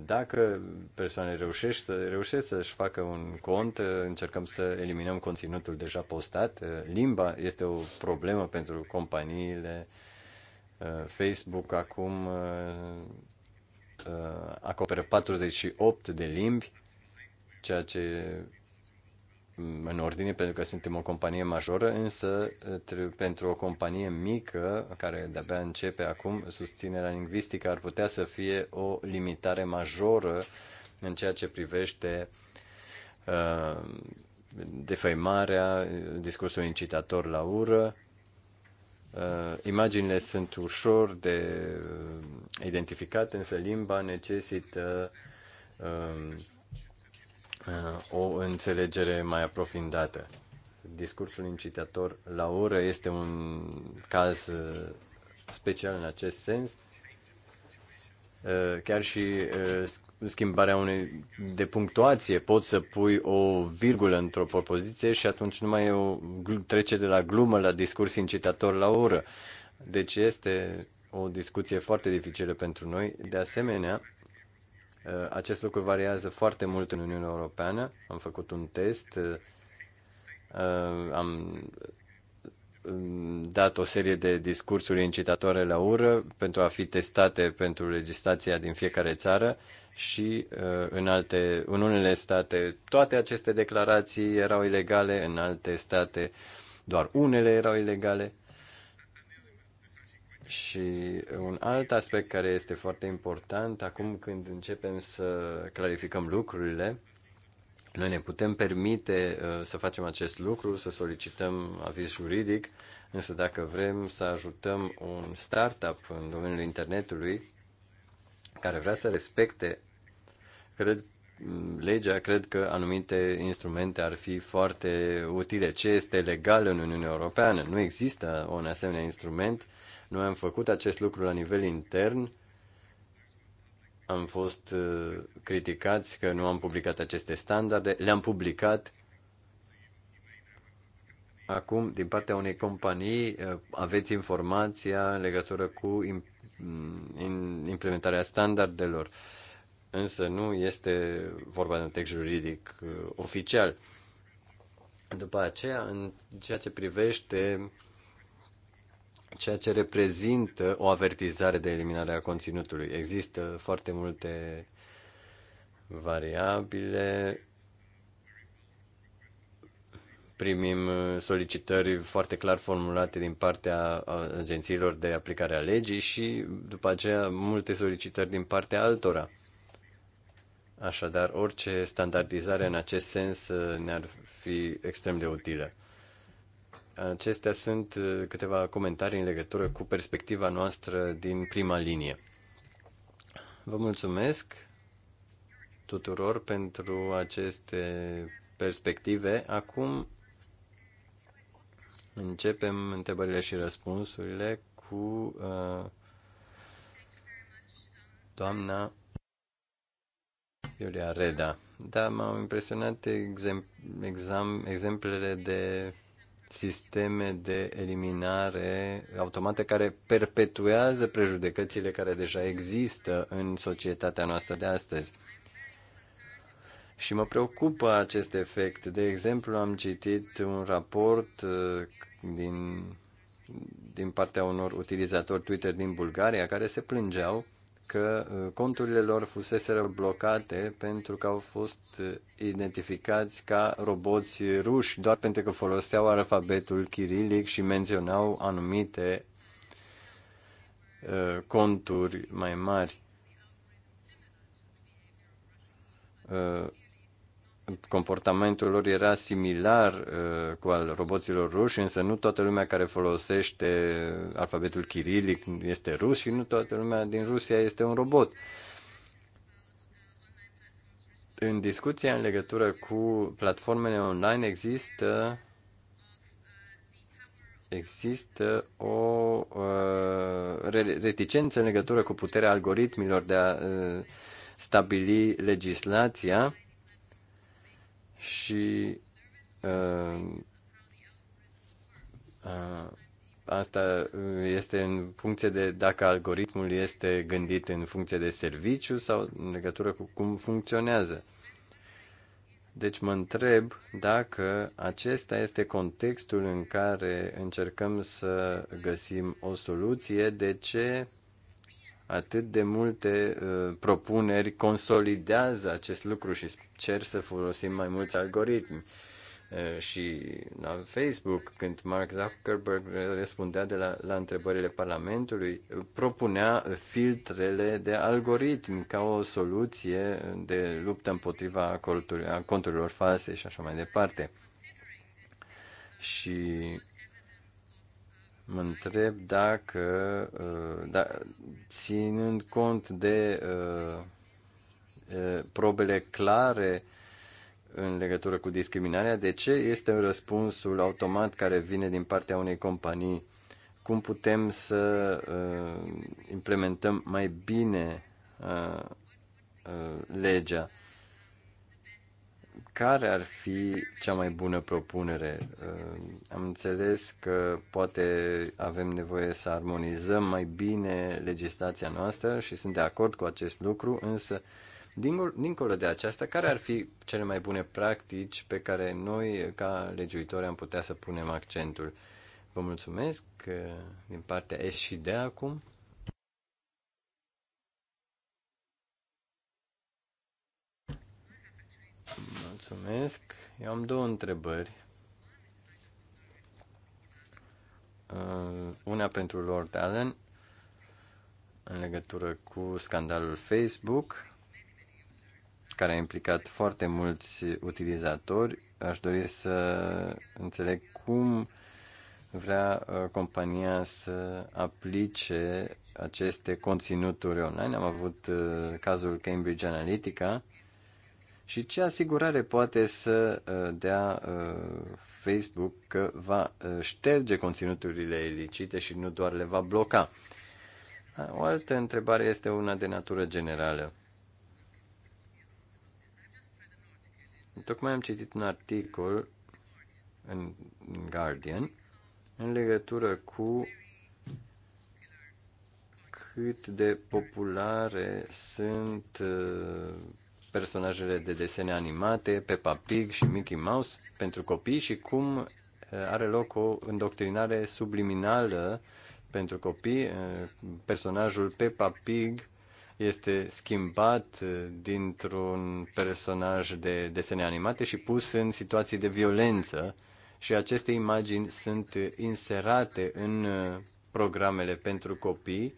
Dacă persoanele reușesc, reușesc să-și facă un cont, încercăm să eliminăm conținutul deja postat. Limba este o problemă pentru companiile. Uh, Facebook acum uh, uh, acoperă 48 de limbi, ceea ce în ordine pentru că suntem o companie majoră, însă ă, pentru o companie mică care de-abia începe acum, susținerea lingvistică ar putea să fie o limitare majoră în ceea ce privește uh, defăimarea, discursul incitator la ură. Uh, imaginile sunt ușor de identificat, însă limba necesită uh, o înțelegere mai aprofundată. Discursul incitator la ură este un caz uh, special în acest sens. Uh, chiar și uh, schimbarea unei de punctuație, poți să pui o virgulă într-o propoziție și atunci nu mai e o, trece de la glumă la discurs incitator la ură. Deci este o discuție foarte dificilă pentru noi. De asemenea, Uh, acest lucru variază foarte mult în Uniunea Europeană. Am făcut un test, uh, uh, am um, dat o serie de discursuri incitatoare la ură pentru a fi testate pentru legislația din fiecare țară și în, alte, în unele state toate aceste declarații erau ilegale, în alte state doar unele erau ilegale și un alt aspect care este foarte important, acum când începem să clarificăm lucrurile, noi ne putem permite uh, să facem acest lucru, să solicităm aviz juridic, însă dacă vrem să ajutăm un startup în domeniul internetului care vrea să respecte cred, legea, cred că anumite instrumente ar fi foarte utile. Ce este legal în Uniunea Europeană? Nu există un asemenea instrument noi am făcut acest lucru la nivel intern. Am fost uh, criticați că nu am publicat aceste standarde. Le-am publicat. Acum, din partea unei companii, uh, aveți informația în legătură cu mm, implementarea standardelor. Însă nu este vorba de un text juridic uh, oficial. După aceea, în ceea ce privește ceea ce reprezintă o avertizare de eliminare a conținutului. Există foarte multe variabile. Primim solicitări foarte clar formulate din partea agențiilor de aplicare a legii și după aceea multe solicitări din partea altora. Așadar, orice standardizare în acest sens uh, ne-ar fi extrem de utilă. Acestea sunt uh, câteva comentarii în legătură cu perspectiva noastră din prima linie. Vă mulțumesc tuturor pentru aceste perspective. Acum începem întrebările și răspunsurile cu uh, doamna Iulia Reda. Da, m-au impresionat exemplele de sisteme de eliminare automate care perpetuează prejudecățile care deja există în societatea noastră de astăzi. Și mă preocupă acest efect. De exemplu, am citit un raport uh, din, din partea unor utilizatori Twitter din Bulgaria care se plângeau că uh, conturile lor fuseseră blocate pentru că au fost uh, identificați ca roboți ruși doar pentru că foloseau alfabetul chirilic și menționau anumite uh, conturi mai mari comportamentul lor era similar uh, cu al roboților ruși, însă nu toată lumea care folosește alfabetul chirilic este rus și nu toată lumea din Rusia este un robot. În discuția în legătură cu platformele online există există o uh, reticență în legătură cu puterea algoritmilor de a uh, stabili legislația și uh, uh, asta este în funcție de dacă algoritmul este gândit în funcție de serviciu sau în legătură cu cum funcționează. Deci mă întreb dacă acesta este contextul în care încercăm să găsim o soluție, de ce atât de multe uh, propuneri consolidează acest lucru și cer să folosim mai mulți algoritmi. Uh, și la Facebook, când Mark Zuckerberg răspundea de la, la întrebările Parlamentului, propunea filtrele de algoritmi ca o soluție de luptă împotriva conturilor false și așa mai departe. Și Mă întreb dacă, uh, da, ținând cont de uh, uh, probele clare în legătură cu discriminarea, de ce este răspunsul automat care vine din partea unei companii? Cum putem să implementăm mai bine legea? care ar fi cea mai bună propunere? Uh, am înțeles că poate avem nevoie să armonizăm mai bine legislația noastră și sunt de acord cu acest lucru, însă, dincolo de aceasta, care ar fi cele mai bune practici pe care noi, ca legiuitori, am putea să punem accentul? Vă mulțumesc uh, din partea S și de acum. Mulțumesc. Eu am două întrebări. Uh, una pentru Lord Allen în legătură cu scandalul Facebook care a implicat foarte mulți utilizatori. Aș dori să înțeleg cum vrea uh, compania să aplice aceste conținuturi online. Am avut uh, cazul Cambridge Analytica, și ce asigurare poate să uh, dea uh, Facebook că va uh, șterge conținuturile ilicite și nu doar le va bloca? O altă întrebare este una de natură generală. Tocmai am citit un articol în Guardian în legătură cu cât de populare sunt personajele de desene animate, Peppa Pig și Mickey Mouse pentru copii și cum uh, are loc o îndoctrinare subliminală pentru copii. Uh, personajul Peppa Pig este schimbat uh, dintr-un personaj de desene animate și pus în situații de violență și aceste imagini sunt inserate în programele pentru copii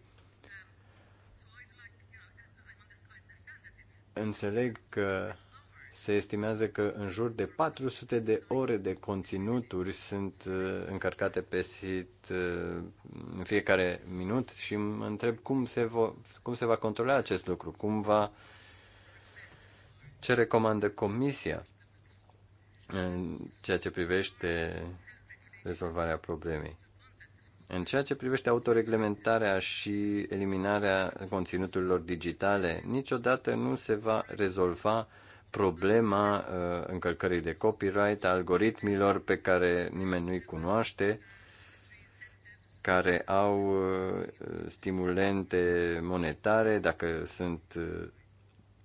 Înțeleg că se estimează că în jur de 400 de ore de conținuturi sunt uh, încărcate pe site uh, în fiecare minut și mă întreb cum se, vo, cum se va controla acest lucru, cum va ce recomandă comisia în ceea ce privește rezolvarea problemei. În ceea ce privește autoreglementarea și eliminarea conținuturilor digitale, niciodată nu se va rezolva problema uh, încălcării de copyright, a algoritmilor pe care nimeni nu-i cunoaște, care au uh, stimulente monetare, dacă sunt uh,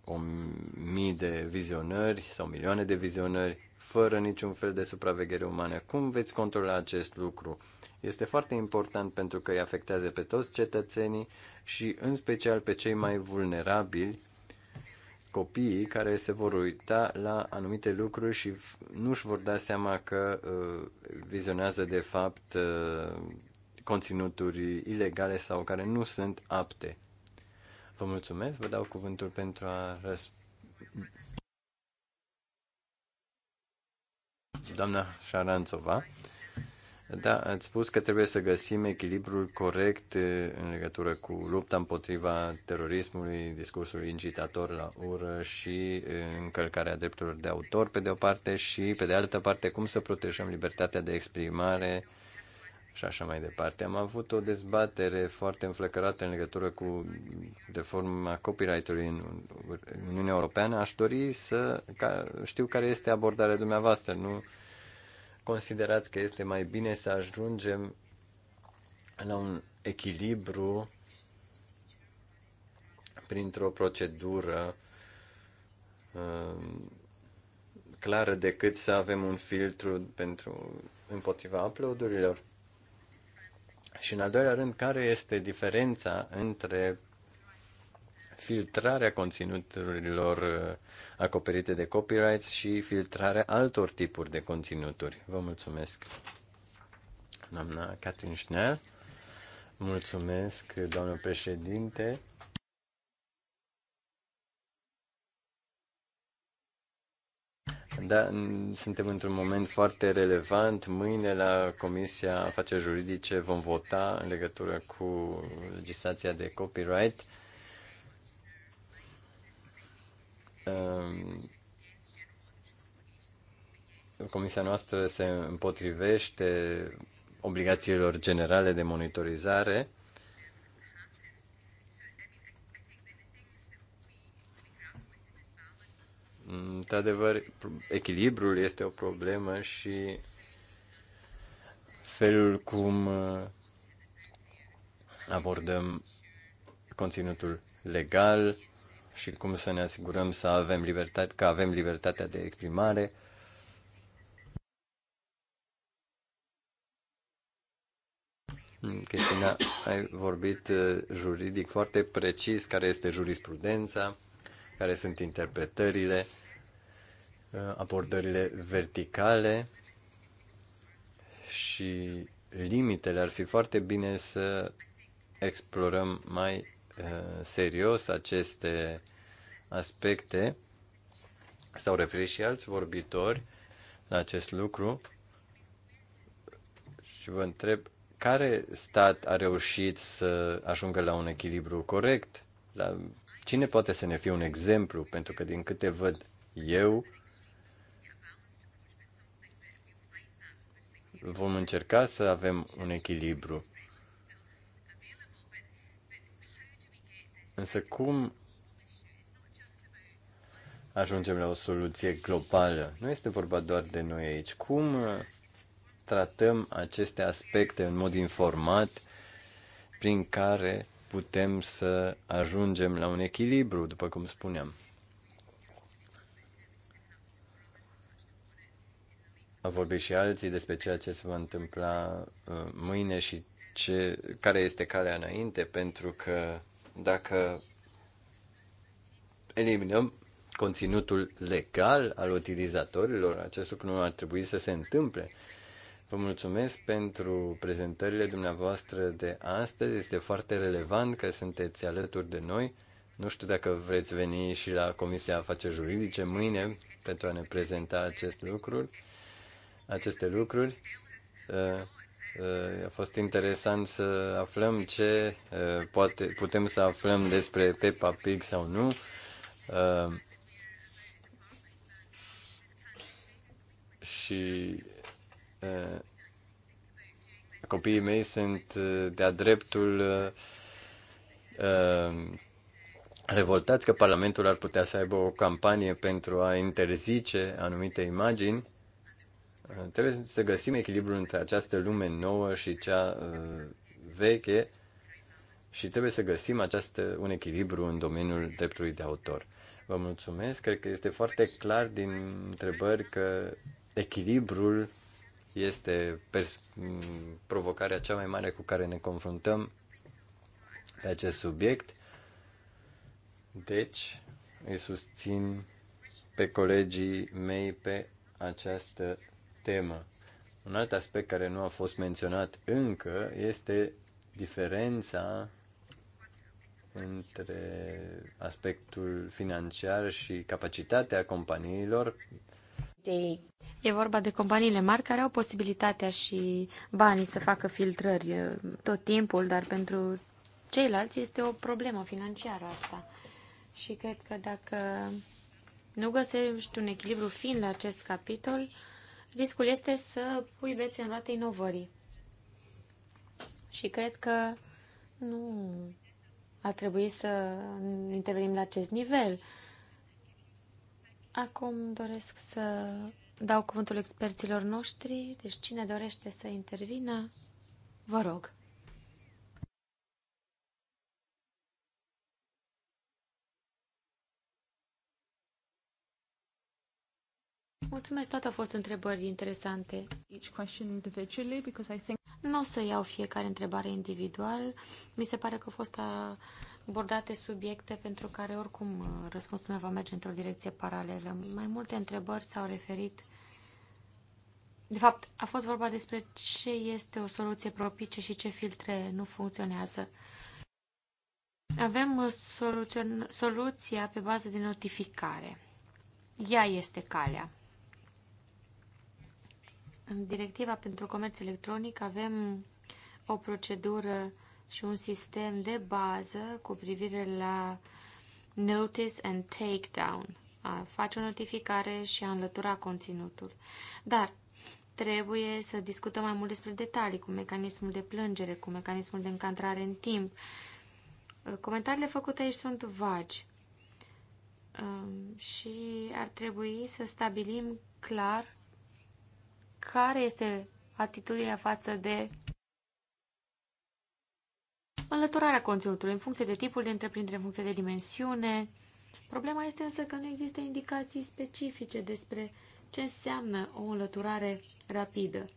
o mii de vizionări sau milioane de vizionări, fără niciun fel de supraveghere umană. Cum veți controla acest lucru? este foarte important pentru că îi afectează pe toți cetățenii și în special pe cei mai vulnerabili, copiii care se vor uita la anumite lucruri și nu își vor da seama că uh, vizionează de fapt uh, conținuturi ilegale sau care nu sunt apte. Vă mulțumesc, vă dau cuvântul pentru a răspunde. Doamna Șaranțova, da, ați spus că trebuie să găsim echilibrul corect eh, în legătură cu lupta împotriva terorismului, discursul incitator la ură și eh, încălcarea drepturilor de autor, pe de o parte, și pe de altă parte, cum să protejăm libertatea de exprimare și așa mai departe. Am avut o dezbatere foarte înflăcărată în legătură cu reforma copyright-ului în Uniunea Europeană. Aș dori să ca, știu care este abordarea dumneavoastră, nu? considerați că este mai bine să ajungem la un echilibru printr-o procedură um, clară decât să avem un filtru pentru împotriva uploadurilor? Și în al doilea rând, care este diferența între filtrarea conținuturilor uh, acoperite de copyrights și filtrarea altor tipuri de conținuturi. Vă mulțumesc, doamna Catrin Schnell. Mulțumesc, doamnă președinte. Da, suntem într-un moment foarte relevant. Mâine la Comisia Afaceri Juridice vom vota în legătură cu legislația de copyright. Ehm, comisia noastră se împotrivește obligațiilor generale de monitorizare. Într-adevăr, echilibrul este o problemă și felul cum uh, abordăm conținutul legal, și cum să ne asigurăm să avem libertate, că avem libertatea de exprimare. Cristina, ai vorbit uh, juridic foarte precis care este jurisprudența, care sunt interpretările, uh, abordările verticale și limitele. Ar fi foarte bine să explorăm mai Uh, serios aceste aspecte. S-au referit și alți vorbitori la acest lucru și vă întreb care stat a reușit să ajungă la un echilibru corect? La cine poate să ne fie un exemplu? Pentru că din câte văd eu, vom încerca să avem un echilibru. Însă cum ajungem la o soluție globală? Nu este vorba doar de noi aici. Cum tratăm aceste aspecte în mod informat prin care putem să ajungem la un echilibru, după cum spuneam. A vorbit și alții despre ceea ce se va întâmpla uh, mâine și ce, care este calea înainte, pentru că dacă eliminăm conținutul legal al utilizatorilor, acest lucru nu ar trebui să se întâmple. Vă mulțumesc pentru prezentările dumneavoastră de astăzi. Este foarte relevant că sunteți alături de noi. Nu știu dacă vreți veni și la Comisia Afaceri Juridice mâine pentru a ne prezenta acest lucru, aceste lucruri. Uh, Uh, a fost interesant să aflăm ce uh, poate, putem să aflăm despre Peppa Pig sau nu. Uh, și copiii mei sunt de-a dreptul revoltați că Parlamentul ar putea să aibă o campanie pentru a interzice anumite imagini Uh, trebuie să găsim echilibrul între această lume nouă și cea uh, veche și trebuie să găsim această, un echilibru în domeniul dreptului de autor. Vă mulțumesc, cred că este foarte clar din întrebări că echilibrul este provocarea cea mai mare cu care ne confruntăm pe acest subiect. Deci, îi susțin pe colegii mei pe această temă. Un alt aspect care nu a fost menționat încă este diferența între aspectul financiar și capacitatea companiilor. E vorba de companiile mari care au posibilitatea și banii să facă filtrări tot timpul, dar pentru ceilalți este o problemă financiară asta. Și cred că dacă nu găsești un echilibru fin la acest capitol, riscul este să pui veți în roate inovării. Și cred că nu ar trebui să intervenim la acest nivel. Acum doresc să dau cuvântul experților noștri, deci cine dorește să intervină, vă rog. Mulțumesc, toate au fost întrebări interesante. Each question individually, because I think... Nu o să iau fiecare întrebare individual. Mi se pare că au fost abordate subiecte pentru care oricum uh, răspunsul meu va merge într-o direcție paralelă. Mai multe întrebări s-au referit de fapt, a fost vorba despre ce este o soluție propice și ce filtre nu funcționează. Avem uh, soluția pe bază de notificare. Ea este calea. În directiva pentru comerț electronic avem o procedură și un sistem de bază cu privire la notice and takedown, a face o notificare și a înlătura conținutul. Dar trebuie să discutăm mai mult despre detalii, cu mecanismul de plângere, cu mecanismul de încantrare în timp. Comentariile făcute aici sunt vagi și ar trebui să stabilim clar care este atitudinea față de înlăturarea conținutului în funcție de tipul de întreprindere, în funcție de dimensiune. Problema este însă că nu există indicații specifice despre ce înseamnă o înlăturare rapidă.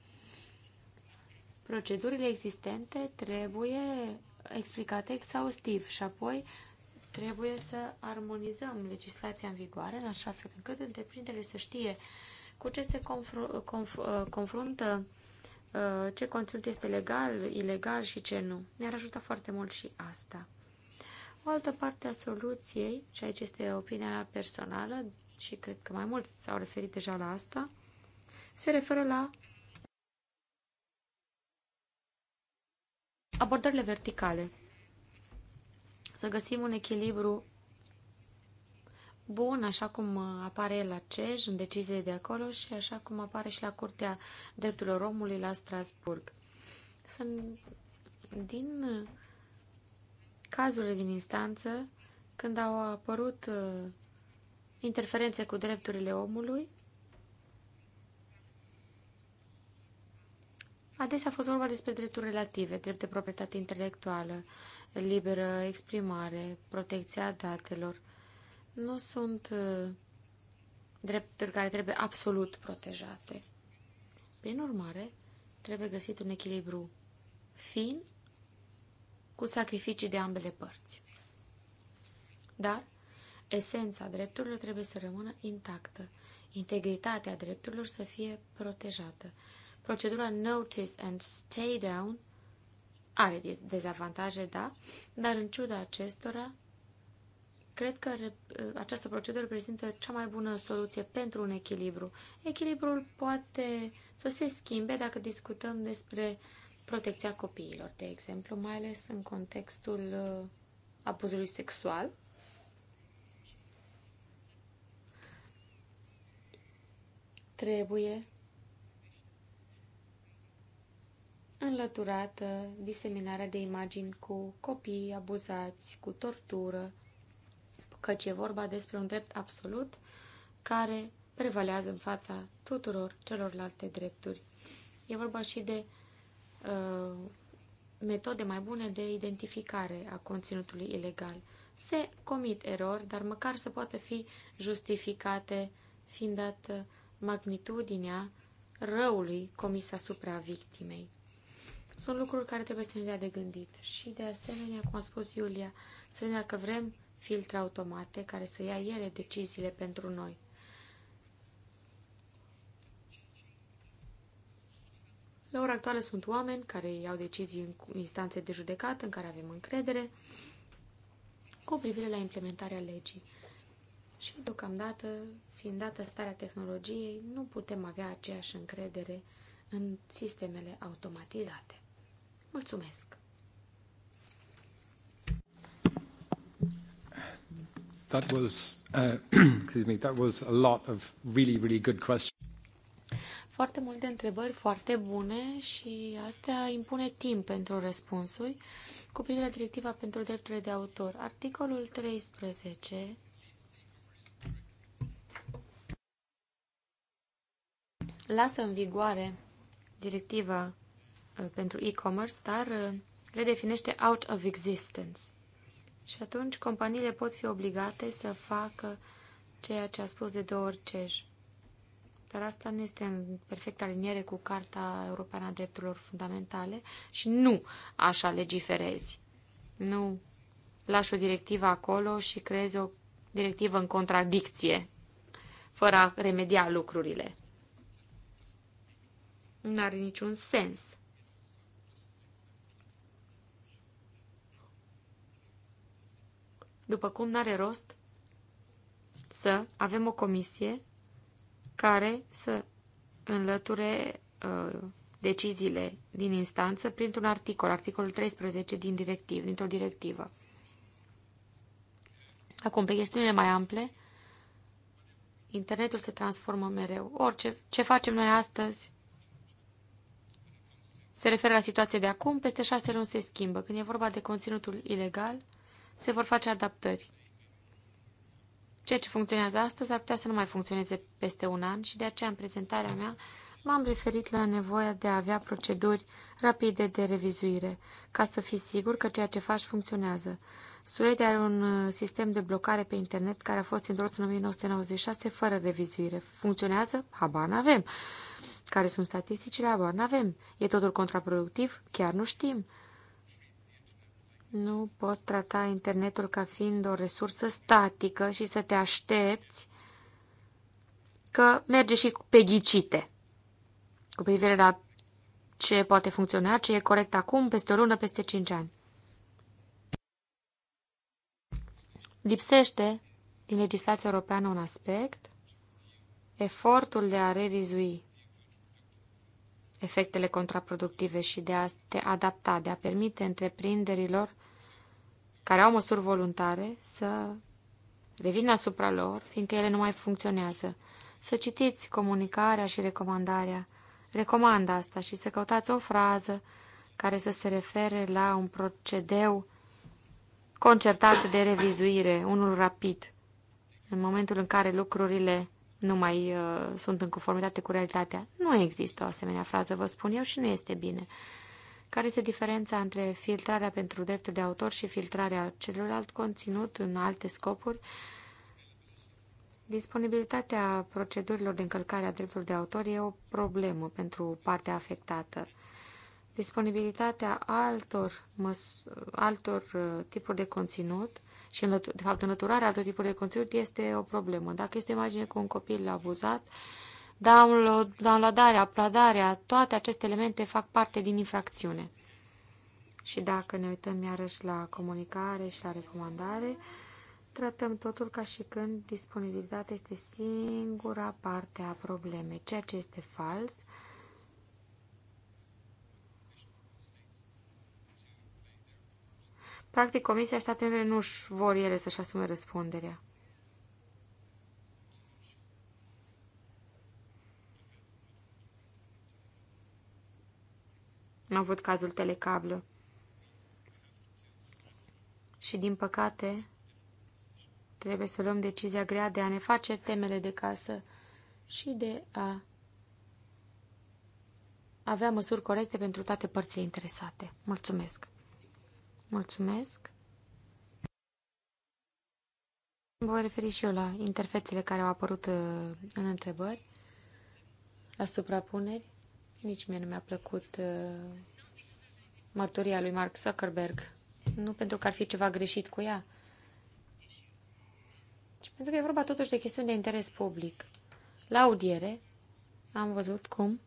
Procedurile existente trebuie explicate exhaustiv și apoi trebuie să armonizăm legislația în vigoare în așa fel încât întreprinderile să știe cu ce se confr- conf- uh, confruntă, uh, ce conținut este legal, ilegal și ce nu. mi ar ajuta foarte mult și asta. O altă parte a soluției, și aici este opinia mea personală, și cred că mai mulți s-au referit deja la asta, se referă la abordările verticale. Să găsim un echilibru bun, așa cum uh, apare la CEJ, în decizie de acolo și așa cum apare și la Curtea Drepturilor Omului la Strasburg. Sunt din uh, cazurile din instanță, când au apărut uh, interferențe cu drepturile omului, Adesea a fost vorba despre drepturi relative, drept de proprietate intelectuală, liberă exprimare, protecția datelor nu sunt uh, drepturi care trebuie absolut protejate. Prin urmare, trebuie găsit un echilibru fin cu sacrificii de ambele părți. Dar esența drepturilor trebuie să rămână intactă, integritatea drepturilor să fie protejată. Procedura Notice and Stay Down are dezavantaje, da, dar în ciuda acestora Cred că ă, această procedură reprezintă cea mai bună soluție pentru un echilibru. Echilibrul poate să se schimbe dacă discutăm despre protecția copiilor, de exemplu, mai ales în contextul ă, abuzului sexual. Trebuie înlăturată diseminarea de imagini cu copii abuzați, cu tortură, căci e vorba despre un drept absolut care prevalează în fața tuturor celorlalte drepturi. E vorba și de uh, metode mai bune de identificare a conținutului ilegal. Se comit erori, dar măcar să poată fi justificate, fiind dată uh, magnitudinea răului comis asupra victimei. Sunt lucruri care trebuie să ne dea de gândit. Și de asemenea, cum a spus Iulia, să vedem dacă vrem filtre automate care să ia ele deciziile pentru noi. La ora actuală sunt oameni care iau decizii în instanțe de judecată în care avem încredere cu privire la implementarea legii. Și deocamdată, fiind dată starea tehnologiei, nu putem avea aceeași încredere în sistemele automatizate. Mulțumesc! That was, uh, excuse me, that was a lot of really, really good questions. Foarte multe întrebări foarte bune și astea impune timp pentru răspunsuri cu privire la directiva pentru drepturile de autor. Articolul 13 lasă în vigoare directiva uh, pentru e-commerce, dar uh, redefinește out of existence. Și atunci companiile pot fi obligate să facă ceea ce a spus de două ori CEJ. Dar asta nu este în perfectă aliniere cu Carta Europeană a Drepturilor Fundamentale și nu așa legiferezi. Nu lași o directivă acolo și creezi o directivă în contradicție, fără a remedia lucrurile. Nu are niciun sens. După cum n-are rost să avem o comisie care să înlăture uh, deciziile din instanță printr-un articol, articolul 13 din directiv, dintr-o directivă. Acum, pe chestiunile mai ample, internetul se transformă mereu. Orice, ce facem noi astăzi se referă la situația de acum, peste șase luni se schimbă. Când e vorba de conținutul ilegal, se vor face adaptări. Ceea ce funcționează astăzi ar putea să nu mai funcționeze peste un an și de aceea în prezentarea mea m-am referit la nevoia de a avea proceduri rapide de revizuire, ca să fii sigur că ceea ce faci funcționează. Suedia are un uh, sistem de blocare pe internet care a fost introdus în 1996 fără revizuire. Funcționează? Habar n-avem. Care sunt statisticile? Habar n-avem. E totul contraproductiv? Chiar nu știm. Nu poți trata internetul ca fiind o resursă statică și să te aștepți că merge și pe ghicite cu privire la ce poate funcționa, ce e corect acum, peste o lună, peste cinci ani. Lipsește din legislația europeană un aspect, efortul de a revizui efectele contraproductive și de a te adapta, de a permite întreprinderilor care au măsuri voluntare să revină asupra lor, fiindcă ele nu mai funcționează. Să citiți comunicarea și recomandarea. Recomand asta și să căutați o frază care să se refere la un procedeu concertat de revizuire, unul rapid, în momentul în care lucrurile nu mai uh, sunt în conformitate cu realitatea. Nu există o asemenea frază, vă spun eu, și nu este bine. Care este diferența între filtrarea pentru dreptul de autor și filtrarea celuilalt conținut în alte scopuri? Disponibilitatea procedurilor de încălcare a dreptului de autor e o problemă pentru partea afectată. Disponibilitatea altor, măs- altor uh, tipuri de conținut și, de fapt, înlăturarea altor tipuri de conținut este o problemă. Dacă este o imagine cu un copil abuzat, downloadarea, pladarea, toate aceste elemente fac parte din infracțiune. Și dacă ne uităm iarăși la comunicare și la recomandare, tratăm totul ca și când disponibilitatea este singura parte a problemei, ceea ce este fals. Practic, Comisia și statele nu își vor ele să-și asume răspunderea. Am avut cazul telecablă. Și, din păcate, trebuie să luăm decizia grea de a ne face temele de casă și de a avea măsuri corecte pentru toate părțile interesate. Mulțumesc! Mulțumesc! Voi referi și eu la interfețele care au apărut uh, în întrebări, la suprapuneri. Nici mie nu mi-a plăcut uh, mărturia lui Mark Zuckerberg. Nu pentru că ar fi ceva greșit cu ea, ci pentru că e vorba totuși de chestiuni de interes public. La audiere am văzut cum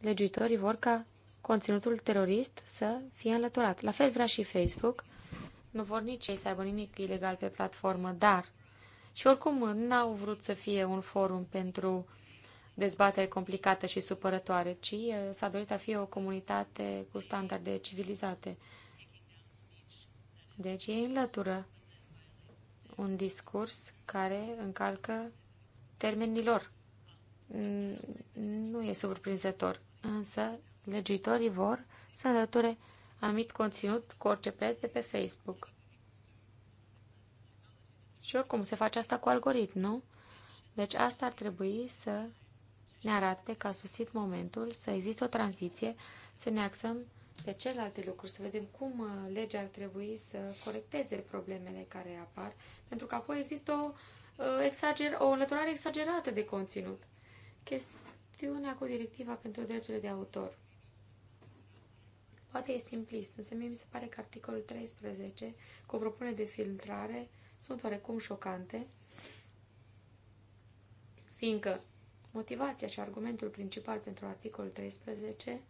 legiuitorii vor ca conținutul terorist să fie înlăturat. La fel vrea și Facebook. Nu vor nici ei să aibă nimic ilegal pe platformă, dar... Și oricum n-au vrut să fie un forum pentru dezbatere complicată și supărătoare, ci s-a dorit a fi o comunitate cu standarde civilizate. Deci ei înlătură un discurs care încalcă termenii lor. Nu e surprinzător, însă legiuitorii vor să înlăture anumit conținut cu orice preț de pe Facebook. Și oricum se face asta cu algoritm, nu? Deci asta ar trebui să ne arate că a susținut momentul să existe o tranziție, să ne axăm pe celelalte lucruri, să vedem cum uh, legea ar trebui să corecteze problemele care apar, pentru că apoi există o, uh, exager, o înlăturare exagerată de conținut. Chestiunea cu directiva pentru drepturile de autor. Poate e simplist, însă mie mi se pare că articolul 13, cu propune de filtrare, sunt oarecum șocante, fiindcă Motivația și argumentul principal pentru articolul 13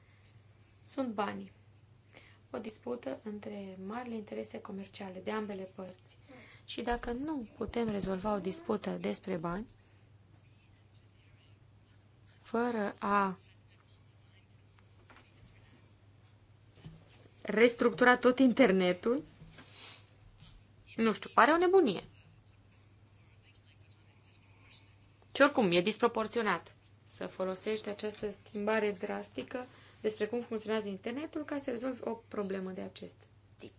sunt banii. O dispută între marile interese comerciale de ambele părți. Și dacă nu putem rezolva o dispută despre bani, fără a restructura tot internetul, nu știu, pare o nebunie. Și oricum, e disproporționat să folosești această schimbare drastică despre cum funcționează internetul ca să rezolvi o problemă de acest tip.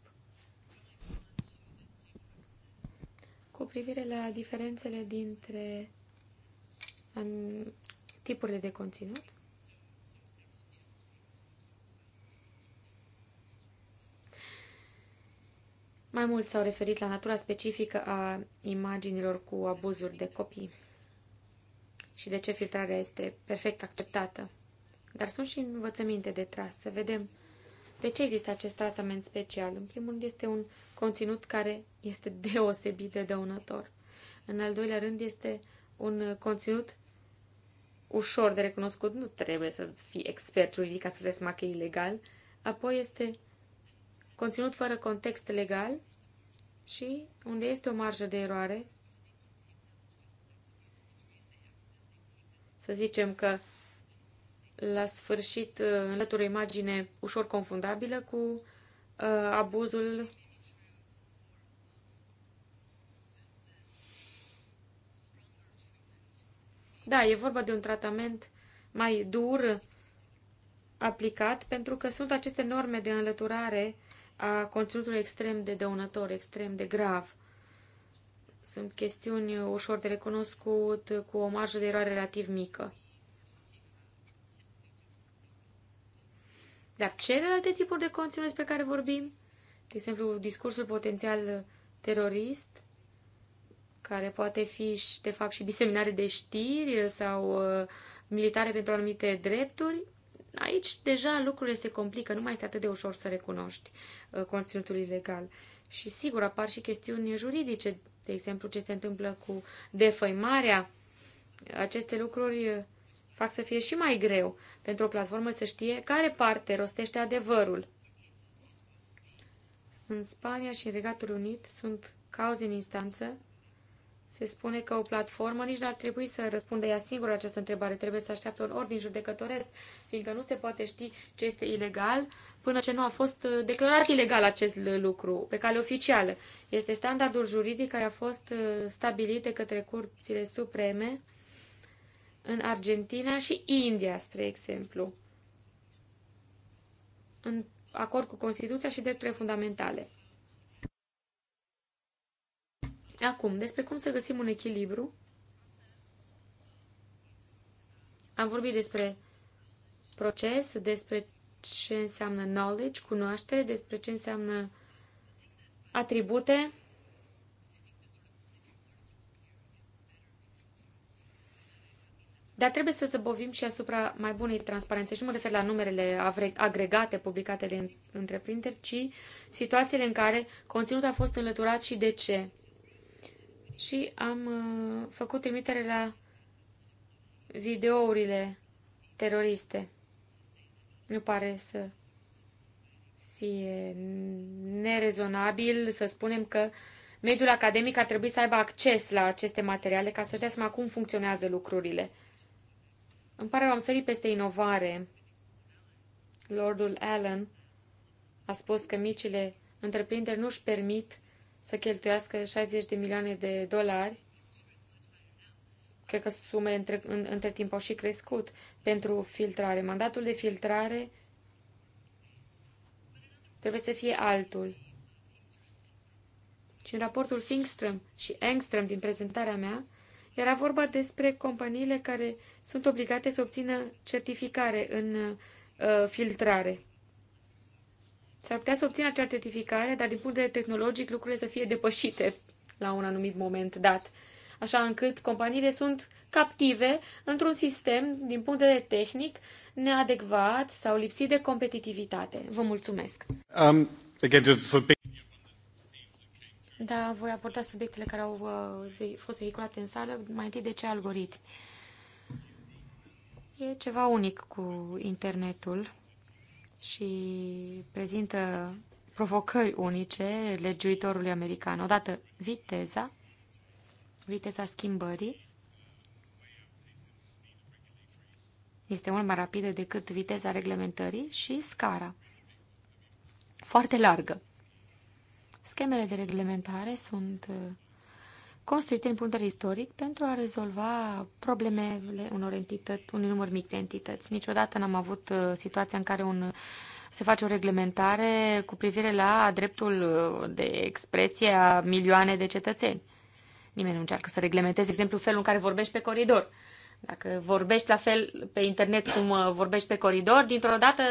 Cu privire la diferențele dintre tipurile de conținut, Mai mult s-au referit la natura specifică a imaginilor cu abuzuri de copii și de ce filtrarea este perfect acceptată. Dar sunt și învățăminte de tras, să vedem de ce există acest tratament special. În primul rând este un conținut care este deosebit de dăunător. În al doilea rând este un conținut ușor de recunoscut, nu trebuie să fii expert juridic ca să te că e ilegal. Apoi este conținut fără context legal și unde este o marjă de eroare Să zicem că la sfârșit uh, înlătură o imagine ușor confundabilă cu uh, abuzul Da, e vorba de un tratament mai dur aplicat pentru că sunt aceste norme de înlăturare a conținutului extrem de dăunător, extrem de grav. Sunt chestiuni ușor de recunoscut, cu o marjă de eroare relativ mică. Dar celelalte tipuri de conținut despre care vorbim, de exemplu, discursul potențial terorist, care poate fi, de fapt, și diseminare de știri sau uh, militare pentru anumite drepturi, aici deja lucrurile se complică, nu mai este atât de ușor să recunoști uh, conținutul ilegal. Și sigur, apar și chestiuni juridice de exemplu ce se întâmplă cu defăimarea, aceste lucruri fac să fie și mai greu pentru o platformă să știe care parte rostește adevărul. În Spania și în Regatul Unit sunt cauze în instanță se spune că o platformă nici n-ar trebui să răspundă ea singură această întrebare. Trebuie să așteaptă un ordin judecătoresc, fiindcă nu se poate ști ce este ilegal până ce nu a fost uh, declarat ilegal acest lucru pe cale oficială. Este standardul juridic care a fost uh, stabilit de către curțile supreme în Argentina și India, spre exemplu, în acord cu Constituția și drepturile fundamentale. Acum, despre cum să găsim un echilibru. Am vorbit despre proces, despre ce înseamnă knowledge, cunoaștere, despre ce înseamnă atribute. Dar trebuie să zăbovim și asupra mai bunei transparențe. Și nu mă refer la numerele agregate publicate de întreprinderi, ci situațiile în care conținutul a fost înlăturat și de ce și am uh, făcut trimitere la videourile teroriste. Nu pare să fie nerezonabil să spunem că mediul academic ar trebui să aibă acces la aceste materiale ca să dea seama cum funcționează lucrurile. Îmi pare am sărit peste inovare. Lordul Allen a spus că micile întreprinderi nu-și permit să cheltuiască 60 de milioane de dolari, cred că sumele între, în, între timp au și crescut, pentru filtrare. Mandatul de filtrare trebuie să fie altul. Și în raportul Fingström și Engström din prezentarea mea, era vorba despre companiile care sunt obligate să obțină certificare în uh, filtrare. S-ar putea să obțină acea certificare, dar din punct de vedere tehnologic lucrurile să fie depășite la un anumit moment dat. Așa încât companiile sunt captive într-un sistem, din punct de vedere tehnic, neadecvat sau lipsit de competitivitate. Vă mulțumesc! Um, again, just da, voi aporta subiectele care au uh, fost vehiculate în sală, mai întâi de ce algoritmi. E ceva unic cu internetul și prezintă provocări unice legiuitorului american. Odată viteza, viteza schimbării este mult mai rapidă decât viteza reglementării și scara, foarte largă. Schemele de reglementare sunt uh, construite în punct de vedere istoric pentru a rezolva problemele unor entități, unui număr mic de entități. Niciodată n-am avut uh, situația în care un, uh, se face o reglementare cu privire la dreptul uh, de expresie a milioane de cetățeni. Nimeni nu încearcă să reglementeze, exemplu, felul în care vorbești pe coridor. Dacă vorbești la fel pe internet cum vorbești pe coridor, dintr-o dată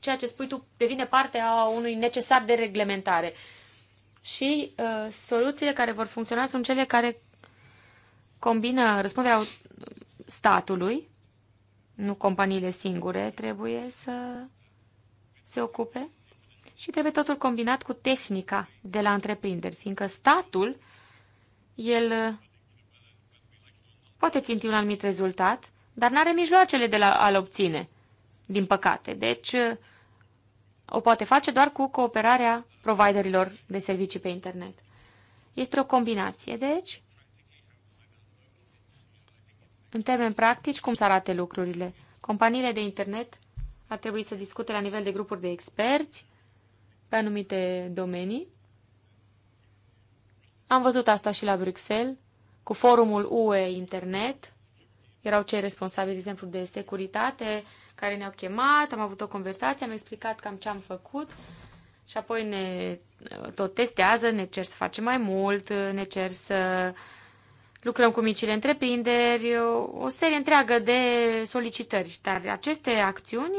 ceea ce spui tu devine parte a unui necesar de reglementare și uh, soluțiile care vor funcționa sunt cele care combină răspunderea statului, nu companiile singure trebuie să se ocupe și trebuie totul combinat cu tehnica de la întreprinderi, fiindcă statul, el uh, poate ținti un anumit rezultat, dar nu are mijloacele de la a-l obține, din păcate. Deci, uh, o poate face doar cu cooperarea providerilor de servicii pe internet. Este o combinație, deci, în termeni practici, cum să arate lucrurile. Companiile de internet ar trebui să discute la nivel de grupuri de experți pe anumite domenii. Am văzut asta și la Bruxelles, cu forumul UE Internet. Erau cei responsabili, de exemplu, de securitate, care ne-au chemat, am avut o conversație, am explicat cam ce am făcut și apoi ne tot testează, ne cer să facem mai mult, ne cer să lucrăm cu micile întreprinderi, o serie întreagă de solicitări. Dar aceste acțiuni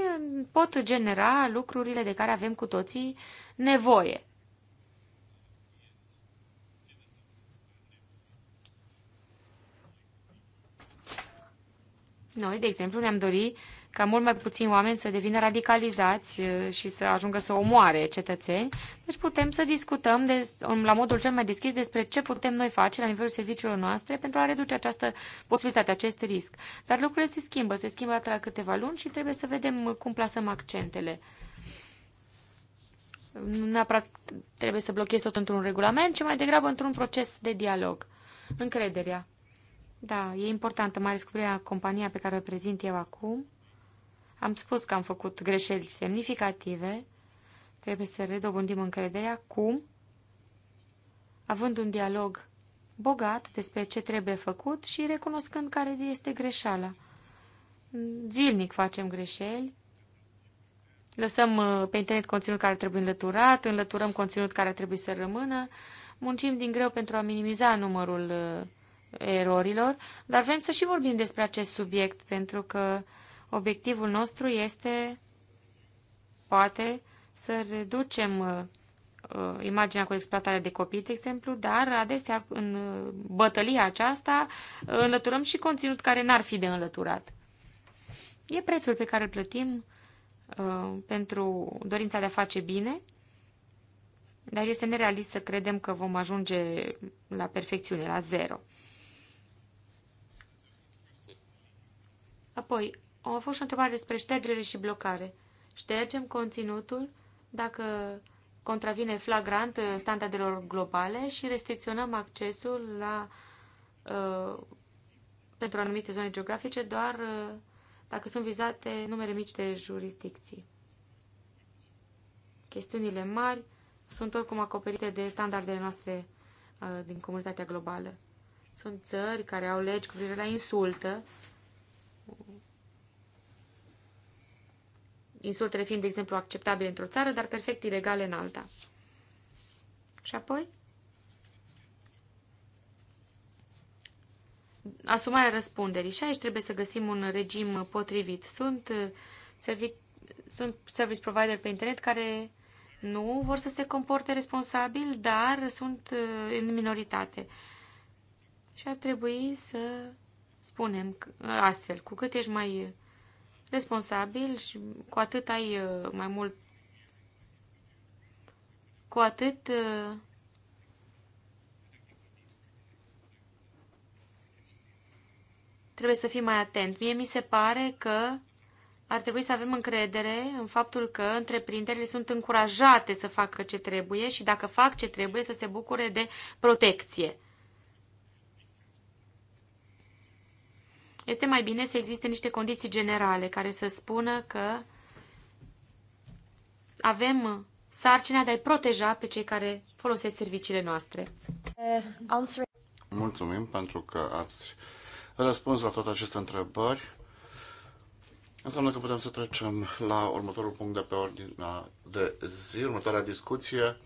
pot genera lucrurile de care avem cu toții nevoie. Noi, de exemplu, ne-am dorit ca mult mai puțini oameni să devină radicalizați uh, și să ajungă să omoare cetățeni. Deci putem să discutăm de, um, la modul cel mai deschis despre ce putem noi face la nivelul serviciilor noastre pentru a reduce această posibilitate, acest risc. Dar lucrurile se schimbă, se schimbă atât la câteva luni și trebuie să vedem cum plasăm accentele. Nu neapărat trebuie să blochezi tot într-un regulament, ci mai degrabă într-un proces de dialog. Încrederea. Da, e importantă, mai ales cu compania pe care o prezint eu acum. Am spus că am făcut greșeli semnificative, trebuie să redobândim încrederea cum, având un dialog bogat despre ce trebuie făcut și recunoscând care este greșeala. Zilnic facem greșeli, lăsăm uh, pe internet conținut care trebuie înlăturat, înlăturăm conținut care trebuie să rămână, muncim din greu pentru a minimiza numărul uh, erorilor, dar vrem să și vorbim despre acest subiect, pentru că Obiectivul nostru este, poate, să reducem uh, uh, imaginea cu exploatarea de copii, de exemplu, dar adesea în uh, bătălia aceasta înlăturăm și conținut care n-ar fi de înlăturat. E prețul pe care îl plătim pentru dorința de a face bine, dar este nerealist să credem că vom ajunge la perfecțiune, la zero. Apoi, au fost și o întrebare despre ștergere și blocare. Ștergem conținutul dacă contravine flagrant uh, standardelor globale și restricționăm accesul la, uh, pentru anumite zone geografice doar uh, dacă sunt vizate numere mici de jurisdicții. Chestiunile mari sunt oricum acoperite de standardele noastre din comunitatea globală. Sunt țări care au legi cu privire la insultă insultele fiind, de exemplu, acceptabile într-o țară, dar perfect ilegale în alta. Și apoi? Asumarea răspunderii. Și aici trebuie să găsim un regim potrivit. Sunt, uh, servi, sunt service provider pe internet care nu vor să se comporte responsabil, dar sunt uh, în minoritate. Și ar trebui să spunem uh, astfel, cu cât ești mai responsabil și cu atât ai uh, mai mult, cu atât uh, trebuie să fii mai atent. Mie mi se pare că ar trebui să avem încredere în faptul că întreprinderile sunt încurajate să facă ce trebuie și dacă fac ce trebuie să se bucure de protecție. este mai bine să existe niște condiții generale care să spună că avem sarcina de a-i proteja pe cei care folosesc serviciile noastre. Uh, Mulțumim pentru că ați răspuns la toate aceste întrebări. Înseamnă că putem să trecem la următorul punct de pe ordinea de zi, următoarea discuție.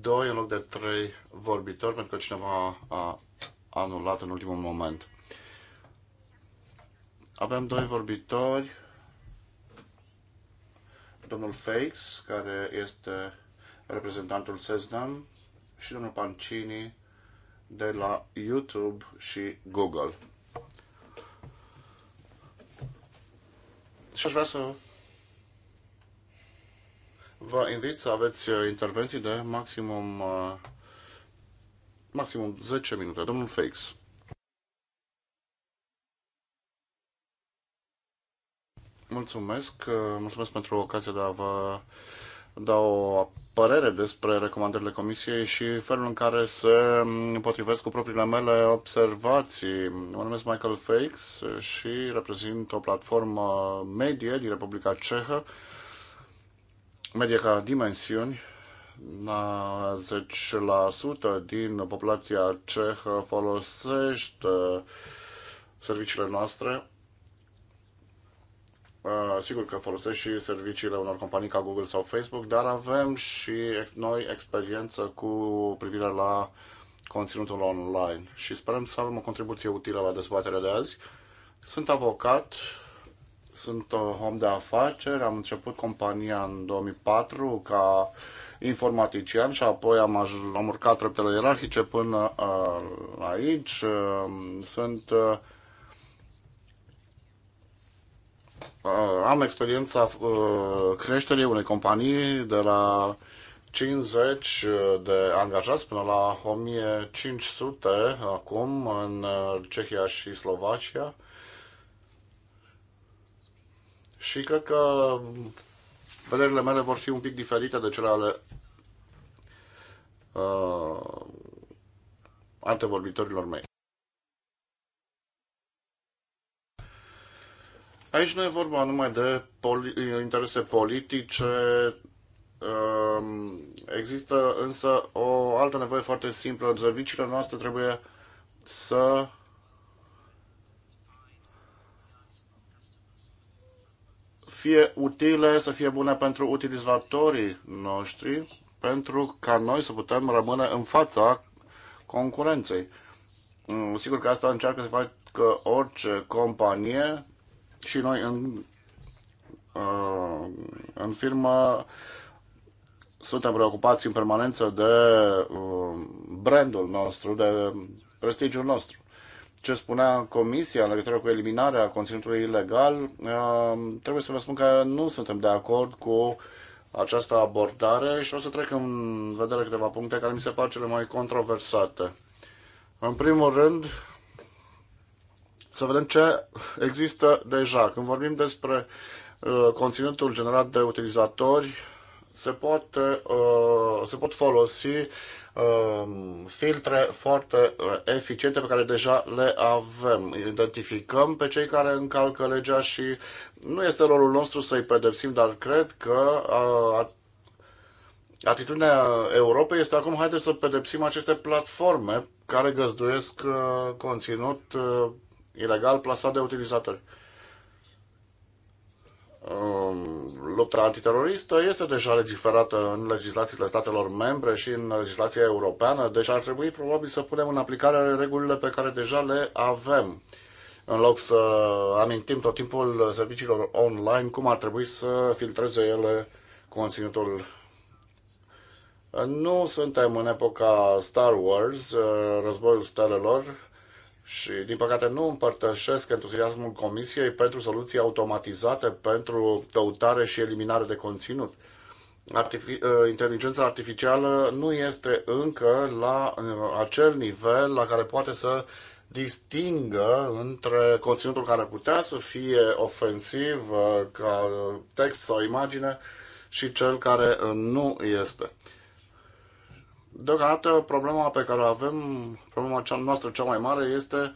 Doi în loc de trei vorbitori, pentru că cineva a anulat în ultimul moment. Avem doi vorbitori. Domnul Fakes, care este reprezentantul SESDAM și domnul Pancini de la YouTube și Google. Și aș vrea să vă invit să aveți uh, intervenții de maximum, uh, maximum 10 minute. Domnul Fakes. Mulțumesc, uh, mulțumesc pentru ocazia de a vă da o părere despre recomandările Comisiei și felul în care se potrivesc cu propriile mele observații. Mă numesc Michael Fakes și reprezint o platformă medie din Republica Cehă, medie ca dimensiuni. la 10% din populația cehă folosește serviciile noastre Uh, sigur că folosesc și serviciile unor companii ca Google sau Facebook, dar avem și noi experiență cu privire la conținutul online și sperăm să avem o contribuție utilă la dezbaterea de azi. Sunt avocat, sunt uh, om de afaceri, am început compania în 2004 ca informatician și apoi am, aj- am urcat treptele ierarhice până uh, aici. Uh, sunt uh, Uh, am experiența uh, creșterii unei companii de la 50 uh, de angajați până la 1500 acum în Cehia și Slovacia. Și cred că vederile mele vor fi un pic diferite de cele ale uh, antevorbitorilor mei. Aici nu e vorba numai de poli- interese politice, um, există însă o altă nevoie foarte simplă. Serviciile noastre trebuie să fie utile, să fie bune pentru utilizatorii noștri, pentru ca noi să putem rămâne în fața concurenței. Mm, sigur că asta încearcă să facă orice companie, și noi în, uh, în firmă suntem preocupați în permanență de uh, brandul nostru, de prestigiul nostru. Ce spunea Comisia în legătură cu eliminarea conținutului ilegal, uh, trebuie să vă spun că nu suntem de acord cu această abordare și o să trec în vedere câteva puncte care mi se par cele mai controversate. În primul rând, să vedem ce există deja. Când vorbim despre uh, conținutul generat de utilizatori, se, poate, uh, se pot folosi uh, filtre foarte uh, eficiente pe care deja le avem. Identificăm pe cei care încalcă legea și nu este rolul nostru să-i pedepsim, dar cred că uh, atitudinea Europei este acum haideți să pedepsim aceste platforme care găzduiesc uh, conținut ilegal plasat de utilizatori. Um, lupta antiteroristă este deja legiferată în legislațiile statelor membre și în legislația europeană, deci ar trebui probabil să punem în aplicare regulile pe care deja le avem în loc să amintim tot timpul serviciilor online cum ar trebui să filtreze ele conținutul. Nu suntem în epoca Star Wars, uh, războiul stelelor, și, din păcate, nu împărtășesc entuziasmul Comisiei pentru soluții automatizate pentru căutare și eliminare de conținut. Artifi- uh, inteligența artificială nu este încă la uh, acel nivel la care poate să distingă între conținutul care putea să fie ofensiv uh, ca text sau imagine și cel care nu este. Deocamdată problema pe care o avem, problema cea noastră cea mai mare este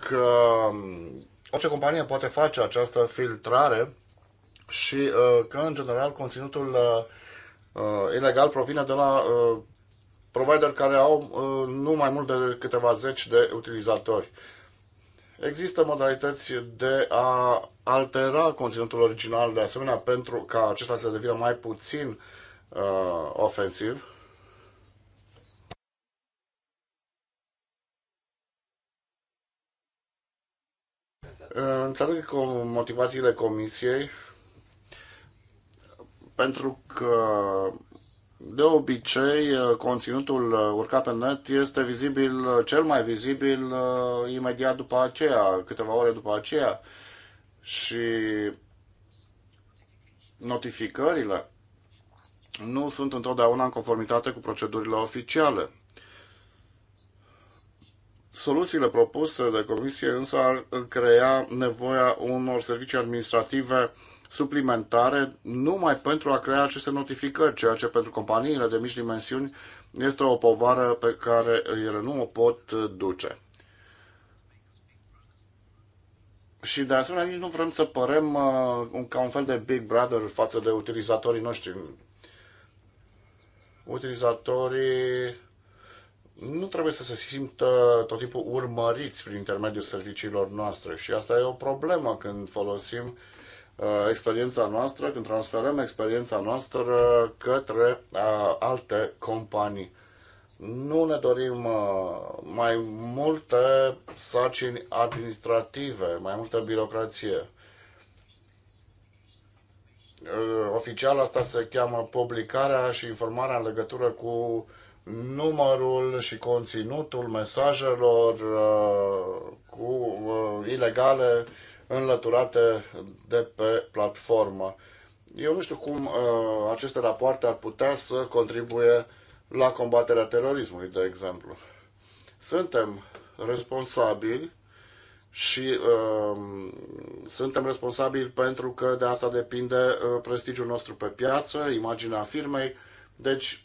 că orice companie poate face această filtrare și uh, că, în general, conținutul uh, uh, ilegal provine de la provider care au nu mai mult de câteva zeci de utilizatori. Există modalități de a altera conținutul original de asemenea pentru ca acesta să devină mai puțin uh, ofensiv. Uh, înțeleg că motivațiile comisiei pentru că de obicei, uh, conținutul uh, urcat pe net este vizibil, uh, cel mai vizibil, imediat după aceea, câteva ore după aceea. Și notificările nu sunt întotdeauna în conformitate cu procedurile oficiale. Soluțiile propuse de comisie însă ar crea nevoia unor servicii administrative suplimentare numai pentru a crea aceste notificări, ceea ce pentru companiile de mici dimensiuni este o povară pe care ele nu o pot duce. Și de asemenea nici nu vrem să părem uh, ca un fel de Big Brother față de utilizatorii noștri. Utilizatorii nu trebuie să se simtă tot timpul urmăriți prin intermediul serviciilor noastre și asta e o problemă când folosim Uh, experiența noastră, când transferăm experiența noastră către uh, alte companii. Nu ne dorim uh, mai multe sarcini administrative, mai multă birocrație. Oficial asta se cheamă publicarea și informarea în legătură cu numărul și conținutul mesajelor cu ilegale înlăturate de pe platformă. Eu nu știu cum uh, aceste rapoarte ar putea să contribuie la combaterea terorismului, de exemplu. Suntem responsabili și uh, suntem responsabili pentru că de asta depinde uh, prestigiul nostru pe piață, imaginea firmei. Deci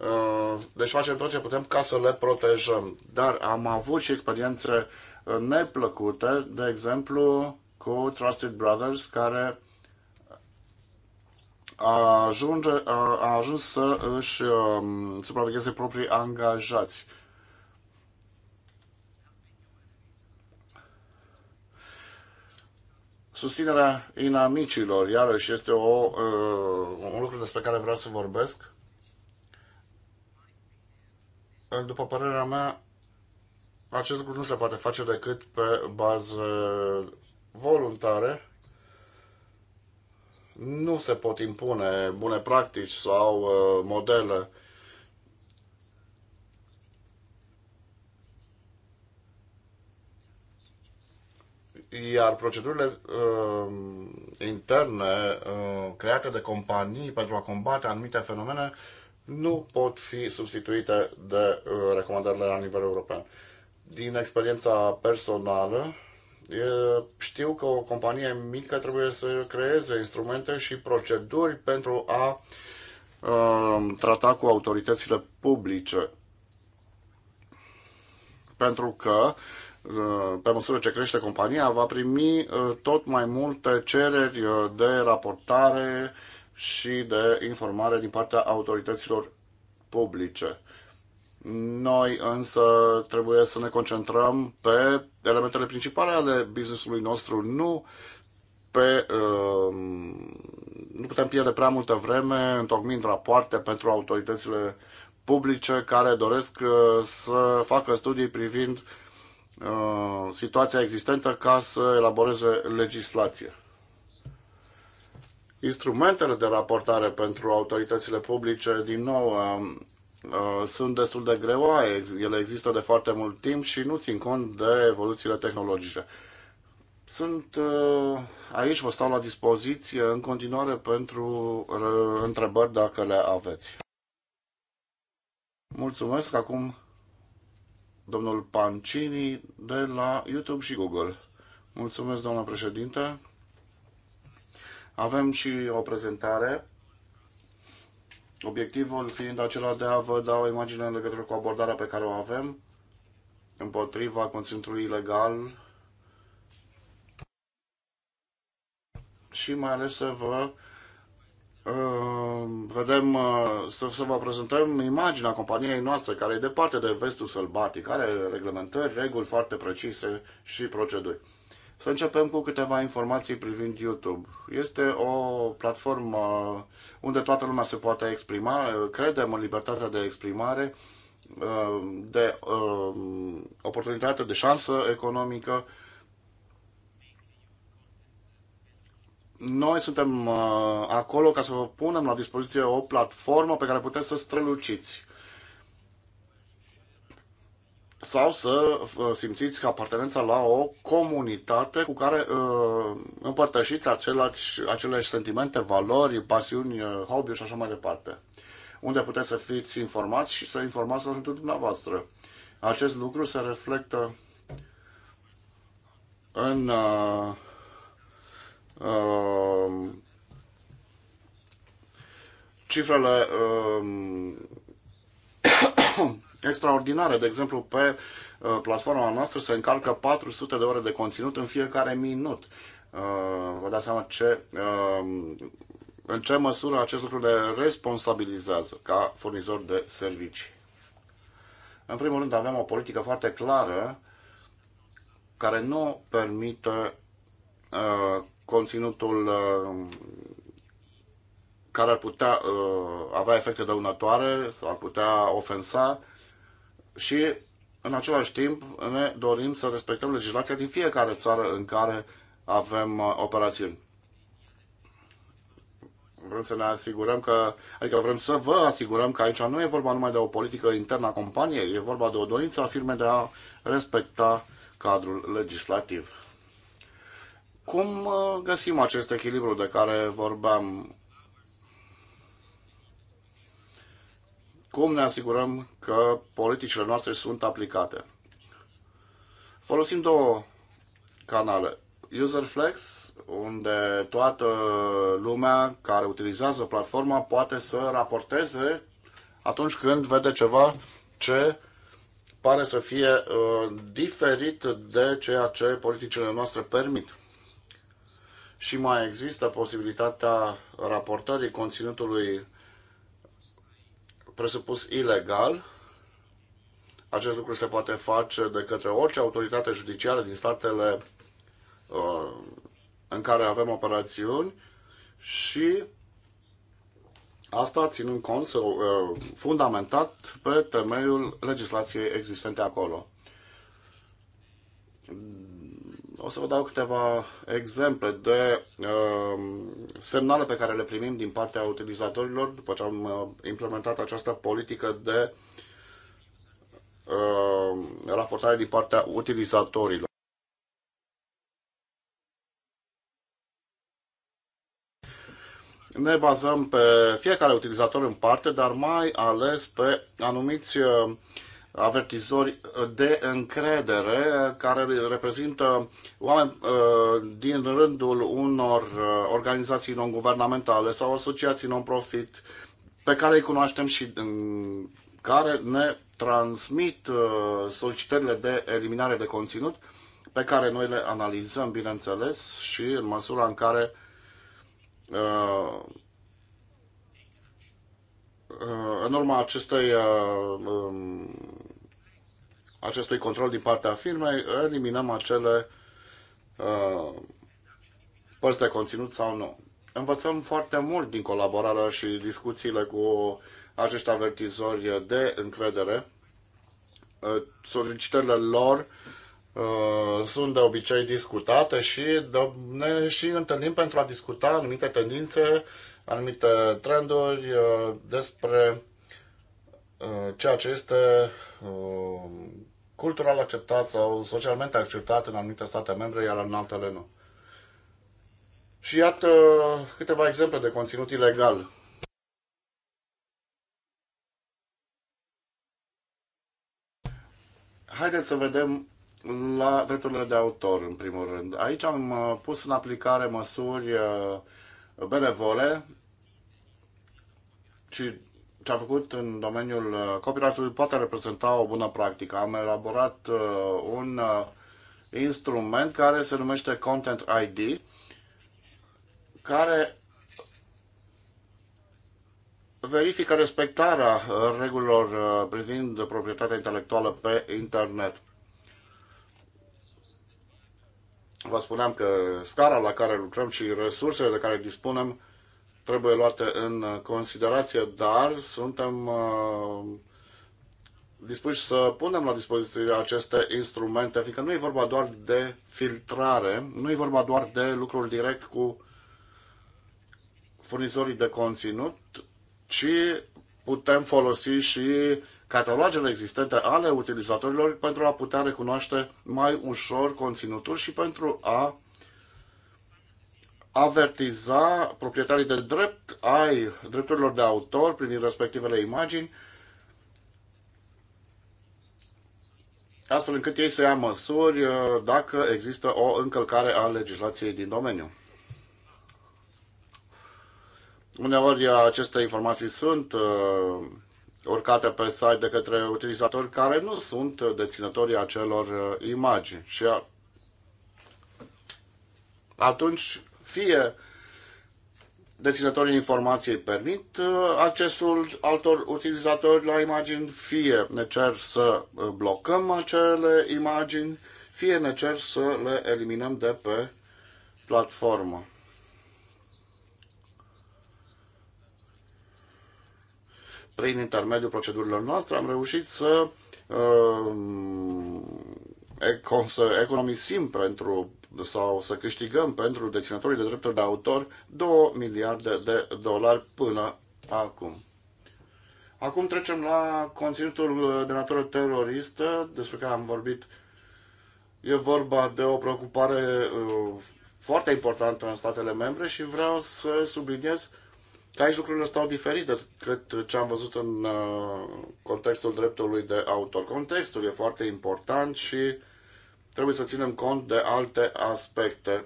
Uh, deci facem tot ce putem ca să le protejăm. Dar am avut și experiențe uh, neplăcute, de exemplu cu Trusted Brothers, care a, ajunge, a ajuns să își um, supravegheze proprii angajați. Susținerea inamicilor, iarăși, este o, uh, un lucru despre care vreau să vorbesc după părerea mea, acest lucru nu se poate face decât pe bază voluntare. Nu se pot impune bune practici sau uh, modele. Iar procedurile uh, interne uh, create de companii pentru a combate anumite fenomene uh, nu pot fi substituite de uh, recomandările la nivel european. Din experiența personală, știu că o companie mică trebuie să creeze instrumente și proceduri pentru a uh, trata cu autoritățile publice. Pentru că uh, pe măsură ce crește compania, va primi tot mai multe cereri de raportare și de informare din partea autorităților publice. Noi însă trebuie să ne concentrăm pe elementele principale ale businessului nostru, nu pe, uh, nu putem pierde prea multă vreme întocmind rapoarte pentru autoritățile publice care doresc uh, să facă studii privind uh, situația existentă ca să elaboreze legislație. Instrumentele de raportare pentru autoritățile publice, din nou, uh, sunt destul de greoaie, ele există de foarte mult timp și nu țin cont de evoluțiile tehnologice. Sunt uh, aici, vă stau la dispoziție în continuare pentru uh, întrebări dacă le aveți. Mulțumesc acum domnul Pancini de la YouTube și Google. Mulțumesc, doamna președinte. Avem și o prezentare, obiectivul fiind acela de a vă da o imagine în legătură cu abordarea pe care o avem împotriva conținutului ilegal și mai ales să vă uh, vedem, uh, să, să vă prezentăm imaginea companiei noastre care e departe de vestul sălbatic, are reglementări, reguli foarte precise și proceduri. Să începem cu câteva informații privind YouTube. Este o platformă unde toată lumea se poate exprima, credem în libertatea de exprimare, uh, de uh, oportunitate, de șansă economică. Noi suntem uh, acolo ca să vă punem la dispoziție o platformă pe care puteți să străluciți sau să uh, simțiți apartenența la o comunitate cu care uh, împărtășiți același, aceleași sentimente, valori, pasiuni, uh, hobby și așa mai departe. Unde puteți să fiți informați și să informați pentru dumneavoastră. Acest lucru se reflectă în uh, uh, cifrele uh, extraordinare. De exemplu, pe uh, platforma noastră se încarcă 400 de ore de conținut în fiecare minut. Uh, vă dați seama ce, uh, în ce măsură acest lucru le responsabilizează ca furnizor de servicii. În primul rând, avem o politică foarte clară care nu permite uh, conținutul uh, care ar putea uh, avea efecte dăunătoare sau ar putea ofensa și în același timp ne dorim să respectăm legislația din fiecare țară în care avem uh, operațiuni. Vrem să ne asigurăm că, adică vrem să vă asigurăm că aici nu e vorba numai de o politică internă a companiei, e vorba de o dorință a firmei de a respecta cadrul legislativ. Cum uh, găsim acest echilibru de care vorbeam? cum ne asigurăm că politicile noastre sunt aplicate. Folosim două canale. UserFlex, unde toată lumea care utilizează platforma poate să raporteze atunci când vede ceva ce pare să fie uh, diferit de ceea ce politicile noastre permit. Și mai există posibilitatea raportării conținutului presupus ilegal. Acest lucru se poate face de către orice autoritate judiciară din statele uh, în care avem operațiuni și asta ținând cont, uh, fundamentat pe temeiul legislației existente acolo. O să vă dau câteva exemple de uh, semnale pe care le primim din partea utilizatorilor după ce am uh, implementat această politică de uh, raportare din partea utilizatorilor. Ne bazăm pe fiecare utilizator în parte, dar mai ales pe anumiți uh, avertizori de încredere care reprezintă oameni uh, din rândul unor uh, organizații non-guvernamentale sau asociații non-profit pe care îi cunoaștem și care ne transmit uh, solicitările de eliminare de conținut pe care noi le analizăm, bineînțeles, și în măsura în care în urma acestei um, acestui control din partea firmei, eliminăm acele uh, părți de conținut sau nu. Învățăm foarte mult din colaborarea și discuțiile cu acești avertizori de încredere. Uh, solicitările lor uh, sunt de obicei discutate și de, ne și întâlnim pentru a discuta anumite tendințe, anumite trenduri uh, despre Uh, ceea ce este uh, cultural acceptat sau socialmente acceptat în anumite state membre, iar în altele nu. Și iată câteva exemple de conținut ilegal. Haideți să vedem la drepturile de autor, în primul rând. Aici am uh, pus în aplicare măsuri benevole și ce a făcut în domeniul uh, copyright-ului poate reprezenta o bună practică. Am elaborat uh, un uh, instrument care se numește Content ID, care verifică respectarea regulilor privind proprietatea intelectuală pe internet. Vă spuneam că scara la care lucrăm și resursele de care dispunem trebuie luate în considerație, dar suntem uh, dispuși să punem la dispoziție aceste instrumente, fiindcă nu e vorba doar de filtrare, nu e vorba doar de lucruri direct cu furnizorii de conținut, ci putem folosi și catalogele existente ale utilizatorilor pentru a putea recunoaște mai ușor conținutul și pentru a avertiza proprietarii de drept ai drepturilor de autor privind respectivele imagini, astfel încât ei să ia măsuri uh, dacă există o încălcare a legislației din domeniu. Uneori uh, aceste informații sunt uh, urcate pe site de către utilizatori care nu sunt deținătorii acelor uh, imagini și atunci fie deținătorii informației permit uh, accesul altor utilizatori la imagini, fie ne cer să uh, blocăm acele imagini, fie ne cer să le eliminăm de pe platformă. Prin intermediul procedurilor noastre am reușit să, uh, să economisim pentru sau să câștigăm pentru deținătorii de drepturi de autor 2 miliarde de dolari până acum. Acum trecem la conținutul de natură teroristă despre care am vorbit. E vorba de o preocupare uh, foarte importantă în statele membre și vreau să subliniez că aici lucrurile stau diferit decât ce am văzut în uh, contextul dreptului de autor. Contextul e foarte important și trebuie să ținem cont de alte aspecte.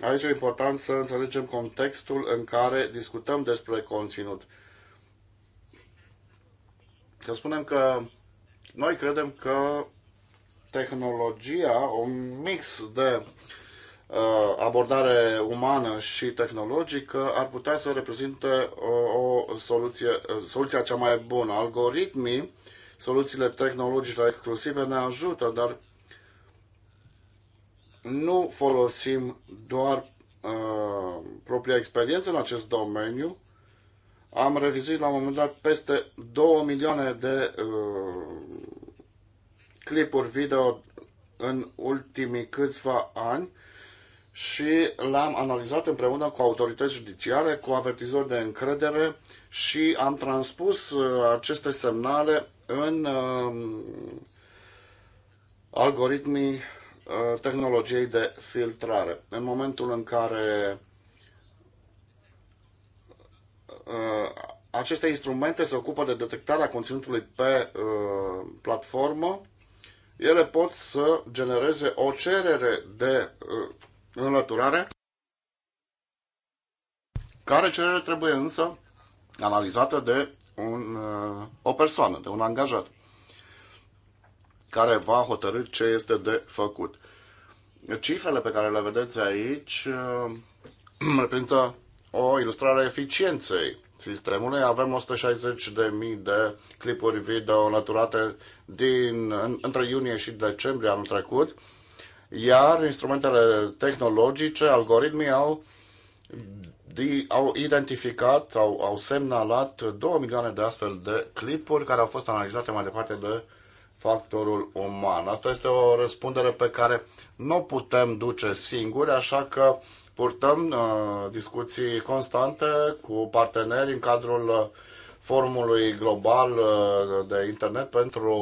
Aici e important să înțelegem contextul în care discutăm despre conținut. Că spunem că noi credem că tehnologia, un mix de uh, abordare umană și tehnologică ar putea să reprezinte o, uh, o soluție, uh, soluția cea mai bună. Algoritmii soluțiile tehnologice exclusive ne ajută, dar nu folosim doar uh, propria experiență în acest domeniu. Am revizuit la un moment dat peste 2 milioane de uh, clipuri video în ultimii câțiva ani și l-am analizat împreună cu autorități judiciare, cu avertizori de încredere, și am transpus uh, aceste semnale în um, algoritmii uh, tehnologiei de filtrare. În momentul în care uh, aceste instrumente se ocupă de detectarea conținutului pe platformă, ele pot să genereze o cerere de înlăturare, care cerere trebuie însă analizată de un, uh, o persoană, de un angajat, care va hotărâ ce este de făcut. Cifrele pe care le vedeți aici uh, reprezintă o ilustrare a eficienței sistemului. Avem 160.000 de clipuri video naturate din, între iunie și decembrie anul trecut, iar instrumentele tehnologice, algoritmii au au identificat, au, au semnalat 2 milioane de astfel de clipuri care au fost analizate mai departe de factorul uman. Asta este o răspundere pe care nu putem duce singuri, așa că purtăm uh, discuții constante cu parteneri în cadrul uh, formului global uh, de internet pentru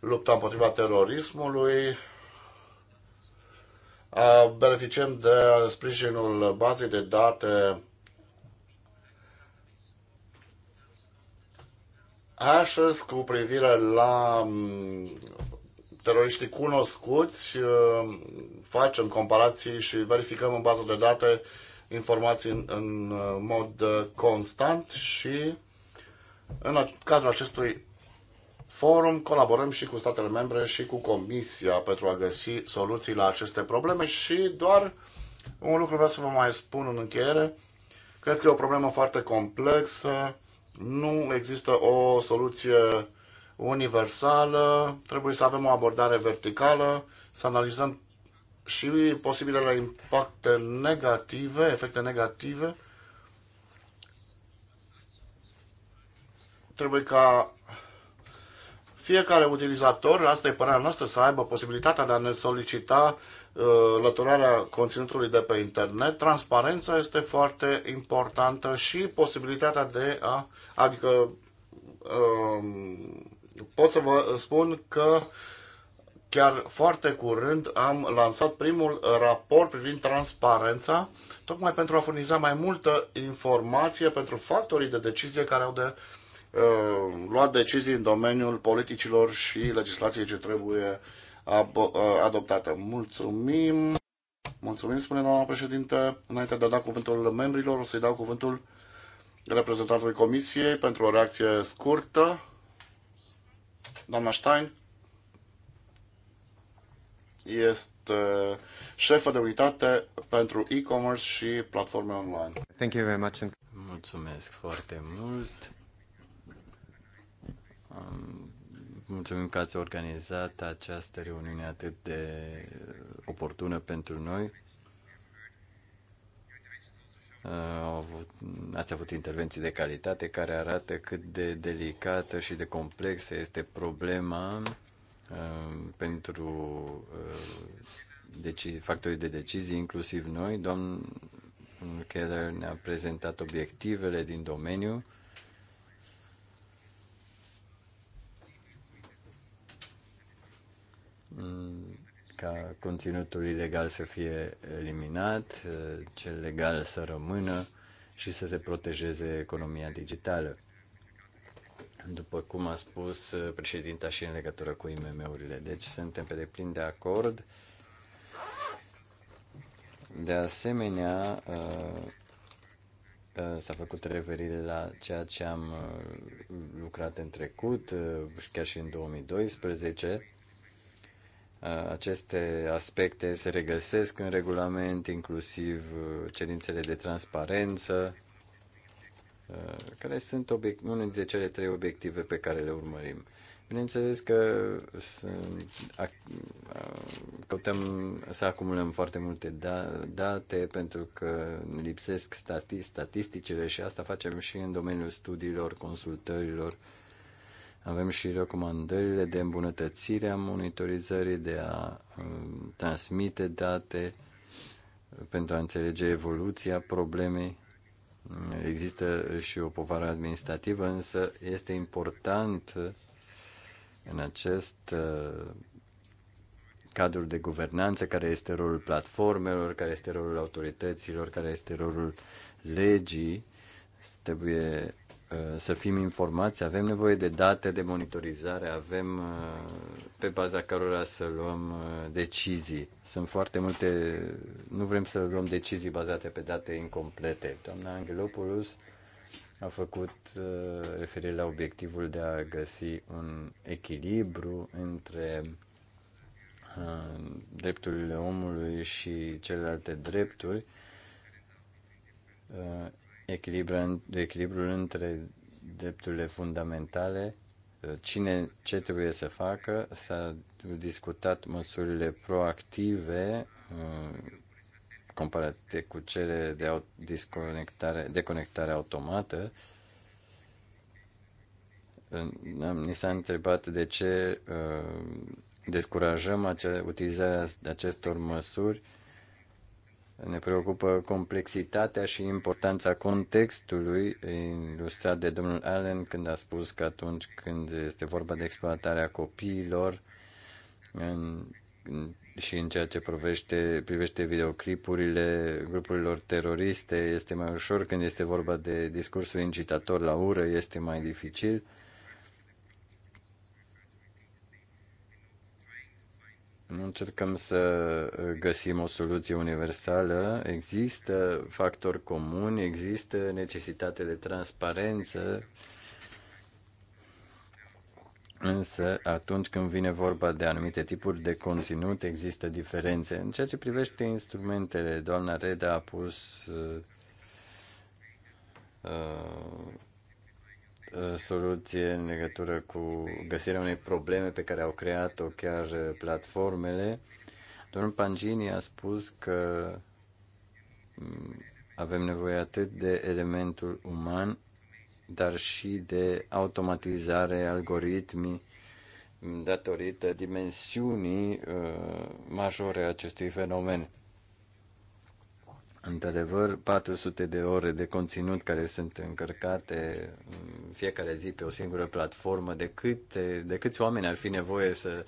lupta împotriva terorismului, beneficiem de sprijinul bazei de date Hashes cu privire la mm, teroriștii cunoscuți, mm, facem comparații și verificăm în bază de date informații în mm, mod constant și în cadrul acestui forum, colaborăm și cu statele membre și cu Comisia pentru a găsi soluții la aceste probleme și doar un lucru vreau să vă mai spun în încheiere. Cred că e o problemă foarte complexă, nu există o soluție universală, trebuie să avem o abordare verticală, să analizăm și posibilele impacte negative, efecte negative. Trebuie ca fiecare utilizator, asta e părerea noastră, să aibă posibilitatea de a ne solicita uh, lăturarea conținutului de pe internet. Transparența este foarte importantă și posibilitatea de a... Adică uh, pot să vă spun că chiar foarte curând am lansat primul raport privind transparența, tocmai pentru a furniza mai multă informație pentru factorii de decizie care au de Uh, luat decizii în domeniul politicilor și legislației ce trebuie uh, adoptată. Mulțumim! Mulțumim, spune doamna președinte. Înainte de a da cuvântul membrilor, o să-i dau cuvântul reprezentantului Comisiei pentru o reacție scurtă. Doamna Stein este șefă de unitate pentru e-commerce și platforme online. Thank you very much. Mulțumesc foarte mult. Mulțumim că ați organizat această reuniune atât de oportună pentru noi. Ați avut intervenții de calitate care arată cât de delicată și de complexă este problema um, pentru uh, deci, factorii de decizii, inclusiv noi. Domnul Keller ne-a prezentat obiectivele din domeniu ca conținutul ilegal să fie eliminat, cel legal să rămână și să se protejeze economia digitală. După cum a spus președinta și în legătură cu IMM-urile. Deci suntem pe deplin de acord. De asemenea, uh, uh, s-a făcut referire la ceea ce am uh, lucrat în trecut, chiar și în 2012, aceste aspecte se regăsesc în regulament, inclusiv uh, cerințele de transparență, uh, care sunt obiect- unul dintre cele trei obiective pe care le urmărim. Bineînțeles că sunt, a, a, uh, căutăm să acumulăm foarte multe da, date pentru că lipsesc stati, statisticile și asta facem și în domeniul studiilor, consultărilor, uh, avem și recomandările de îmbunătățire a monitorizării, de a um, transmite date pentru a înțelege evoluția problemei. Există și o povară administrativă, însă este important în acest uh, cadrul de guvernanță, care este rolul platformelor, care este rolul autorităților, care este rolul legii. Trebuie Uh, să fim informați, avem nevoie de date de monitorizare, avem uh, pe baza cărora să luăm uh, decizii. Sunt foarte multe, nu vrem să luăm decizii bazate pe date incomplete. Doamna Angelopoulos a făcut referire la obiectivul de a găsi un echilibru între drepturile omului și celelalte drepturi echilibrul între drepturile fundamentale, uh, cine ce trebuie să facă, s-a discutat măsurile proactive uh, comparate cu cele de disconectare, deconectare automată. Ni s-a întrebat de ce uh, descurajăm acea, utilizarea acestor măsuri uh, ne preocupă complexitatea și importanța contextului ilustrat de domnul Allen când a spus că atunci când este vorba de exploatarea copiilor în, și în ceea ce privește, privește videoclipurile grupurilor teroriste, este mai ușor. Când este vorba de discursul incitator la ură, este mai dificil. Nu Încercăm să uh, găsim o soluție universală. Există factori comuni, există necesitate de transparență, însă atunci când vine vorba de anumite tipuri de conținut, există diferențe. În ceea ce privește instrumentele, doamna Reda a pus uh, uh, Uh, soluție în legătură cu găsirea unei probleme pe care au creat-o chiar uh, platformele. Domnul Pangini a spus că mm, avem nevoie atât de elementul uman, dar și de automatizare, algoritmi, mm, datorită dimensiunii uh, majore a acestui fenomen. Într-adevăr, 400 de ore de conținut care sunt încărcate în fiecare zi pe o singură platformă, de, câte, de câți oameni ar fi nevoie să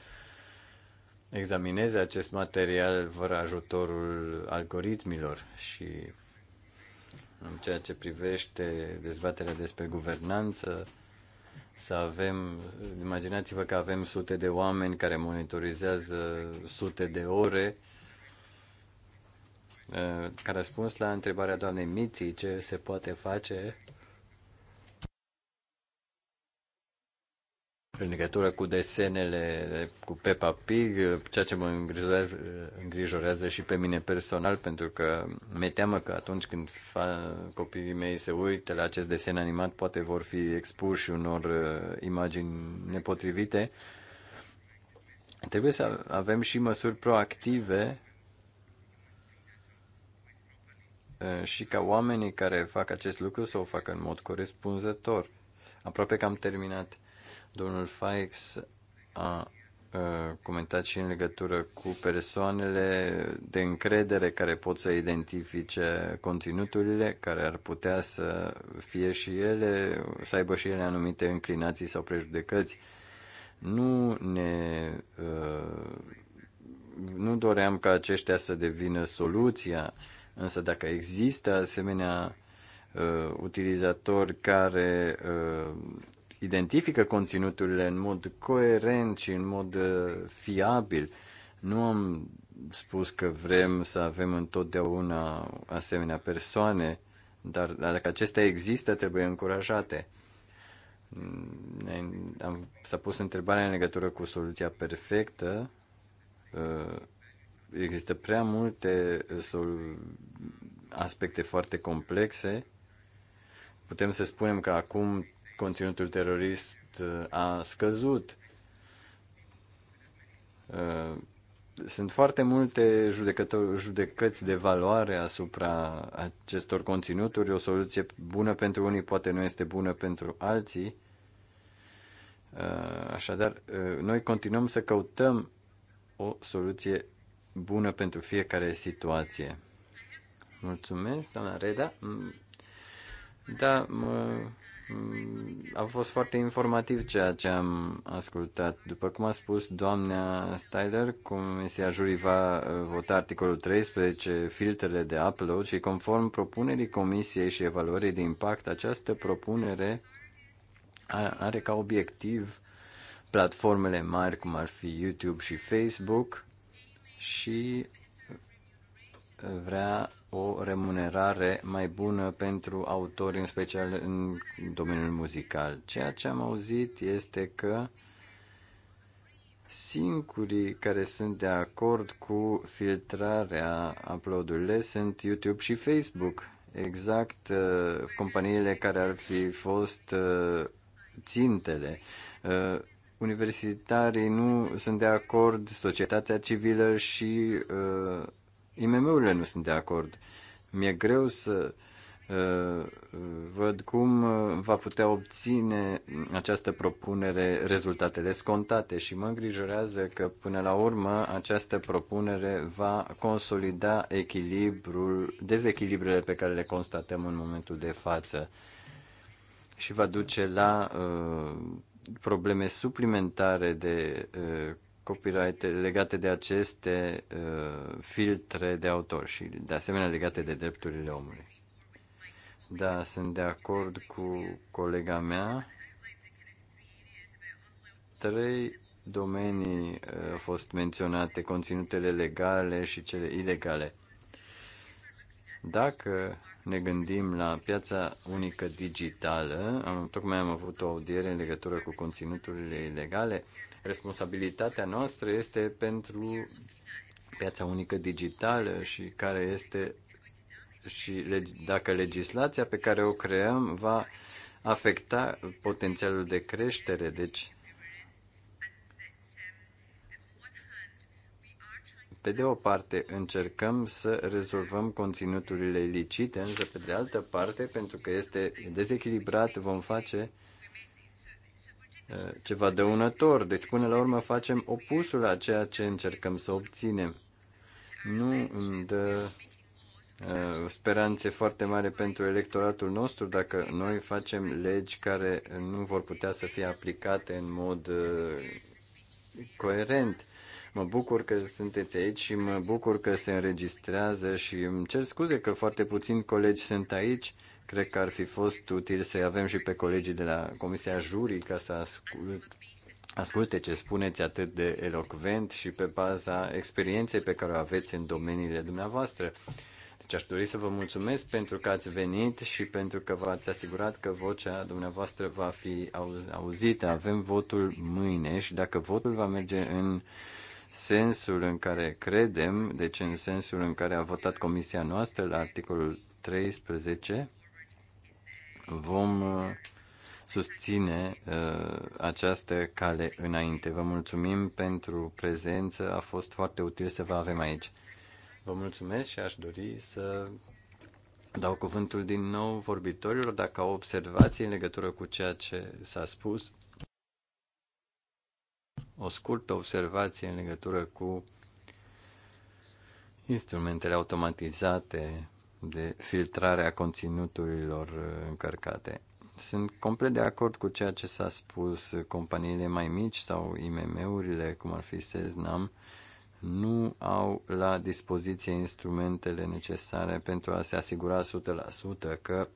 examineze acest material fără ajutorul algoritmilor și în ceea ce privește dezbaterea despre guvernanță, să avem, imaginați-vă că avem sute de oameni care monitorizează sute de ore Eh, ca răspuns la întrebarea doamnei Miții, ce se poate face în legătură cu desenele cu Peppa Pig, ceea ce mă îngrijorează, îngrijorează și pe mine personal, pentru că mi-e teamă că atunci când fa- copiii mei se uită la acest desen animat, poate vor fi expuși unor eh, imagini nepotrivite. Trebuie să avem și măsuri proactive și ca oamenii care fac acest lucru să o facă în mod corespunzător. Aproape că am terminat. Domnul Faix a comentat și în legătură cu persoanele de încredere care pot să identifice conținuturile, care ar putea să fie și ele, să aibă și ele anumite înclinații sau prejudecăți. Nu ne. nu doream ca aceștia să devină soluția Însă dacă există asemenea uh, utilizatori care uh, identifică conținuturile în mod coerent și în mod uh, fiabil, nu am spus că vrem să avem întotdeauna asemenea persoane, dar dacă acestea există, trebuie încurajate. s-a pus întrebarea în legătură cu soluția perfectă. Uh, există prea multe eh, aspecte foarte complexe. Putem să spunem că acum conținutul terorist eh, a scăzut. Eh, sunt foarte multe judecăți de valoare asupra acestor conținuturi. O soluție bună pentru unii poate nu este bună pentru alții. Așadar, noi continuăm să căutăm o soluție bună pentru fiecare situație. Mulțumesc, doamna Reda. Mm, da, mă, mm, a fost foarte informativ ceea ce am ascultat. După cum a spus doamna Styler, Comisia Jurii va uh, vota articolul 13, filtrele de upload și conform propunerii Comisiei și evaluării de impact, această propunere are ca obiectiv platformele mari cum ar fi YouTube și Facebook și vrea o remunerare mai bună pentru autori, în special în domeniul muzical. Ceea ce am auzit este că singurii care sunt de acord cu filtrarea uploadurilor sunt YouTube și Facebook. Exact uh, companiile care ar fi fost uh, țintele. Uh, universitarii nu sunt de acord, societatea civilă și uh, IMM-urile nu sunt de acord. Mi-e greu să uh, văd cum uh, va putea obține această propunere rezultatele scontate și mă îngrijorează că până la urmă această propunere va consolida echilibrul, dezechilibrele pe care le constatăm în momentul de față și va duce la uh, probleme suplimentare de uh, copyright legate de aceste uh, filtre de autor și de asemenea legate de drepturile omului. Da, sunt de acord cu colega mea. Trei domenii uh, au fost menționate, conținutele legale și cele ilegale. Dacă ne gândim la piața unică digitală, am, tocmai am avut o audiere în legătură cu conținuturile ilegale, responsabilitatea noastră este pentru piața unică digitală și care este și dacă legislația pe care o creăm va afecta potențialul de creștere. Deci Pe de o parte, încercăm să rezolvăm conținuturile licite, însă pe de altă parte, pentru că este dezechilibrat, vom face uh, ceva dăunător. Deci, până la urmă, facem opusul a ceea ce încercăm să obținem. Nu îmi dă uh, speranțe foarte mari pentru electoratul nostru dacă noi facem legi care nu vor putea să fie aplicate în mod uh, coerent. Mă bucur că sunteți aici și mă bucur că se înregistrează și îmi cer scuze că foarte puțini colegi sunt aici. Cred că ar fi fost util să avem și pe colegii de la Comisia Jurii ca să ascult, asculte ce spuneți atât de elocvent și pe baza experienței pe care o aveți în domeniile dumneavoastră. Deci aș dori să vă mulțumesc pentru că ați venit și pentru că v-ați asigurat că vocea dumneavoastră va fi auzită. Avem votul mâine și dacă votul va merge în sensul în care credem, deci în sensul în care a votat comisia noastră la articolul 13, vom uh, susține uh, această cale înainte. Vă mulțumim pentru prezență, a fost foarte util să vă avem aici. Vă mulțumesc și aș dori să dau cuvântul din nou vorbitorilor dacă au observații în legătură cu ceea ce s-a spus o scurtă observație în legătură cu instrumentele automatizate de filtrare a conținuturilor încărcate. Sunt complet de acord cu ceea ce s-a spus. Companiile mai mici sau IMM-urile, cum ar fi Seznam, nu au la dispoziție instrumentele necesare pentru a se asigura 100% că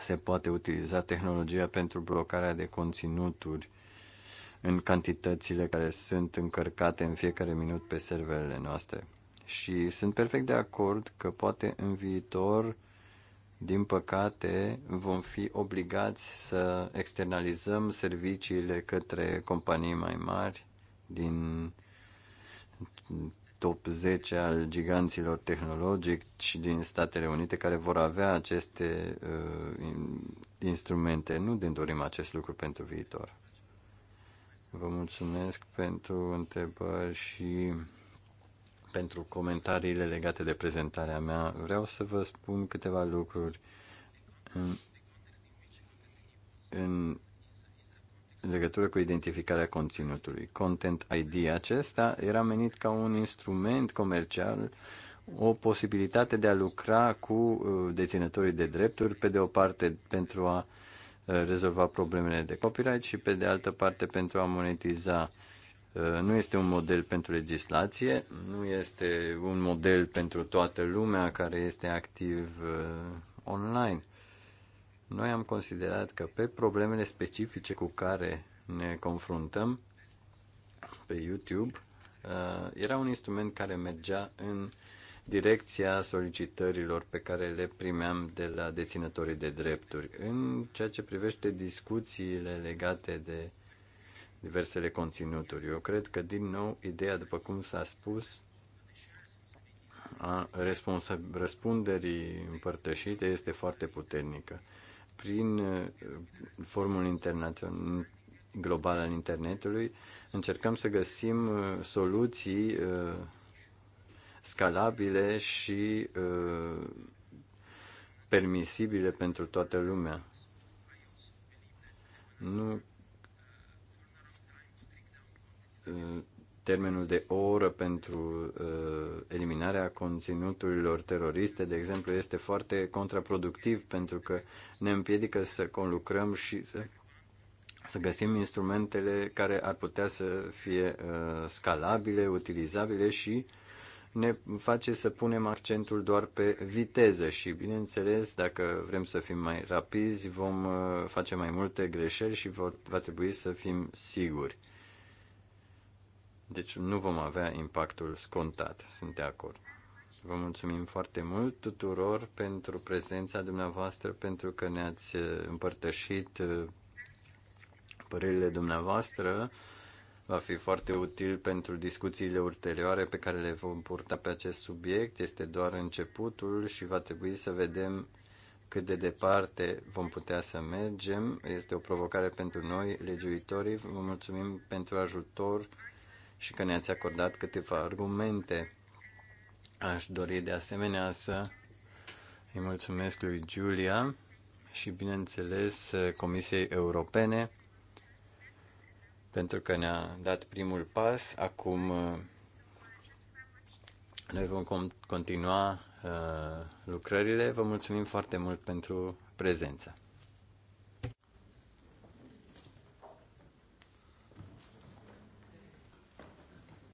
se poate utiliza tehnologia pentru blocarea de conținuturi în cantitățile care sunt încărcate în fiecare minut pe serverele noastre. Și sunt perfect de acord că poate în viitor, din păcate, vom fi obligați să externalizăm serviciile către companii mai mari din top 10 al giganților tehnologici din Statele Unite care vor avea aceste uh, instrumente. Nu ne dorim acest lucru pentru viitor. Vă mulțumesc pentru întrebări și pentru comentariile legate de prezentarea mea. Vreau să vă spun câteva lucruri în, în legătură cu identificarea conținutului. Content ID acesta era menit ca un instrument comercial, o posibilitate de a lucra cu uh, deținătorii de drepturi, pe de o parte pentru a uh, Uh, rezolva problemele de copyright și pe de altă parte pentru a monetiza. Uh, nu este un model pentru legislație, nu este un model pentru toată lumea care este activ uh, online. Noi am considerat că pe problemele specifice cu care ne confruntăm pe YouTube era un instrument care mergea în direcția solicitărilor pe care le primeam de la deținătorii de drepturi. În ceea ce privește discuțiile legate de diversele conținuturi, eu cred că, din nou, ideea, după cum s-a spus, a răspunderii împărtășite este foarte puternică. Prin uh, formul internațional, global al internetului, încercăm să găsim uh, soluții uh, scalabile și uh, permisibile pentru toată lumea. Nu uh, termenul de o oră pentru uh, eliminarea conținuturilor teroriste, de exemplu, este foarte contraproductiv pentru că ne împiedică să conlucrăm și să, să găsim instrumentele care ar putea să fie uh, scalabile, utilizabile și uh, ne face să punem accentul doar pe viteză și, bineînțeles, dacă vrem să fim mai rapizi, vom uh, face mai multe greșeli și vor, va trebui să fim siguri. Deci nu vom avea impactul scontat, sunt de acord. Vă mulțumim foarte mult tuturor pentru prezența dumneavoastră, pentru că ne-ați uh, împărtășit uh, părerile dumneavoastră va fi foarte util pentru discuțiile ulterioare pe care le vom purta pe acest subiect. Este doar începutul și va trebui să vedem cât de departe vom putea să mergem. Este o provocare pentru noi, legiuitorii. Vă mulțumim pentru ajutor și că ne-ați acordat câteva argumente. Aș dori de asemenea să îi mulțumesc lui Julia și, bineînțeles, Comisiei Europene pentru că ne-a dat primul pas. Acum uh, noi vom continua uh, lucrările. Vă mulțumim foarte mult pentru prezență.